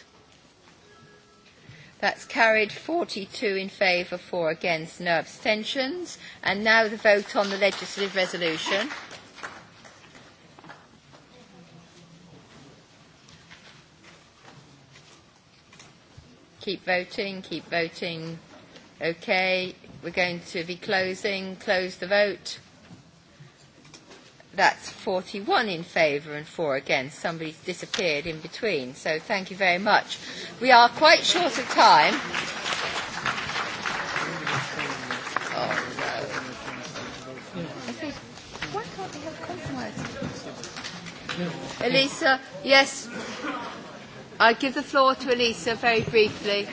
That's carried 42 in favour, 4 against, no abstentions. And now the vote on the legislative resolution. Keep voting, keep voting. Okay, we're going to be closing. Close the vote. That's 41 in favour and four against. Somebody's disappeared in between. So thank you very much. We are quite short of time. Elisa, yes. I give the floor to Elisa very briefly.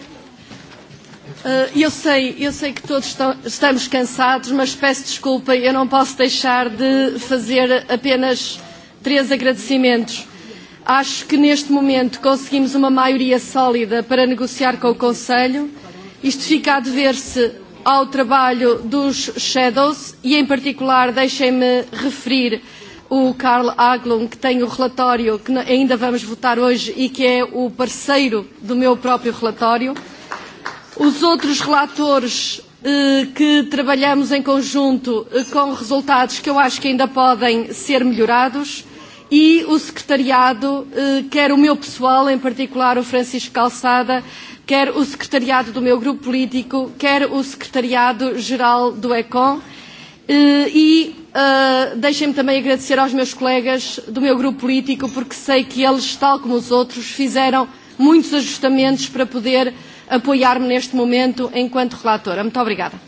Eh, eu sei, eu sei que todos estamos cansados, mas peço desculpa, eu não posso deixar de fazer apenas três agradecimentos. Acho que neste momento conseguimos uma maioria sólida para negociar com o Conselho. Isto fica a dever-se ao trabalho dos Shadows e, em particular, deixem-me referir o Carl Aglum, que tem o relatório que ainda vamos votar hoje e que é o parceiro do meu próprio relatório. Os outros relatores eh, que trabalhamos em conjunto eh, com resultados que eu acho que ainda podem ser melhorados e o secretariado, eh, quer o meu pessoal, em particular o Francisco Calçada, quer o secretariado do meu grupo político, quer o secretariado geral do ECOM E uh, deixem-me também agradecer aos meus colegas do meu grupo político, porque sei que eles, tal como os outros, fizeram muitos ajustamentos para poder apoiar-me neste momento enquanto relatora. Muito obrigada.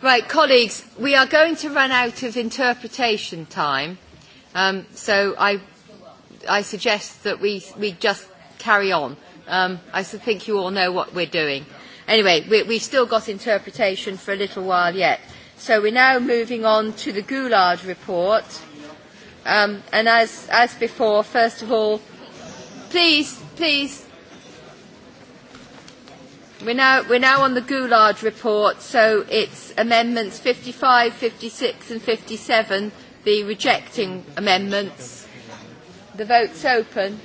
Right, colleagues, we are going to run out of interpretation time, um, so I, I suggest that we, we just carry on. Um, I think you all know what we're doing. Anyway, we, we've still got interpretation for a little while yet. So we're now moving on to the Goulard report. Um, and as, as before, first of all, please, please, we're now, we're now on the Goulard report, so it's amendments 55, 56 and 57, the rejecting amendments. The vote's open.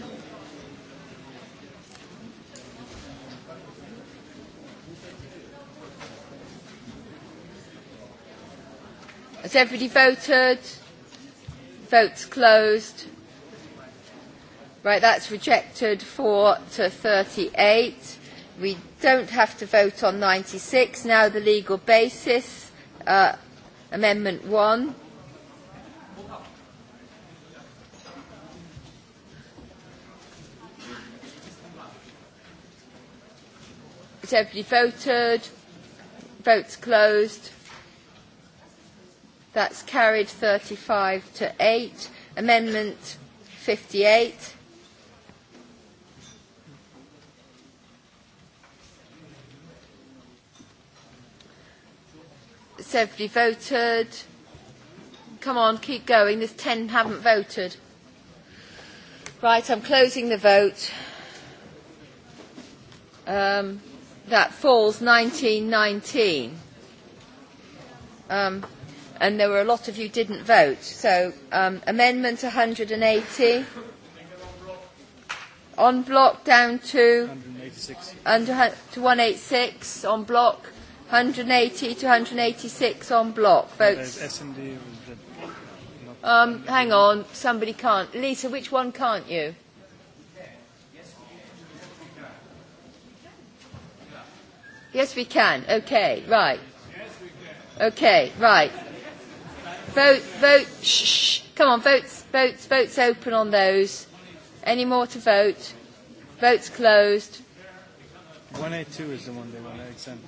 Has everybody voted? Votes closed. Right, that's rejected 4 to 38. We don't have to vote on 96. Now the legal basis, uh, Amendment 1. Has everybody voted? Votes closed. That's carried 35 to 8. Amendment 58. Seventy voted. Come on, keep going. There's ten haven't voted. Right, I'm closing the vote. Um, that falls 1919. Um, and there were a lot of you didn't vote. So um, amendment 180 on block down to 186. Under, to 186 on block, 180 to 186 on block votes. Um, hang on, somebody can't. Lisa, which one can't you? Yes, we can. Okay, right. Okay, right. Vote, vote, shh, shh. Come on, votes, votes, votes open on those. Any more to vote? Votes closed. 182 is the one they want to exempt.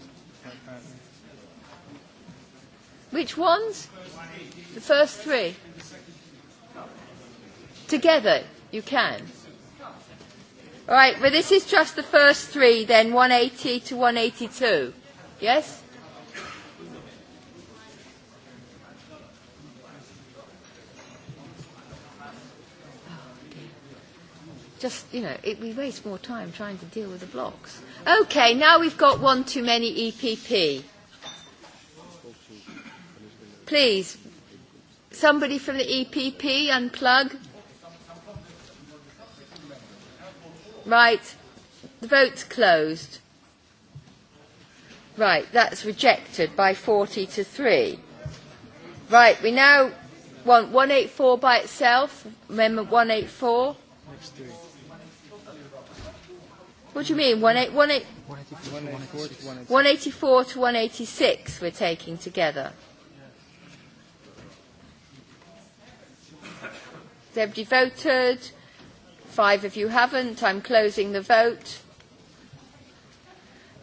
Which ones? The first three. Together, you can. All right, well, this is just the first three, then 180 to 182. Yes? just, you know, it, we waste more time trying to deal with the blocks. Okay, now we've got one too many EPP. Please, somebody from the EPP, unplug. Right, the vote's closed. Right, that's rejected by 40 to 3. Right, we now want 184 by itself, Amendment 184. Next three. What do you mean? 184 to 186 we're taking together. Deputy voted. Five of you haven't. I'm closing the vote.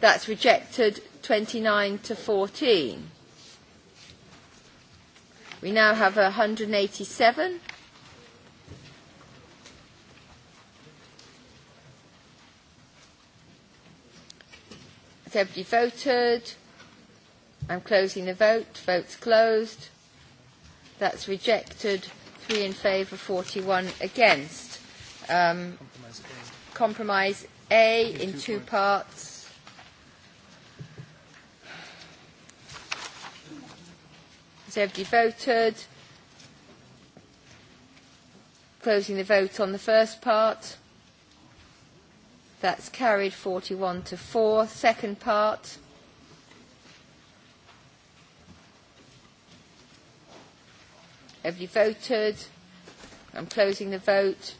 That's rejected 29 to 14. We now have 187. everybody voted? I'm closing the vote. Vote's closed. That's rejected. Three in favour, 41 against. Um, compromise A, compromise A in, two, two parts. Has everybody voted? Closing the vote on the first part. That's carried 41 to 4. Second part. Have you voted? I'm closing the vote.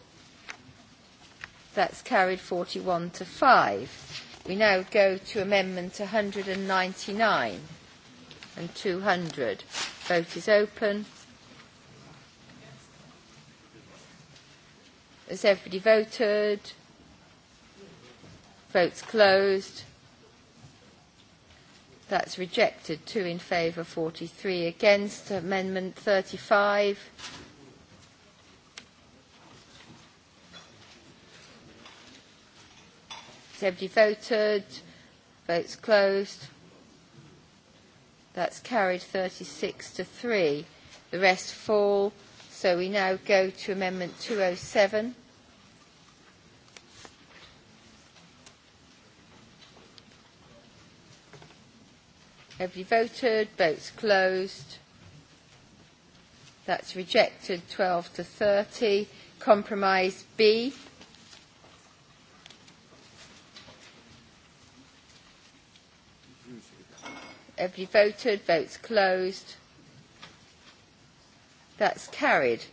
That's carried 41 to 5. We now go to Amendment 199 and 200. Vote is open. Has everybody voted? Votes closed. That's rejected. Two in favour, 43 against. Amendment 35. Has everybody voted? Votes closed. That's carried 36 to 3. The rest fall. So we now go to Amendment 207. Have you voted? Votes closed. That's rejected 12 to 30. Compromise B. Have you voted? Votes closed. That's carried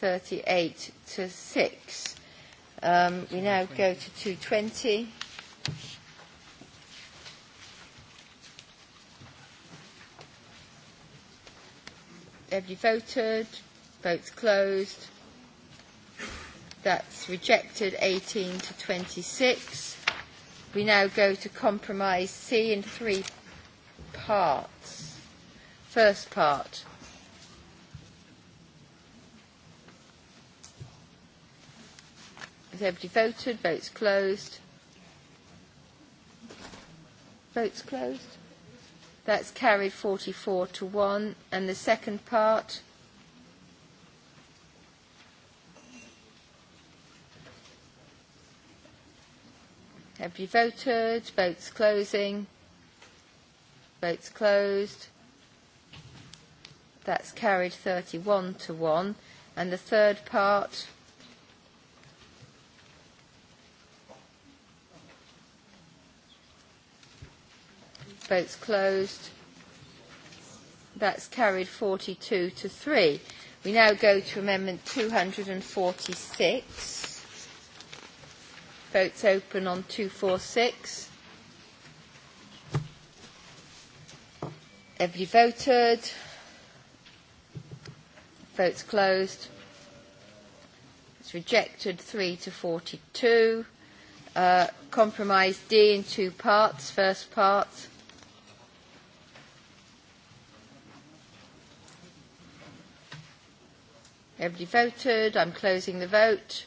38 to 6. Um, we now go to 220. Everybody voted? Votes closed. That's rejected, 18 to 26. We now go to compromise C in three parts. First part. Has everybody voted? Votes closed. Votes closed. That's carried 44 to 1. And the second part? Have you voted? Votes closing. Votes closed. That's carried 31 to 1. And the third part? Votes closed. That's carried 42 to 3. We now go to Amendment 246. Votes open on 246. Everybody voted. Votes closed. It's rejected 3 to 42. Uh, compromise D in two parts. First part. Everybody voted. I'm closing the vote.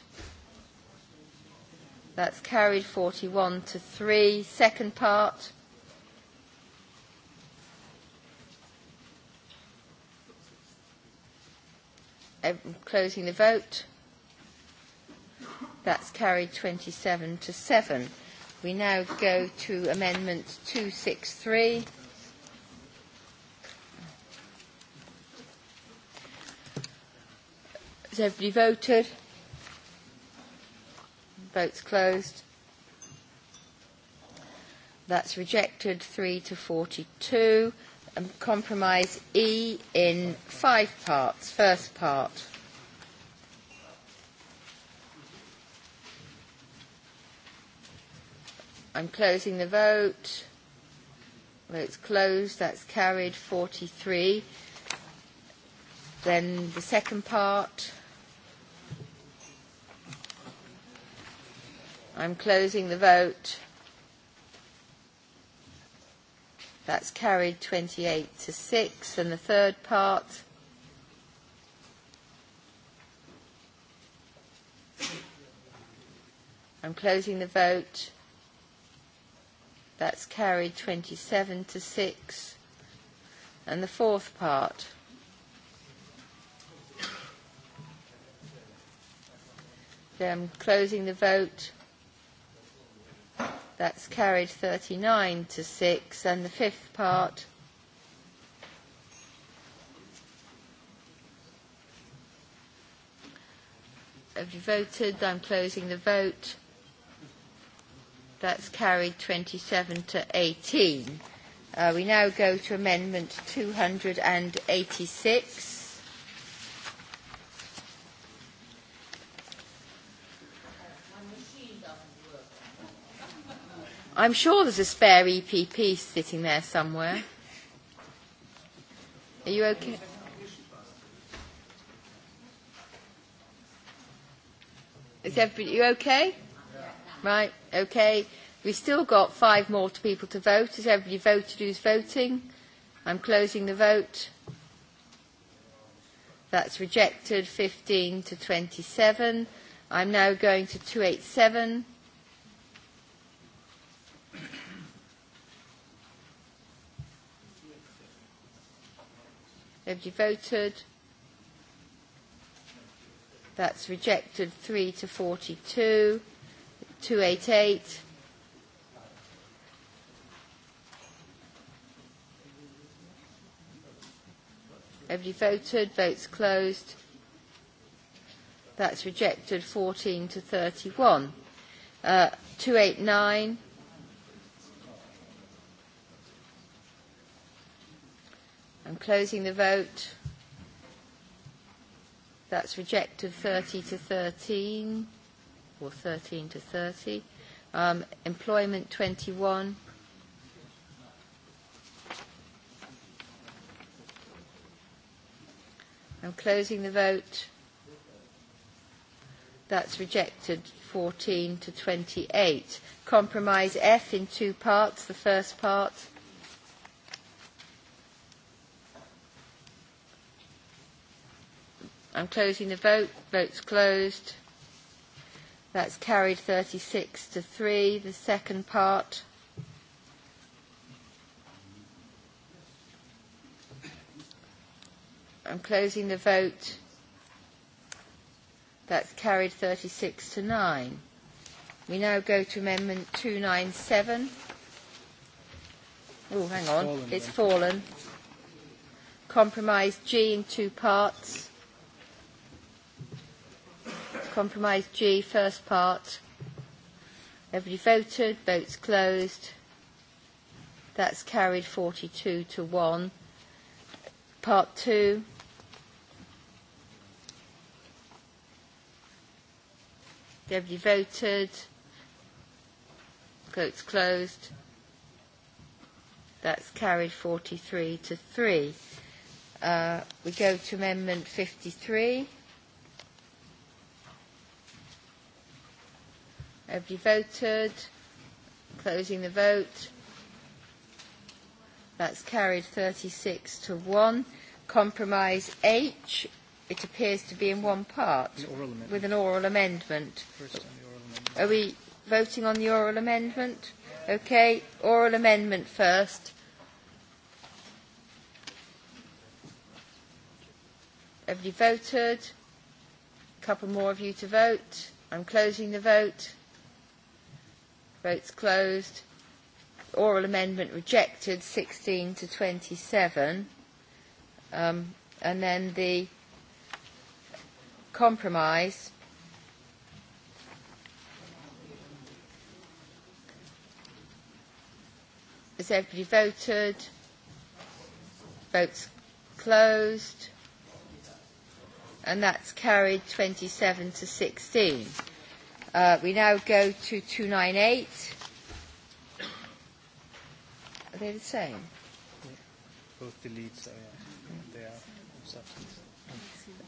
That's carried 41 to 3. Second part. I'm closing the vote. That's carried 27 to 7. We now go to Amendment 263. Has everybody voted? Votes closed. That's rejected, 3 to 42. Um, compromise E in five parts. First part. I'm closing the vote. Vote's closed. That's carried, 43. Then the second part. I'm closing the vote. That's carried 28 to 6. And the third part. I'm closing the vote. That's carried 27 to 6. And the fourth part. I'm closing the vote. That's carried 39 to 6. And the fifth part. Have you voted? I'm closing the vote. That's carried 27 to 18. Uh, we now go to Amendment 286. I'm sure there's a spare EPP sitting there somewhere. Are you okay? Is everybody you okay? Right, okay. We've still got five more to people to vote. Has everybody voted who's voting? I'm closing the vote. That's rejected, 15 to 27. I'm now going to 287. Have you voted. That's rejected. 3 to 42. 288. Have you voted. Votes closed. That's rejected. 14 to 31. Uh, 289. I'm closing the vote. That's rejected 30 to 13, or 13 to 30. Um, employment 21. I'm closing the vote. That's rejected 14 to 28. Compromise F in two parts. The first part. I'm closing the vote. Vote's closed. That's carried 36 to 3. The second part. I'm closing the vote. That's carried 36 to 9. We now go to Amendment 297. Oh, hang on. Fallen, it's then. fallen. Compromise G in two parts. Compromise G, first part. Everybody voted, votes closed. That's carried 42 to 1. Part 2. Deputy voted. Votes closed. That's carried 43 to 3. Uh, we go to Amendment 53. Have you voted? Closing the vote. That's carried 36 to 1. Compromise H, it appears to be in one part an with an oral amendment. First on the oral amendment. Are we voting on the oral amendment? Okay, oral amendment first. Have you voted? A couple more of you to vote. I'm closing the vote. Votes closed. Oral amendment rejected, 16 to 27. Um, and then the compromise. Has everybody voted? Votes closed. And that's carried 27 to 16. Uh, we now go to 298. Are they the same? Yeah. Both deletes are, they are substance.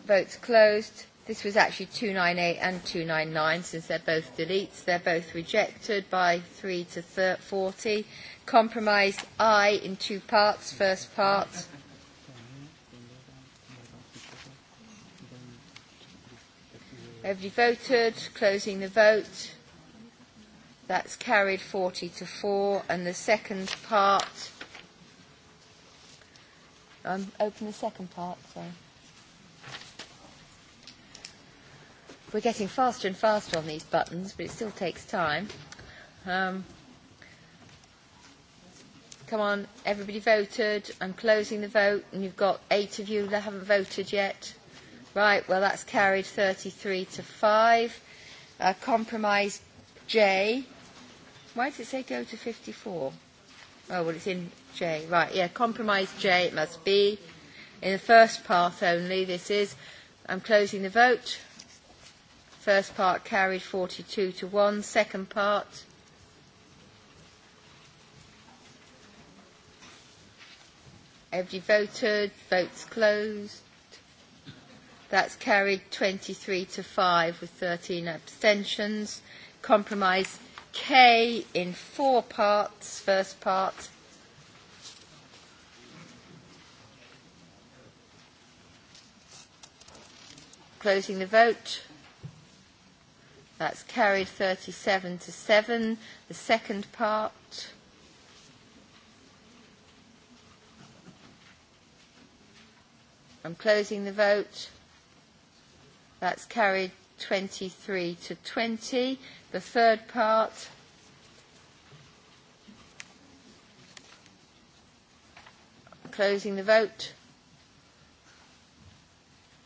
Votes closed. This was actually 298 and 299 since they're both deletes. They're both rejected by 3 to 40. Compromise I in two parts. First part. Everybody voted, closing the vote. That's carried 40 to 4. And the second part. Um, open the second part, sorry. We're getting faster and faster on these buttons, but it still takes time. Um, come on, everybody voted. I'm closing the vote, and you've got eight of you that haven't voted yet. Right, well that's carried 33 to 5. Uh, compromise J. Why does it say go to 54? Oh, well it's in J. Right, yeah, compromise J it must be. In the first part only, this is. I'm closing the vote. First part carried 42 to 1. Second part. Everybody voted. Votes closed. That's carried 23 to 5 with 13 abstentions. Compromise K in four parts. First part. Closing the vote. That's carried 37 to 7. The second part. I'm closing the vote. That's carried 23 to 20. The third part. Closing the vote.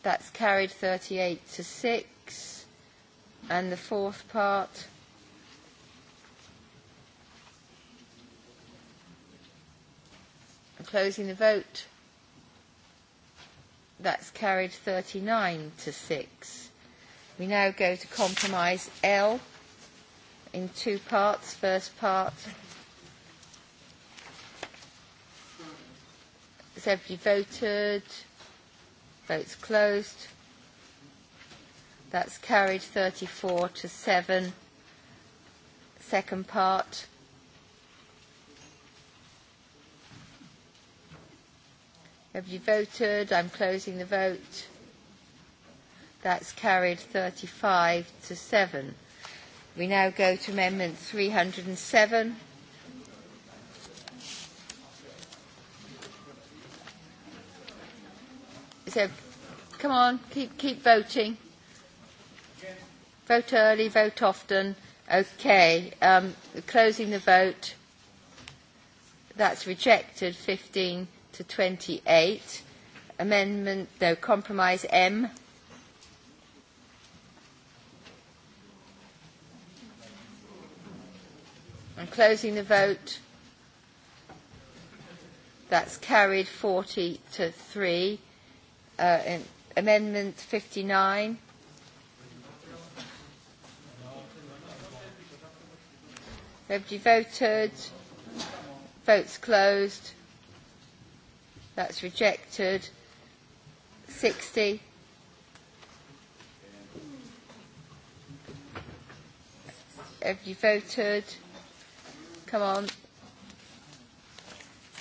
That's carried 38 to 6. And the fourth part. Closing the vote. That's carried 39 to 6. We now go to compromise L in two parts. First part. Has everybody voted? Votes closed. That's carried 34 to 7. Second part. Have you voted? I'm closing the vote. That's carried 35 to 7. We now go to Amendment 307. So, come on, keep, keep voting. Vote early, vote often. Okay, um, closing the vote. That's rejected, 15 to 28. Amendment, no, compromise M. I'm closing the vote. That's carried 40 to 3. Uh, amendment 59. Have you voted. Votes closed. That's rejected. 60. Have you voted? Come on.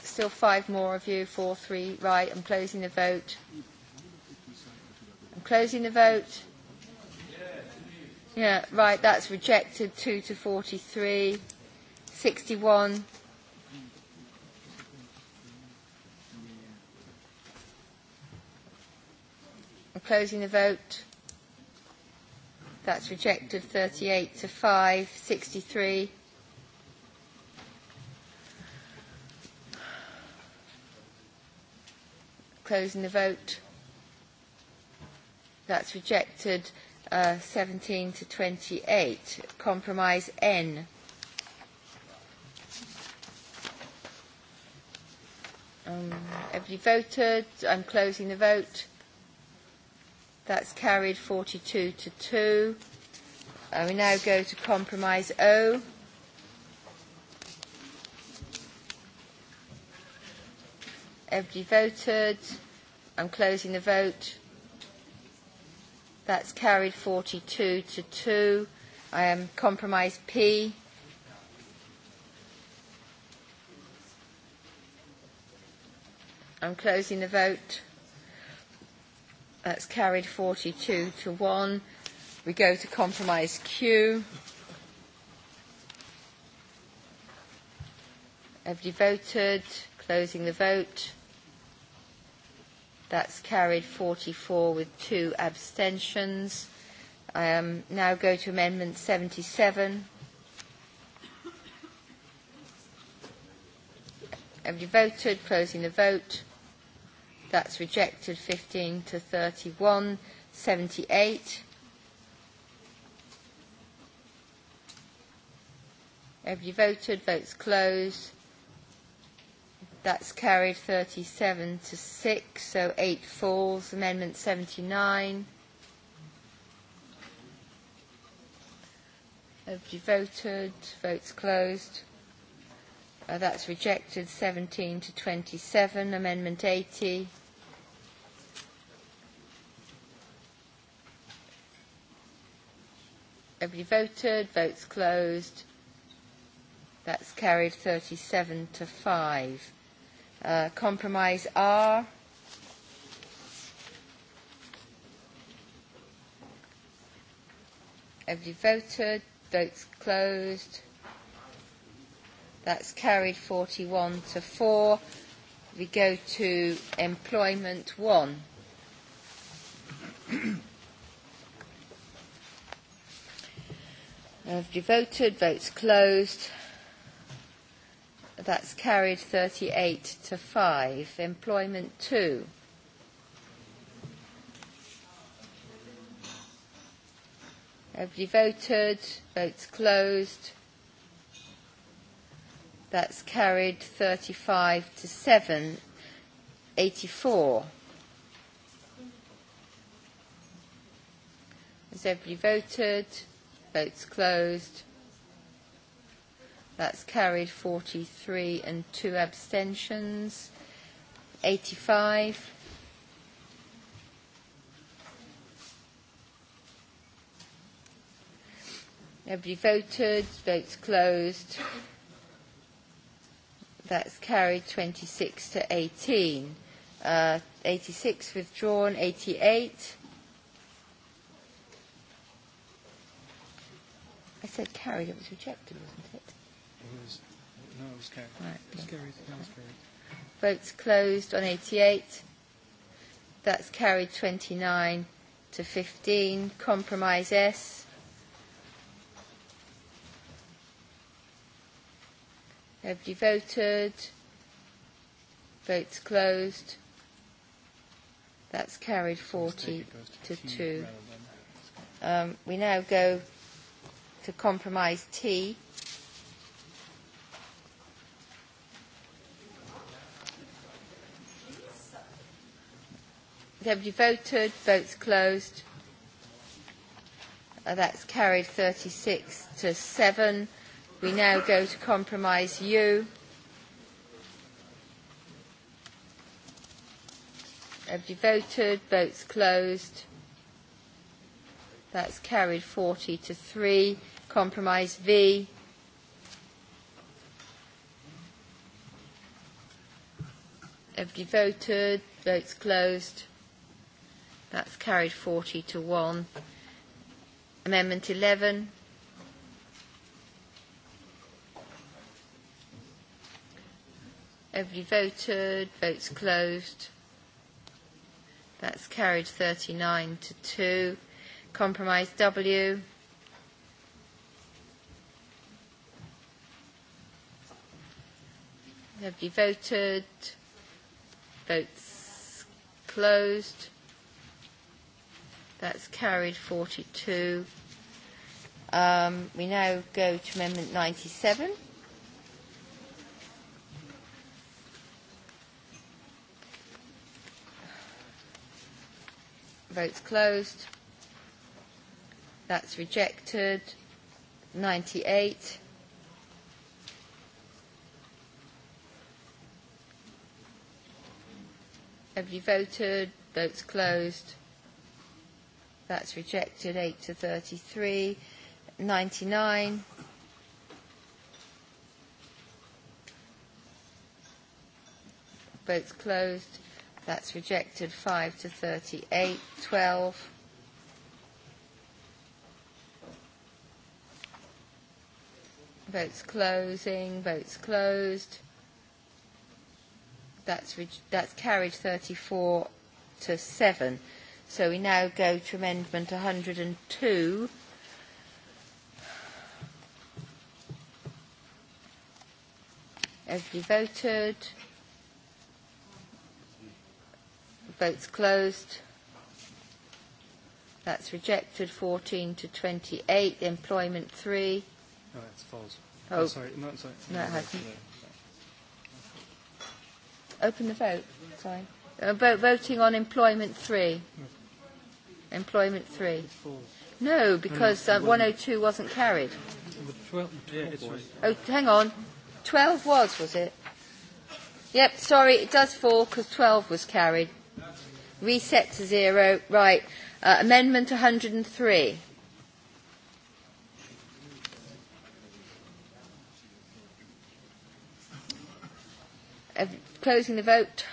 Still five more of you, four, three, right. I'm closing the vote. I'm closing the vote. Yeah, right, that's rejected, two to 43. 61. closing the vote. That's rejected 38 to 5, 63. Closing the vote. That's rejected uh, 17 to 28. Compromise N. Um, everybody voted. I'm closing the vote. That's carried 42 to 2. And uh, we now go to compromise O. Everybody voted. I'm closing the vote. That's carried 42 to 2. I am compromise P. I'm closing the vote. That's carried 42 to 1. We go to compromise Q. Everybody voted? Closing the vote. That's carried 44 with two abstentions. I um, now go to Amendment 77. Everybody voted? Closing the vote. That's rejected. 15 to 31. 78. Have you voted. Votes closed. That's carried 37 to 6, so 8 falls. Amendment 79. Have you voted. Votes closed. Uh, that's rejected. 17 to 27. Amendment 80. Everybody voted, votes closed. That's carried 37 to 5. Uh, compromise R. Everybody voted, votes closed. That's carried 41 to 4. We go to employment 1. [clears throat] Have you voted? Votes closed. That's carried 38 to 5. Employment 2. Have you voted. Votes closed. That's carried 35 to 7. 84. Has everybody voted? Votes closed. That's carried 43 and two abstentions. 85. Nobody voted. Votes closed. That's carried 26 to 18. Uh, 86 withdrawn. 88. said carried, it was rejected, wasn't it? It was. No, it was carried. Right, it was carried. No, Votes closed on 88. That's carried 29 to 15. Compromise S. Everybody voted. Votes closed. That's carried 40 to 2. Um, we now go to compromise T. Have you voted? Votes closed. Uh, that's carried 36 to 7. We now go to compromise U. Have you voted? Votes closed. That's carried 40 to 3. Compromise V. Everybody voted. Votes closed. That's carried 40 to 1. Amendment 11. Everybody voted. Votes closed. That's carried 39 to 2. Compromise W. Have you voted? Votes closed. That's carried 42. Um, we now go to Amendment 97. Votes closed. That's rejected. 98. Have you voted? Votes closed. That's rejected, 8 to 33. 99. Votes closed. That's rejected, 5 to 38. 12. Votes closing, votes closed. That's, that's carried 34 to 7. So we now go to Amendment 102. Everybody voted. Votes closed. That's rejected. 14 to 28. Employment 3. No, that's false. Oh, oh sorry. No, sorry. No, it hasn't. Open the vote. Sorry. About uh, voting on employment three. Employment three. No, because uh, 102 wasn't carried. Oh, hang on. 12 was, was it? Yep, sorry, it does fall because 12 was carried. Reset to zero. Right. Uh, amendment 103. Every, Closing the vote.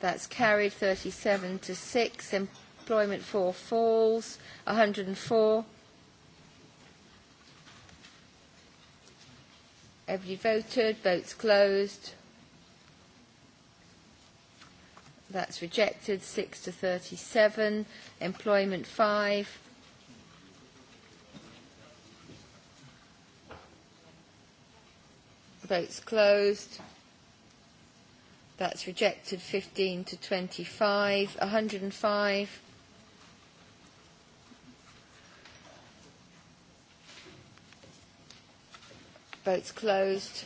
That's carried 37 to 6. Employment 4 falls. 104. Everybody voted. Votes closed. That's rejected. 6 to 37. Employment 5. Votes closed. That's rejected 15 to 25. 105. Votes closed.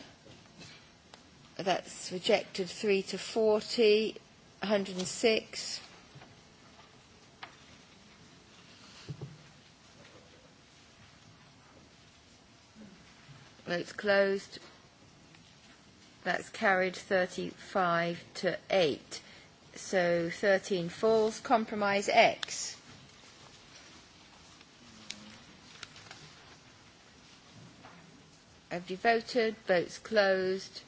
That's rejected 3 to 40. 106. Votes closed. That's carried 35 to 8. So 13 falls. Compromise X. Have you voted? Votes closed.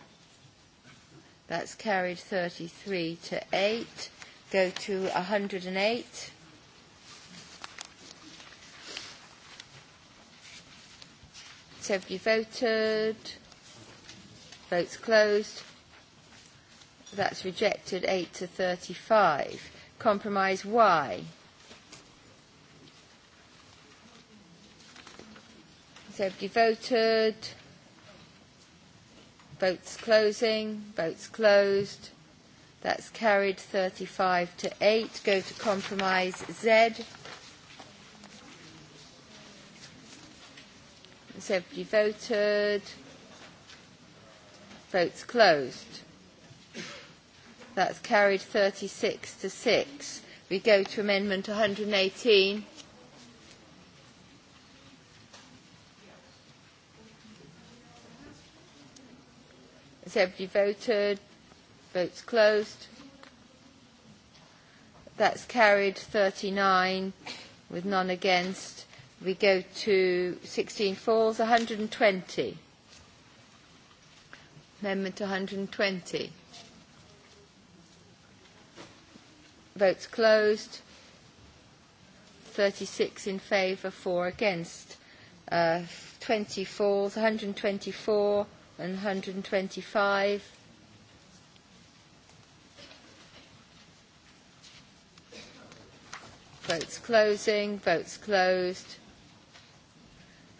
That's carried 33 to 8. Go to 108. So have you voted? Votes closed. That's rejected, 8 to 35. Compromise Y. Has everybody voted? Votes closing. Votes closed. That's carried 35 to 8. Go to compromise Z. Has everybody voted? Votes closed. That's carried 36 to 6. We go to Amendment 118. Has everybody voted? Votes closed. That's carried 39 with none against. We go to 16 falls, 120. Amendment 120. Votes closed. 36 in favour, 4 against. Uh, 24, 124 and 125. Votes closing, votes closed.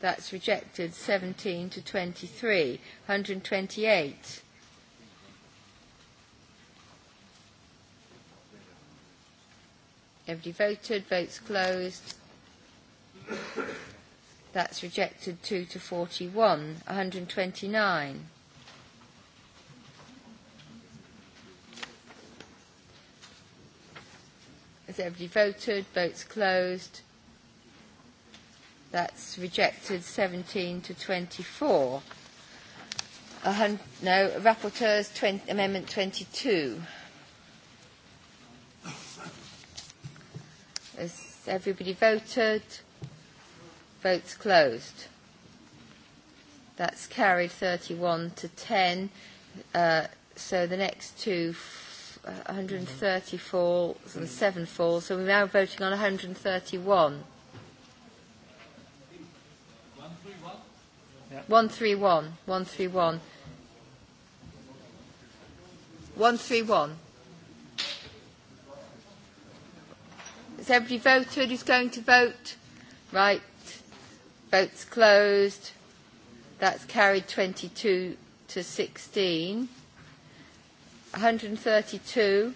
That's rejected. 17 to 23. 128. Everybody voted. Votes closed. That's rejected. 2 to 41. 129. Has everybody voted? Votes closed. That's rejected 17 to 24. A hun no, Rapporteur's 20, Amendment 22. Has everybody voted? Votes closed. That's carried 31 to 10. Uh, so the next two, 134 and 7 falls. So we're now voting on 131. Yeah. 131, 131. 131. Has everybody who's going to vote? Right. Votes closed. That's carried 22 to 16. 132.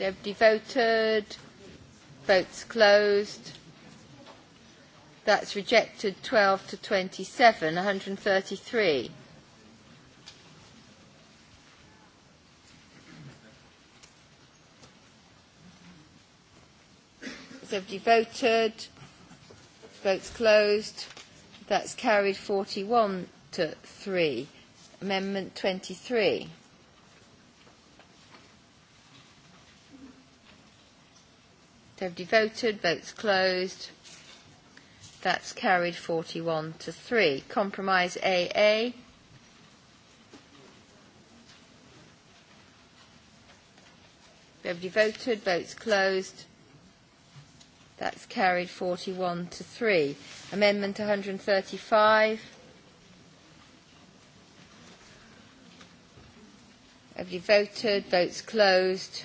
Deputy voted. Votes closed. That's rejected 12 to 27, 133. Has everybody voted? Votes closed. That's carried 41 to 3. Amendment 23. Deputy devoted. Votes closed. That's carried 41 to 3. Compromise AA. Everybody devoted. Votes closed. That's carried 41 to 3. Amendment 135. Have you voted. Votes closed.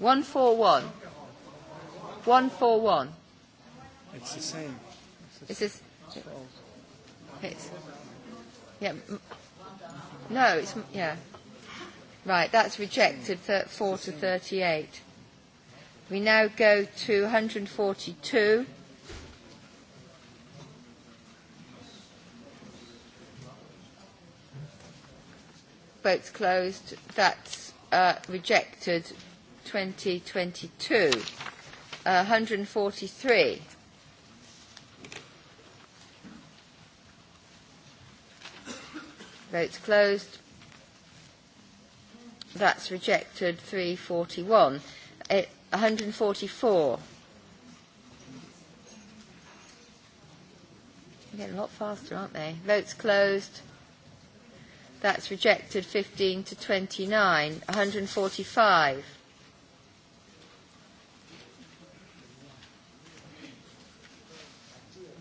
141. It's the same. It's, the, it's, it's yeah. No, it's yeah. Right, that's rejected. Thir, four to thirty-eight. We now go to 142. Votes closed. That's uh, rejected. 2022. Uh, 143. Votes closed. That's rejected. 341. Uh, 144. They're getting a lot faster, aren't they? Votes closed. That's rejected 15 to 29. 145.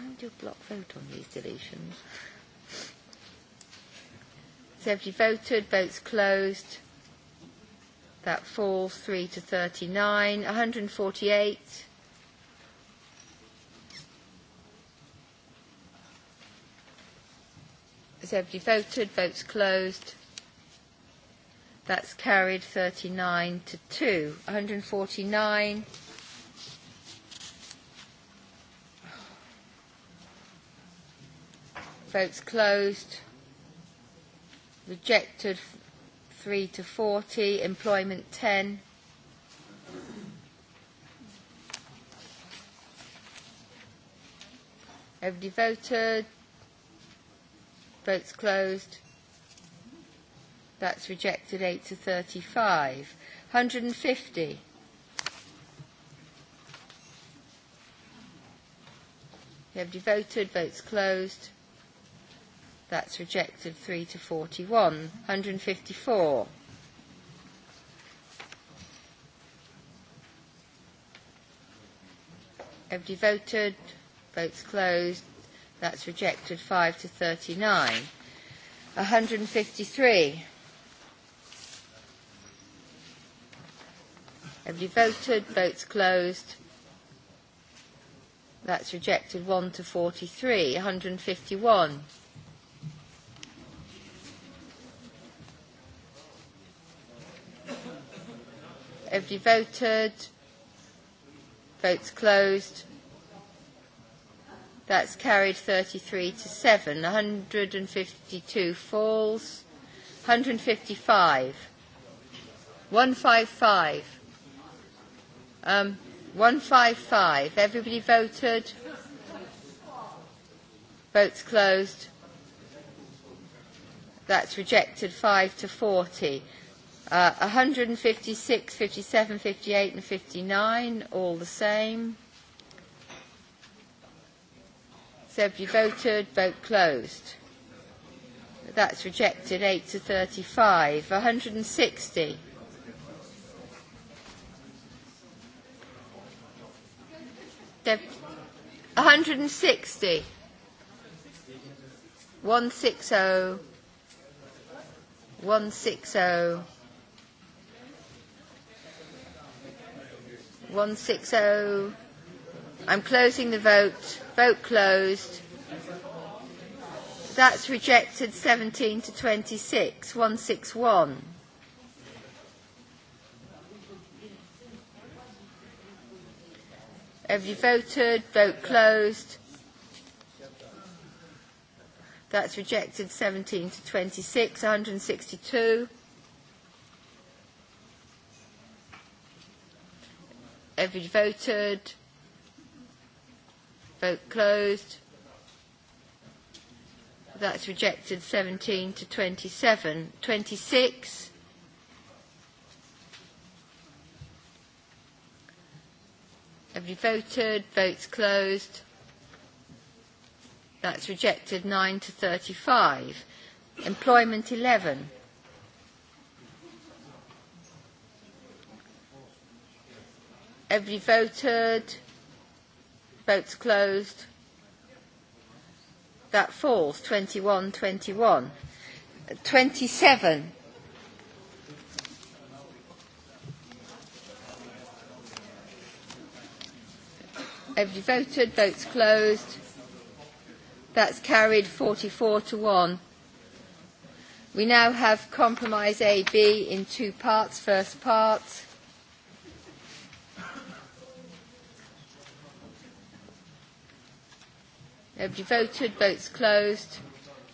Why would you block vote on these deletions? So if you voted, votes closed. That falls 3 to 39. 148. So if you voted? Votes closed. That's carried 39 to 2. 149. Votes closed. Rejected 3 to 40. Employment 10. Everybody voted. Votes closed. That's rejected 8 to 35. 150. Everybody voted. Votes closed. That's rejected. 3 to 41. 154. Everybody voted. Votes closed. That's rejected. 5 to 39. 153. Everybody voted. Votes closed. That's rejected. 1 to 43. 151. Have you voted. Votes closed. That's carried 33 to 7. 152 falls. 155. 155. Um, 155. Everybody voted. Votes closed. That's rejected 5 to 40. Uh, 156, 57, 58 and 59, all the same. So if you voted, vote closed. That's rejected, 8 to 35. 160. They've 160. 160. 160. 160. I'm closing the vote. Vote closed. That's rejected 17 to 26. 161. Have you voted? Vote closed. That's rejected 17 to 26. 162. Everybody voted. Vote closed. That's rejected 17 to 27. 26. Everybody voted. Votes closed. That's rejected 9 to 35. Employment 11. Every voted. Votes closed. That falls. 21, 21. 27. Have you voted. Votes closed. That's carried 44 to 1. We now have compromise AB in two parts. First part. Have you voted. Votes closed.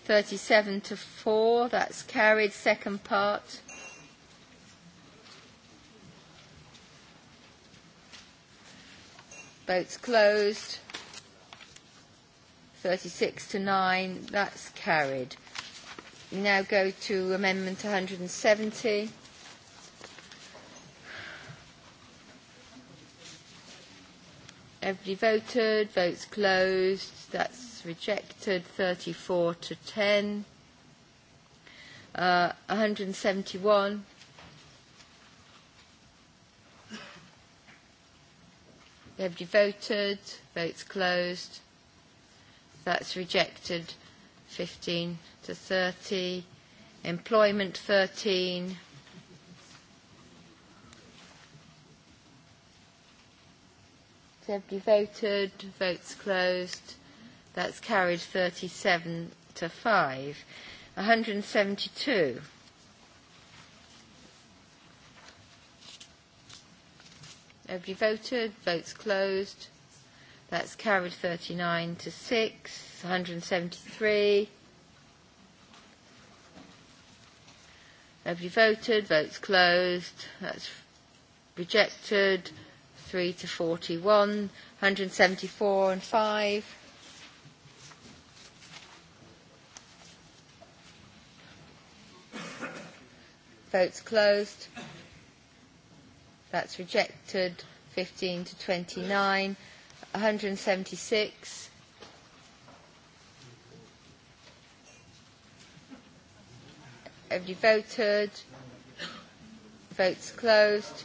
37 to 4. That's carried. Second part. Votes closed. 36 to 9. That's carried. We now go to Amendment 170. every voted, votes closed, that's rejected, 34 to 10. Uh, 171. Everybody voted, votes closed, that's rejected, 15 to 30. Uh, Employment 13, Has everybody voted? Votes closed. That's carried 37 to 5. 172. Everybody voted? Votes closed. That's carried 39 to 6. 173. Everybody voted? Votes closed. That's rejected. 43 to 41, 174 and 5. Votes closed. That's rejected. 15 to 29. 176. Everybody voted. Votes closed.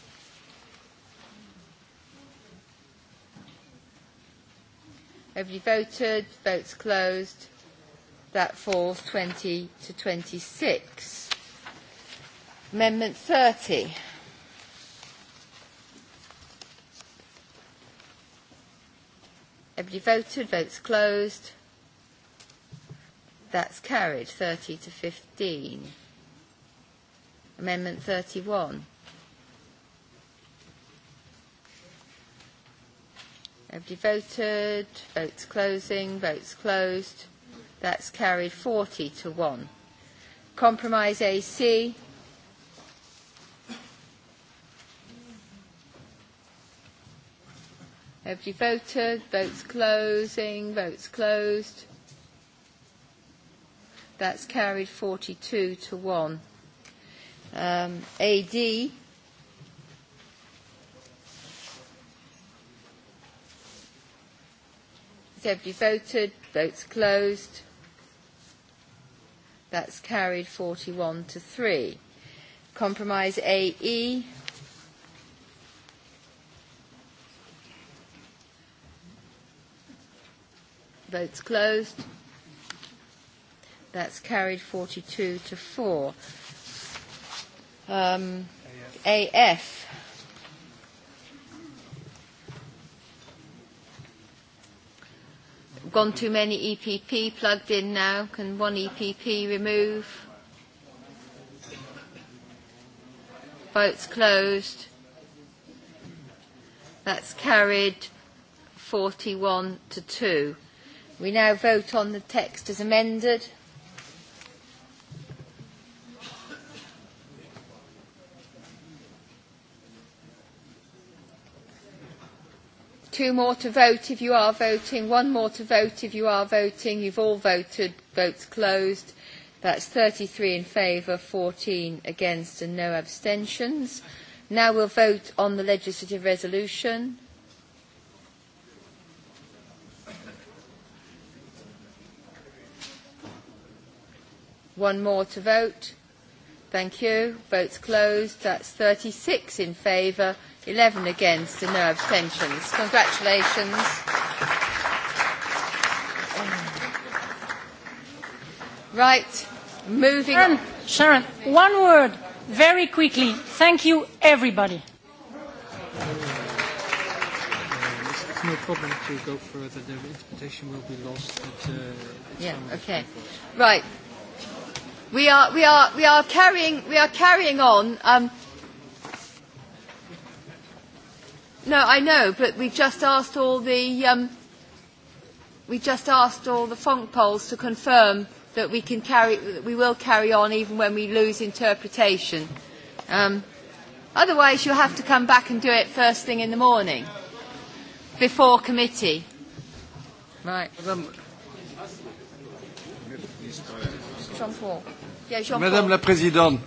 Every voted, votes closed. That falls 20 to 26. Amendment 30. Everybody voted, votes closed. That's carried, 30 to 15. Amendment 31. Everybody voted. Votes closing. Votes closed. That's carried 40 to 1. Compromise AC. Everybody voted. Votes closing. Votes closed. That's carried 42 to 1. Um, AD. Has everybody voted? Votes closed. That's carried 41 to 3. Compromise AE. Votes closed. That's carried 42 to 4. Um, AF. AF. gone too many EPP plugged in now? Can one EPP remove? Votes closed. That's carried 41 to 2. We now vote on the text as amended. two more to vote if you are voting, one more to vote if you are voting. You've all voted, votes closed. That's 33 in favour, 14 against and no abstentions. Now we'll vote on the legislative resolution. One more to vote. Thank you. Votes closed. That's 36 in favour, 11 against and no abstentions. Congratulations. Right, moving Sharon, on. Sharon, one word, very quickly. Thank you, everybody. It's no problem to go further. The interpretation will be lost. But, uh, yeah, okay. Right. We are, we, are, we, are carrying, we are carrying on. Um, No, I know, but we just asked all the um, we just asked all the funk polls to confirm that we can carry that we will carry on even when we lose interpretation. Um, otherwise, you'll have to come back and do it first thing in the morning before committee. Right. Madame la Présidente,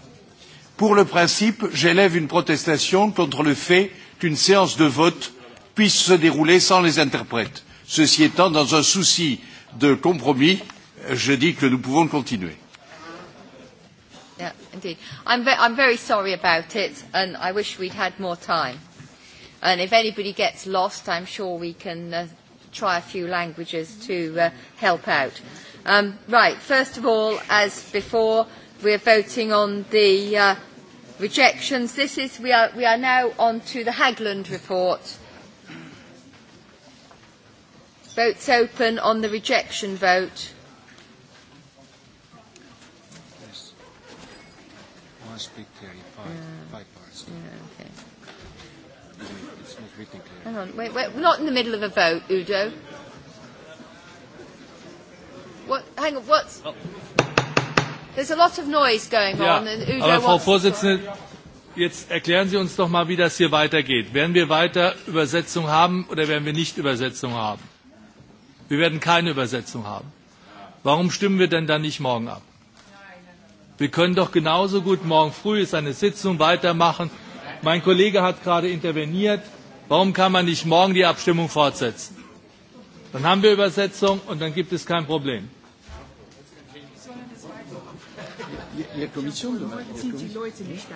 pour le principe, j'élève une protestation contre le fait qu'une séance de vote puisse se dérouler sans les interprètes. Ceci étant, dans un souci de compromis, je dis que nous pouvons continuer. Yeah, indeed. I'm, ve I'm very sorry about it, and I wish we'd had more time. And if anybody gets lost, I'm sure we can uh, try a few languages to uh, help out. Um, right, first of all, as before, we're voting on the uh, Rejections. This is, we are, we are now on to the Hagland report. Votes open on the rejection vote. Uh, hang on, wait, wait, we're not in the middle of a vote, Udo. What, hang on, what's... Oh. There's a lot of noise going ja, on. And Udo aber Frau Vorsitzende, jetzt erklären Sie uns doch mal, wie das hier weitergeht. Werden wir weiter Übersetzung haben oder werden wir nicht Übersetzung haben? Wir werden keine Übersetzung haben. Warum stimmen wir denn dann nicht morgen ab? Wir können doch genauso gut morgen früh ist eine Sitzung weitermachen. Mein Kollege hat gerade interveniert. Warum kann man nicht morgen die Abstimmung fortsetzen? Dann haben wir Übersetzung und dann gibt es kein Problem. der Kommission Sind die Leute nicht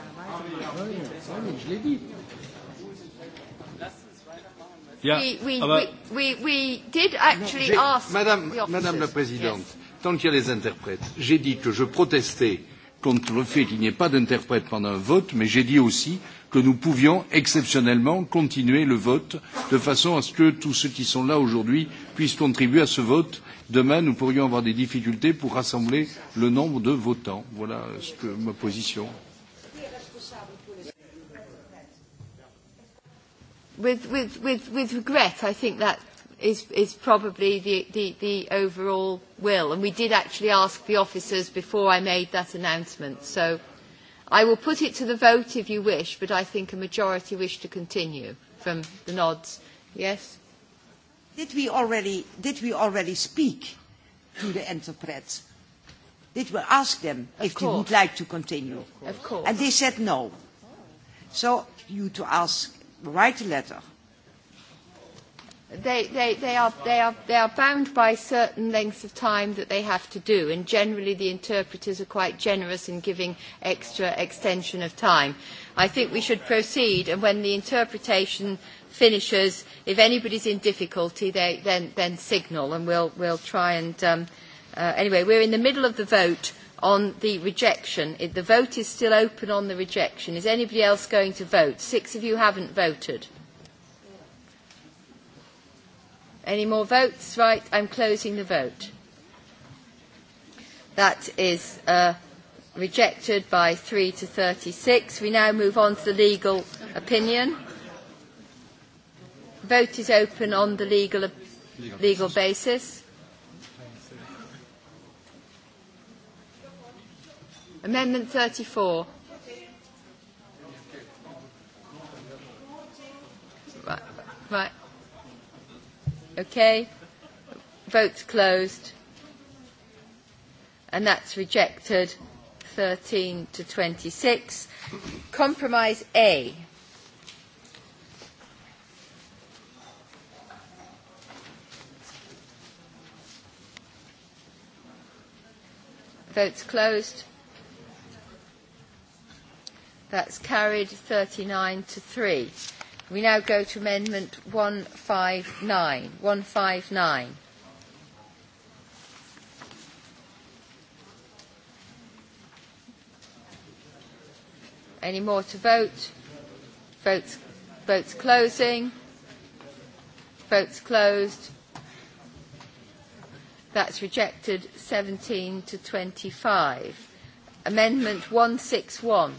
we, we, we, we, did actually ask Madame, Madame la Présidente, yes. tant qu'il y a les interprètes, j'ai dit que je protestais contre le fait qu'il n'y ait pas d'interprète pendant un vote, mais j'ai dit aussi que nous pouvions exceptionnellement continuer le vote de façon à ce que tous ceux qui sont là aujourd'hui puissent contribuer à ce vote demain, nous pourrions avoir des difficultés pour rassembler le nombre de votants. Voilà euh, ce que, ma position. With, with, with, with regret, I think that is, is probably the, the, the overall will. And we did actually ask the officers before I made that announcement. So I will put it to the vote if you wish, but I think a majority wish to continue from the nods. Yes? Did we already, did we already speak to the interpreters? Did we ask them of if course. they would like to continue? Of course. And they said no. So you to ask, write a letter. They, they, they, are, they, are, they are bound by certain lengths of time that they have to do, and generally the interpreters are quite generous in giving extra extension of time. I think we should proceed, and when the interpretation finishers, if anybody's in difficulty, they, then, then signal and we'll, we'll try and... Um, uh, anyway, we're in the middle of the vote on the rejection. It, the vote is still open on the rejection. Is anybody else going to vote? Six of you haven't voted. Any more votes? Right, I'm closing the vote. That is uh, rejected by 3 to 36. We now move on to the legal opinion. Vote is open on the legal, legal basis. Amendment 34. Right. right. Okay. Vote's closed. And that's rejected 13 to 26. Compromise A. Votes closed. That's carried 39 to 3. We now go to Amendment 159. 159. Any more to vote? Votes, votes closing. Votes closed. That's rejected 17 to 25. Amendment 161.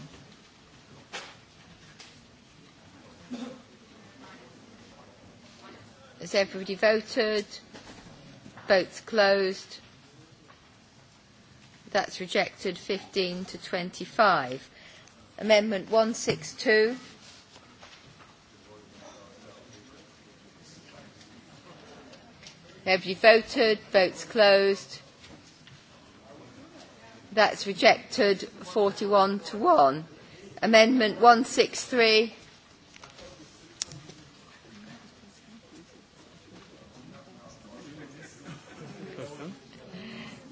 Has everybody voted? Votes closed. That's rejected 15 to 25. Amendment 162. Have you voted? Votes closed. That's rejected 41 to 1. Amendment 163.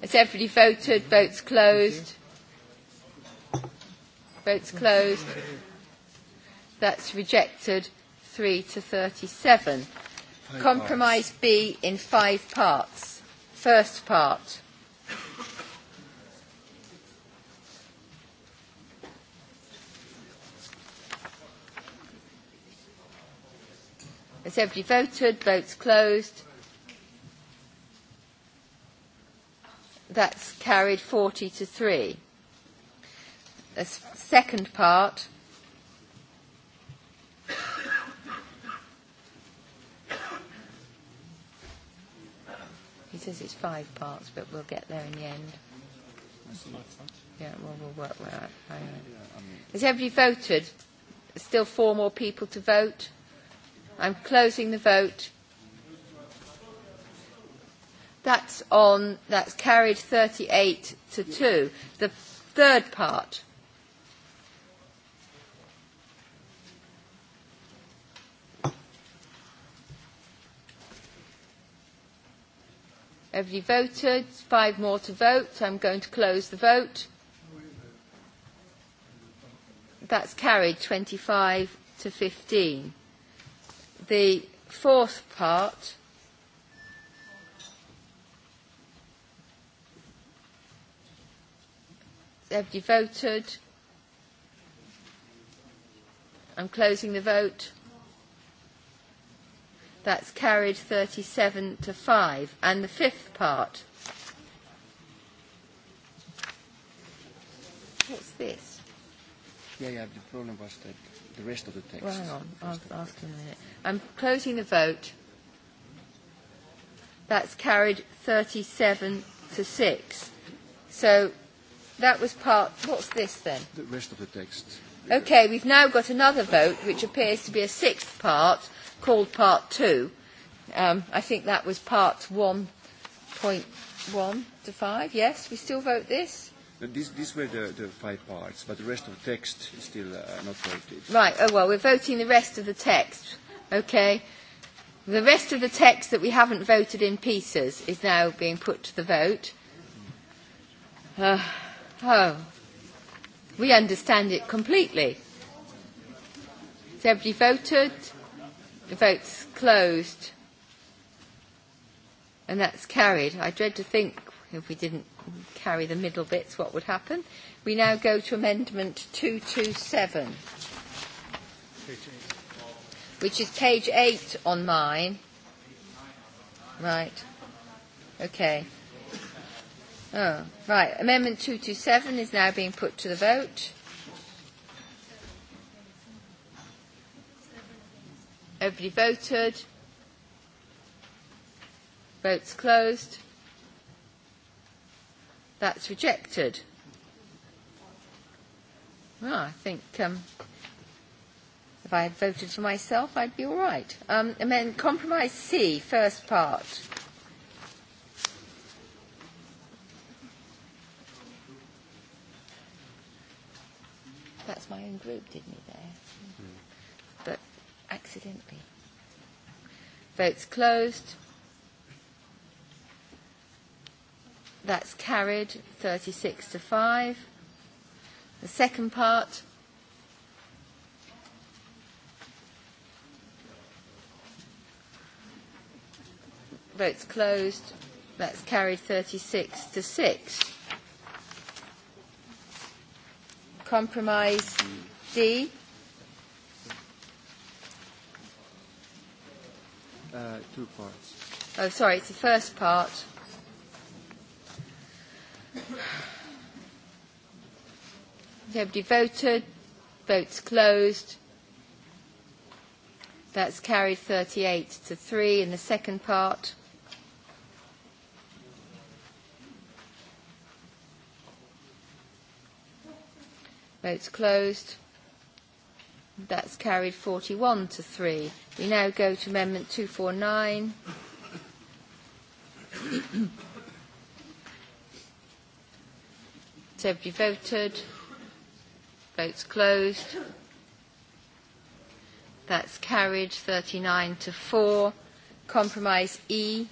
Has everybody voted? Votes closed. Votes closed. That's rejected 3 to 37. Compromise B in five parts. First part. Has everybody voted? Votes closed. That's carried 40 to 3. The second part. He says it's five parts, but we'll get there in the end. Yeah, well, we'll work with that. Has everybody voted? Still four more people to vote. I'm closing the vote. That's on, that's carried 38 to 2. The third part. Have you voted. Five more to vote. I'm going to close the vote. That's carried 25 to 15. The fourth part. Have you voted. I'm closing the vote. That's carried 37 to 5. And the fifth part. What's this? Yeah, yeah, the problem was that the rest of the text. Well, hang on, I'll ask in a minute. I'm closing the vote. That's carried 37 to 6. So that was part, what's this then? The rest of the text. Okay, we've now got another vote, which appears to be a sixth part, called Part two. Um, I think that was Part 1.1 to 5. Yes, we still vote this? These, these were the, the five parts, but the rest of the text is still uh, not voted. Right, oh well, we're voting the rest of the text, okay? The rest of the text that we haven't voted in pieces is now being put to the vote. Uh, oh, we understand it completely. Has everybody voted? The vote's closed. And that's carried. I dread to think if we didn't carry the middle bits what would happen. We now go to Amendment 227, which is page 8 on mine. Right. Okay. Oh, right. Amendment 227 is now being put to the vote. Everybody voted. Votes closed. That's rejected. Well, I think um, if I had voted for myself, I'd be all right. Um, and then compromise C, first part. That's my own group, didn't it? accidentally. Votes closed. That's carried 36 to 5. The second part. Votes closed. That's carried 36 to 6. Compromise D. Uh, two parts. Oh, sorry, it's the first part. Nobody voted. Votes closed. That's carried 38 to 3 in the second part. Votes closed. That's carried 41 to 3. We now go to Amendment 249. so everybody voted? Votes closed. That's carried 39 to 4. Compromise E.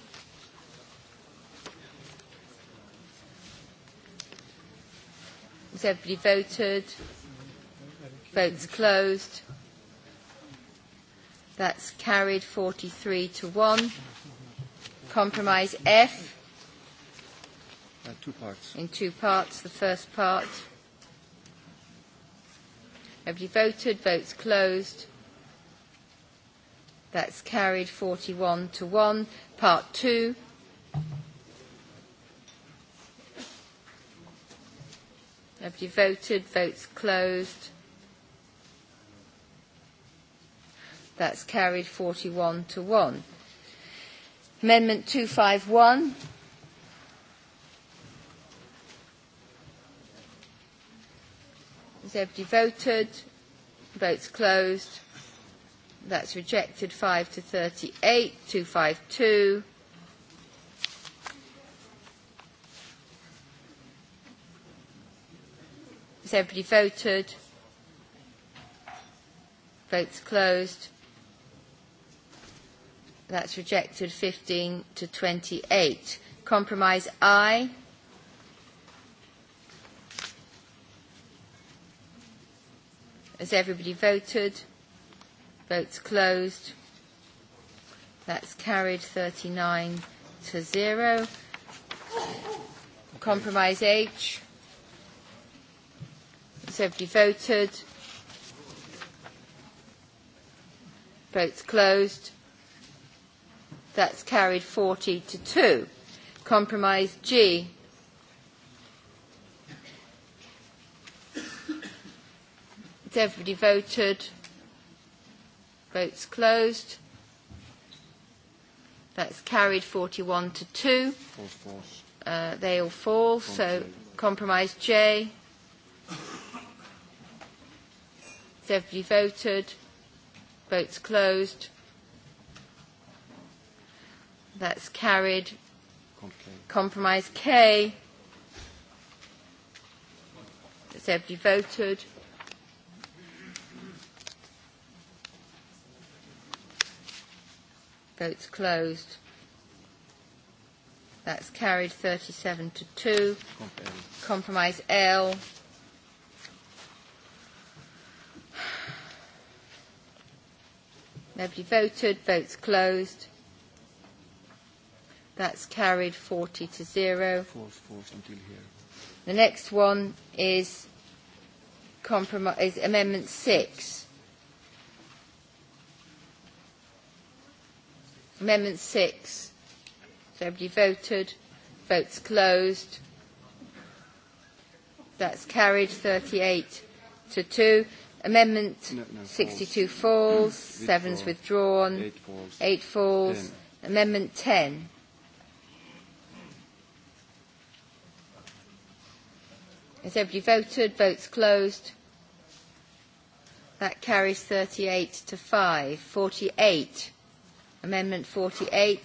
Has everybody voted? Votes closed. That's carried 43 to 1. Compromise F. Uh, two parts. In two parts, the first part. Everybody voted, votes closed. That's carried 41 to 1. Part 2. Everybody voted, votes closed. That's carried 41 to 1. Amendment 251. Has everybody voted? Votes closed. That's rejected 5 to 38, 252. Has everybody voted? Votes closed. That's rejected. 15 to 28. Compromise I. Has everybody voted? Votes closed. That's carried 39 to 0. Compromise H. Has everybody voted? Votes closed. That's carried 40 to 2. Compromise G. Has everybody voted? Votes closed. That's carried 41 to 2. Uh, they all fall, so compromise J. Has everybody voted? Votes closed. That's carried. Compromise K. That's everybody voted? Votes closed. That's carried 37 to 2. Compromise L. Nobody voted. Votes closed. That's carried 40 to 0. False, false until here. The next one is, is Amendment 6. Amendment 6. So everybody voted. Votes closed. That's carried 38 to 2. Amendment no, no, 62 falls. falls. Mm, Seven's withdrawn. Eight falls. Eight falls. Ten. Amendment 10. Has everybody voted? Votes closed. That carries 38 to 5. 48. Amendment 48.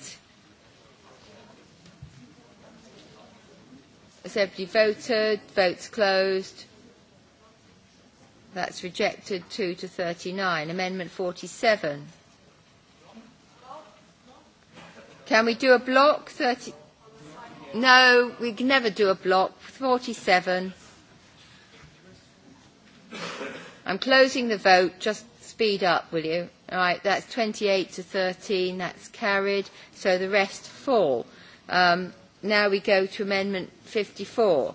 Has everybody voted? Votes closed. That's rejected 2 to 39. Amendment 47. Can we do a block? 30? No, we can never do a block. 47. I'm closing the vote. Just speed up, will you? All right, that's 28 to 13. That's carried. So the rest fall. Um, now we go to Amendment 54.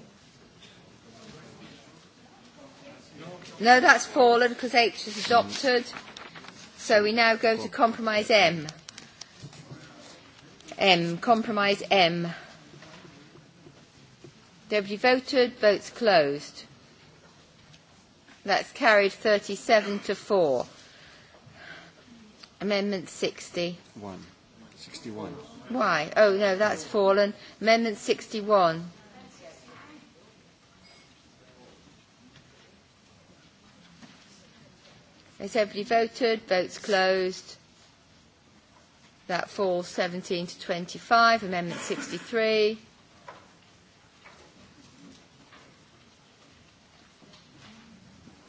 No, that's fallen because H is adopted. So we now go to Compromise M. M, Compromise M. Deputy voted, votes closed. That's carried 37 to 4. Amendment 60. One. 61. Why? Oh, no, that's fallen. Amendment 61. Has everybody voted? Votes closed. That falls 17 to 25. Amendment 63.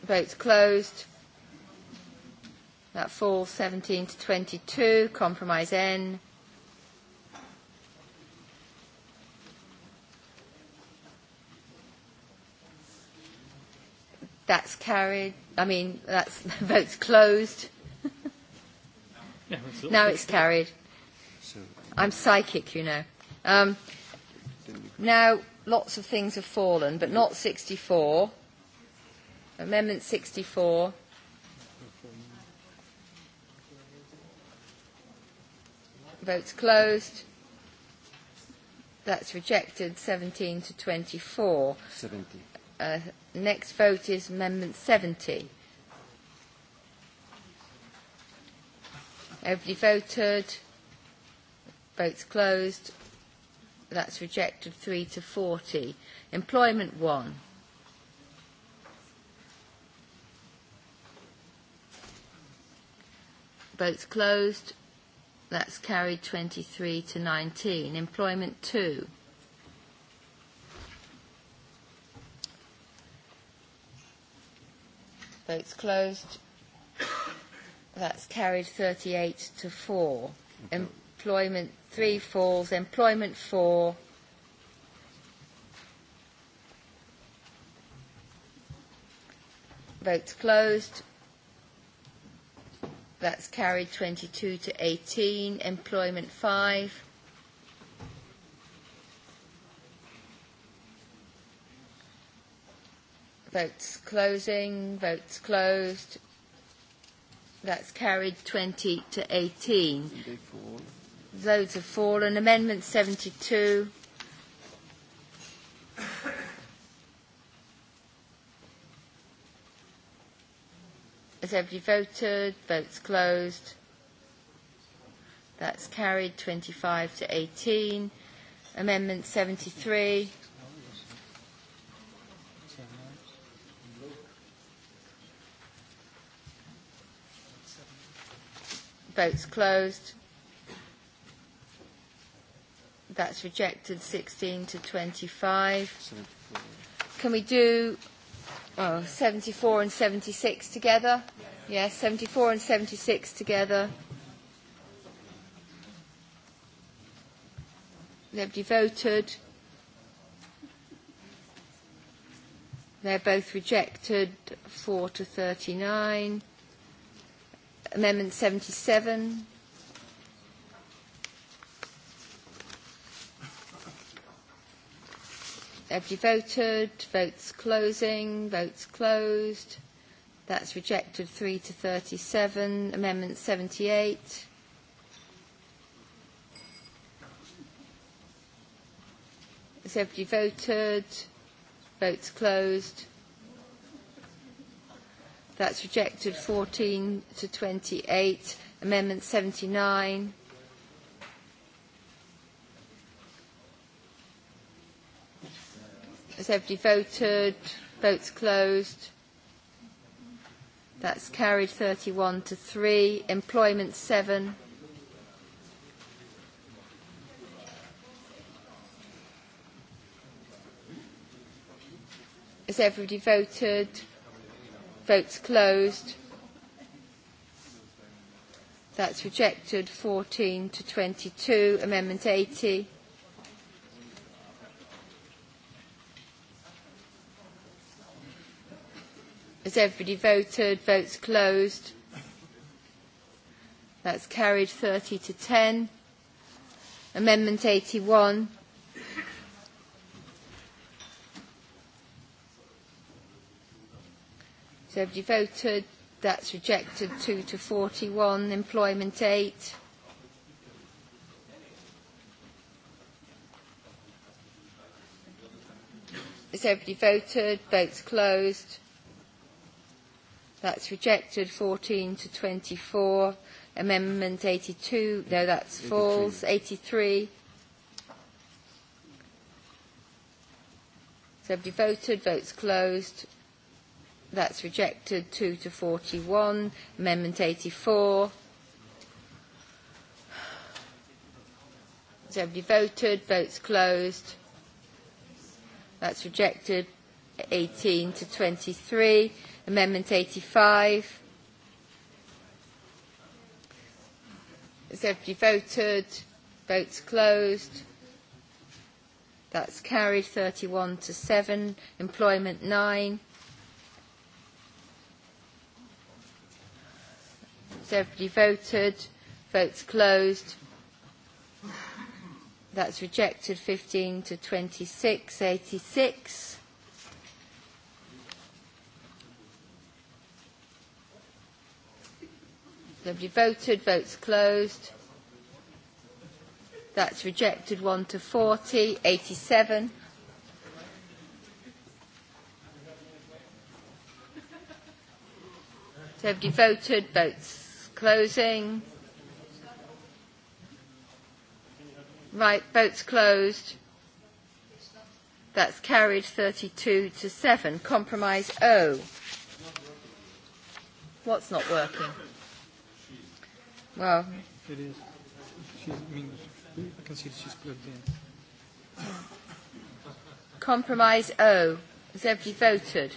Votes closed. That falls 17 to 22. Compromise N. That's carried. I mean, that's [laughs] votes closed. [laughs] yeah, now it's carried. So, I'm psychic, you know. Um, now, lots of things have fallen, but not 64. Amendment 64. Votes closed. That's rejected, 17 to 24. 70. Uh, next vote is Amendment 70. Everybody voted. Votes closed. That's rejected, 3 to 40. Employment 1. Votes closed. That's carried 23 to 19. Employment 2. Votes closed. That's carried 38 to 4. Employment 3 falls. Employment 4. Votes closed. That's carried 22 to 18. Employment 5. Votes closing. Votes closed. That's carried 20 to 18. Those have fallen. Amendment 72. Has everybody voted? Votes closed. That's carried 25 to 18. Amendment 73. Votes closed. That's rejected 16 to 25. Can we do oh, 74 and 76 together? Yes, yeah, 74 and 76 together. Nobody voted. They're both rejected, 4 to 39. Amendment 77. Have you voted? Votes closing. Votes closed. That's rejected. 3 to 37. Amendment 78. Has everybody voted? Votes closed. That's rejected. 14 to 28. Amendment 79. Has everybody voted? Votes closed. That's carried 31 to 3. Employment 7. Has everybody voted? Votes closed. That's rejected 14 to 22. Amendment 80. Has everybody voted? Votes closed. That's carried 30 to 10. Amendment 81. So everybody voted. That's rejected 2 to 41. Employment 8. Has everybody voted? Votes closed. That's rejected. 14 to 24. Amendment 82. No, that's 83. false. 83. Somebody voted. Votes closed. That's rejected. 2 to 41. Amendment 84. Somebody voted. Votes closed. That's rejected. 18 to 23. Amendment 85. Is everybody voted? Votes closed. That's carried 31 to 7. Employment 9. Is everybody voted? Votes closed. That's rejected 15 to 26, 86. Nobody voted. Votes closed. That's rejected. 1 to 40. 87. Nobody voted, votes closing. Right, votes closed. That's carried 32 to 7. Compromise O. What's not working? Wow. It is. She's, I mean, I can see that she's plugged in. Compromise O. Has everybody voted?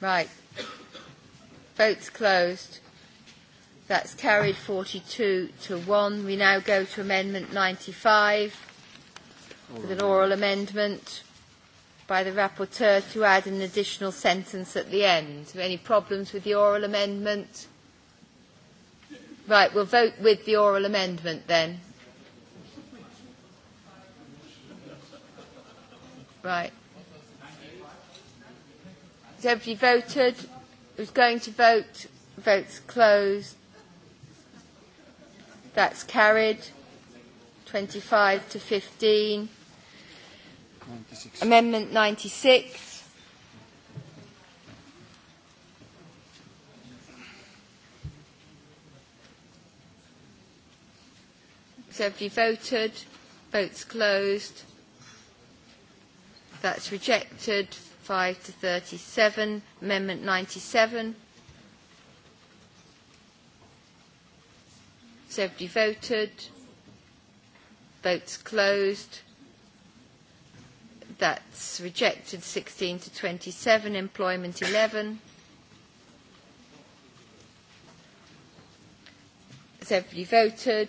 Right. Votes closed. That's carried 42 to 1. We now go to Amendment 95 oral with an oral amendment by the rapporteur to add an additional sentence at the end. Any problems with the oral amendment? Right, we'll vote with the oral amendment then. Right. Has everybody voted? Who's going to vote? Votes closed. That's carried. 25 to 15. 96. Amendment 96. have you voted? Votes closed. That's rejected. 5 to 37. Amendment 97. Has everybody voted? Votes closed. That's rejected. 16 to 27. Employment 11. Has everybody voted?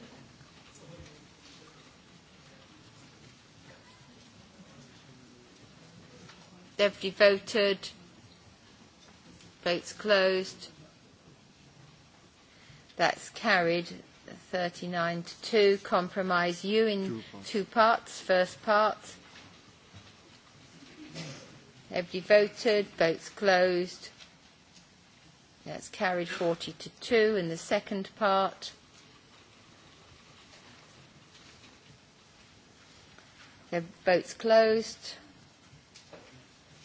Deputy voted. Votes closed. That's carried 39 to 2. Compromise you in two parts. Two parts. First part. Everybody voted. Votes closed. That's carried 40 to 2 in the second part. The vote's closed.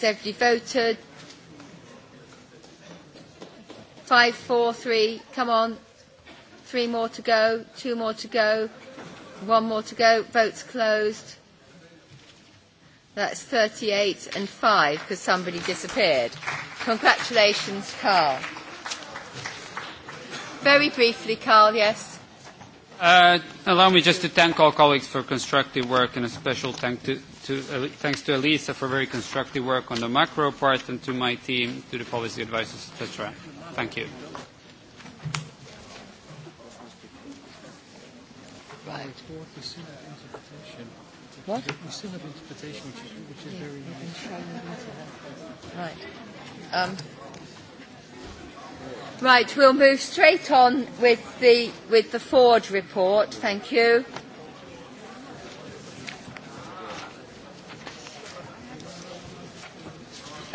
Has everybody voted? Five, four, three. Come on. Three more to go. Two more to go. One more to go. Votes closed. That's 38 and 5 because somebody disappeared. Congratulations, Carl. Very briefly, Carl, yes. Uh, allow me just to thank all colleagues for constructive work and a special thank to, to, uh, thanks to Elisa for very constructive work on the macro part and to my team, to the policy advisors, etc. Thank you. Right. What? We still have interpretation, which is, which is very nice. Right. Um, right, we'll move straight on with the, with the Ford report. Thank you.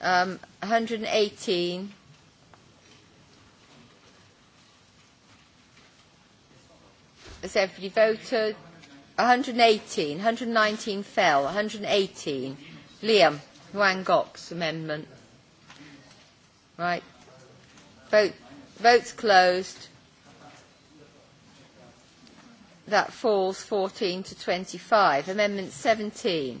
Um, 118. Has everybody voted? 118. 119 fell. 118. Liam Wangok's amendment. Right. Vote, votes closed. That falls 14 to 25. Amendment 17.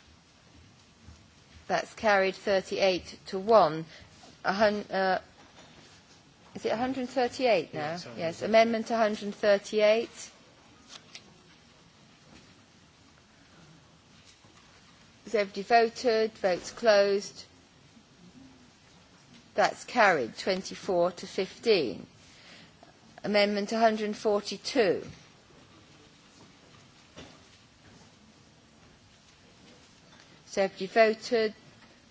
That's carried 38 to 1. uh, is it 138 now? Yeah, yes, Amendment 138. Is everybody voted? Votes closed. That's carried 24 to 15. Amendment 142. So have you voted?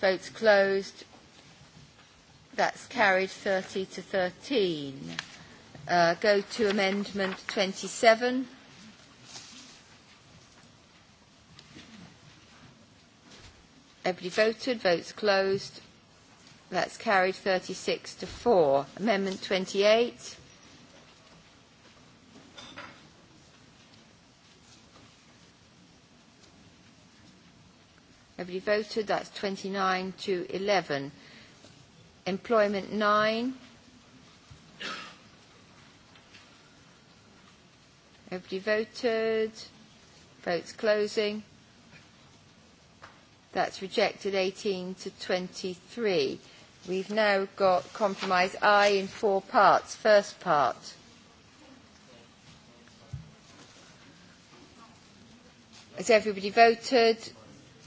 Votes closed. That's carried 30 to 13. Uh, go to Amendment 27. Everybody voted. Votes closed. That's carried 36 to 4. Amendment 28. have you voted. That's 29 to 11. Employment 9. Everybody voted. Votes closing. That's rejected 18 to 23. We've now got compromise I in four parts. First part. Has everybody voted?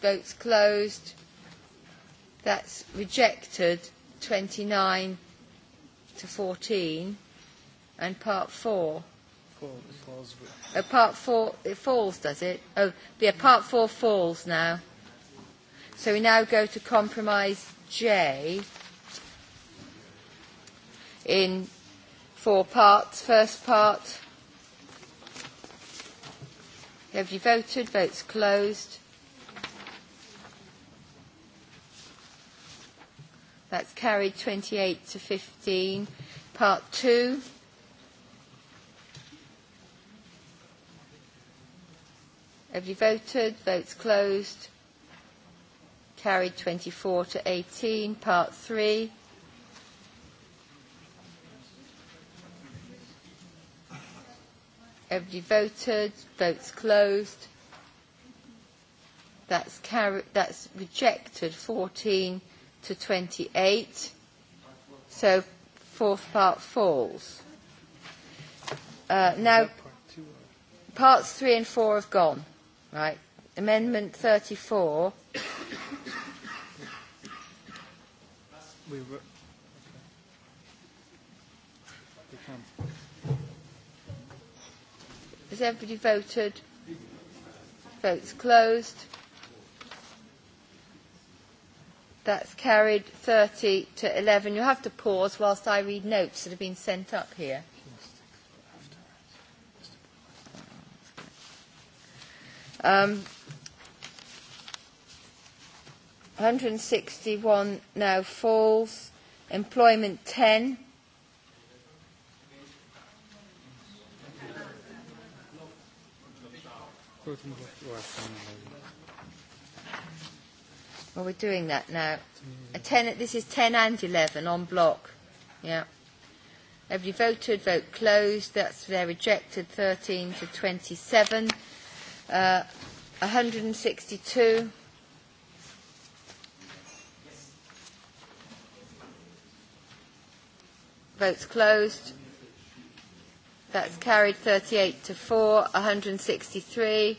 Votes closed. That's rejected 29 to 14. And part four. Oh, part four it falls, does it? Oh, yeah, part four falls now. So we now go to compromise J in four parts. First part. Have you voted? Votes closed. That's carried 28 to 15. Part 2. Have you voted? Votes closed. Carried 24 to 18. Part 3. Everybody voted. Votes closed. That's, carried, that's rejected 14 to 28. So fourth part falls. Uh, now, parts three and four have gone, right? Amendment 34. Has everybody voted? Votes closed. That's carried 30 to 11. You have to pause whilst I read notes that have been sent up here. Um, 161 now falls. Employment 10. Thank you. Well, we're doing that now. Mm. A ten, this is 10 and 11 on block. Yeah. Everybody voted, vote closed. That's they're rejected, 13 to 27. Uh, 162. Votes closed. That's carried 38 to 4. 163.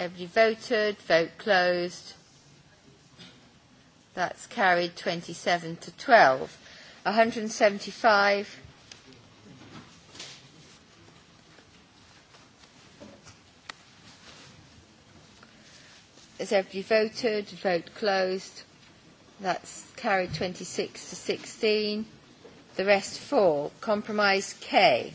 Every voted, vote closed. That's carried 27 to 12. 175. Has everybody voted? Vote closed. That's carried 26 to 16. The rest four. Compromise K.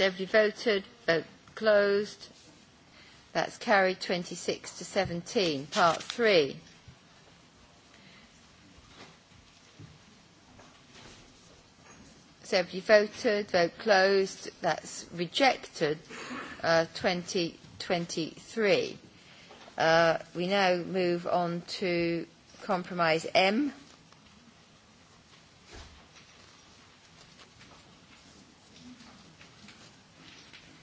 Everybody voted. Vote uh, closed. That's carried 26 to 17. Part 3. So everybody voted. Vote closed. That's rejected. Uh, 2023. 20, uh, we now move on to compromise M.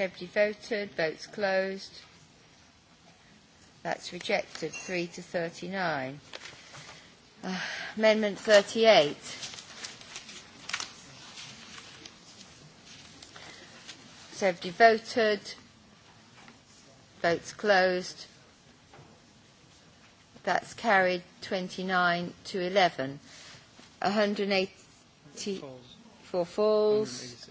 everybody voted? Votes closed. That's rejected, 3 to 39. Uh, ah, amendment 38. Has everybody voted? Votes closed. That's carried 29 to 11. 184 falls.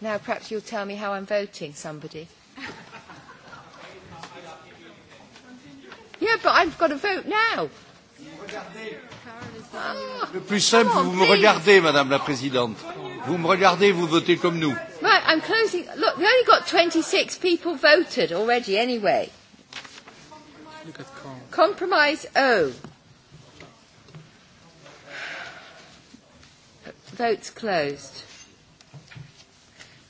Now perhaps you'll tell me how I'm voting, somebody. yeah, but I've got to vote now. Ah, Le plus simple, on, vous please. me regardez, Madame la Présidente. Vous me regardez, vous votez comme nous. Right, I'm closing. Look, we only got 26 people voted already anyway. Look at Compromise O. Oh. Votes closed.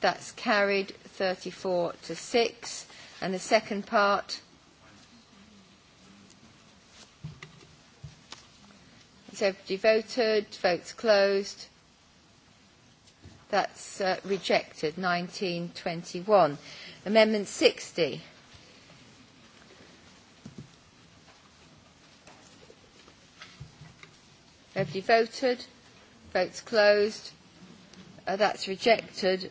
That's carried 34 to 6. And the second part. Has everybody voted? Votes closed. That's uh, rejected, 1921. Amendment 60. Everybody voted? Votes closed. Uh, that's rejected,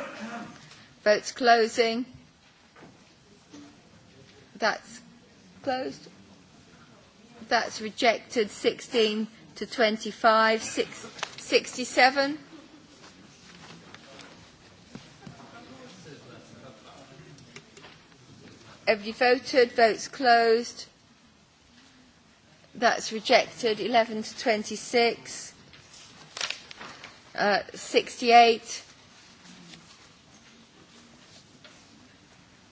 Votes closing. That's closed. That's rejected 16 to 25, six, 67. Have you voted? Votes closed. That's rejected 11 to 26, uh, 68.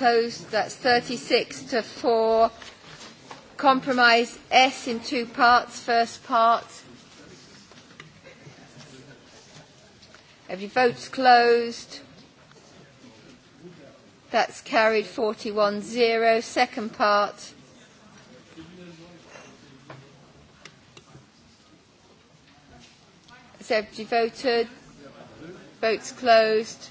opposed, that's 36 to 4. Compromise S in two parts, first part. Have your vote's closed. That's carried 41-0. Second part. Has everybody voted? Votes closed. 41-0.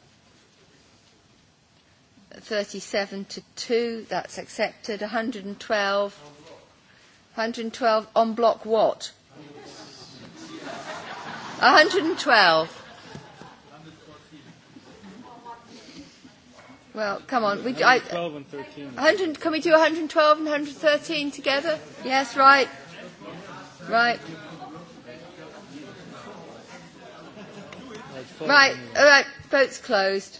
37 to 2, that's accepted. 112, 112 on block what? 112. Well, come on. We, I, and 100, can we do 112 and 113 together? Yes, right. Right. Right, all right, vote's closed.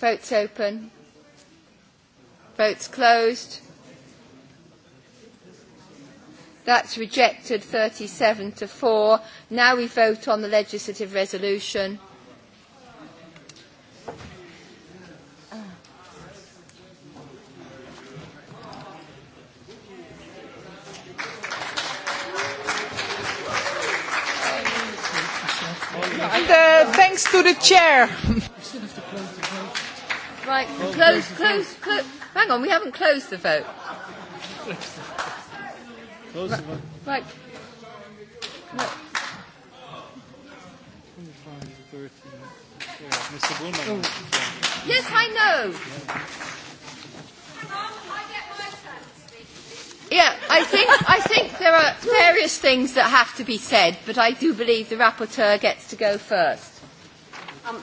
Votes open. Votes closed. That's rejected 37 to 4. Now we vote on the legislative resolution. And, uh, thanks to the chair. [laughs] Right, oh, close, close, close. Hang on, we haven't closed the vote. Close right. the vote. Right. right. Oh. Yes, I know. Yeah, I think, I think there are various things that have to be said, but I do believe the rapporteur gets to go first. Um,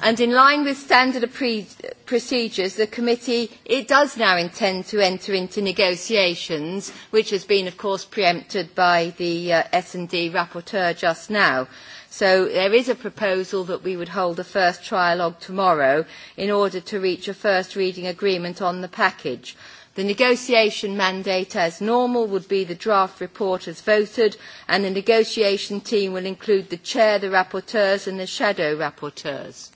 And in line with standard pre procedures, the committee, it does now intend to enter into negotiations, which has been, of course, preempted by the uh, S&D rapporteur just now. So there is a proposal that we would hold a first trialogue tomorrow in order to reach a first reading agreement on the package. The negotiation mandate as normal would be the draft report as voted and the negotiation team will include the chair, the rapporteurs and the shadow rapporteurs.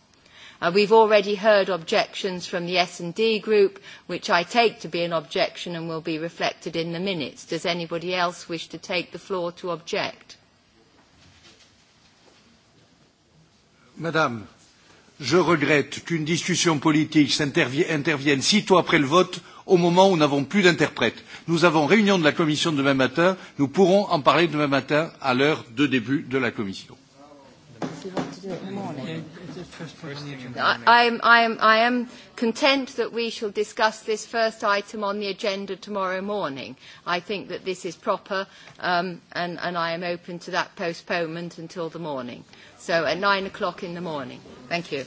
Uh, we've already heard objections from the S&D group, which I take to be an objection and will be reflected in the minutes. Does anybody else wish to take the floor to object? Madame, je regrette qu'une discussion politique intervienne sitôt après le vote au moment où nous n'avons plus d'interprètes. Nous avons réunion de la commission demain matin, nous pourrons en parler demain matin à l'heure de début de la commission. I am, I, am, I am content that we shall discuss this first item on the agenda tomorrow morning. I think that this is proper um, and, and I am open to that postponement until the morning. So at nine o'clock in the morning. Thank you.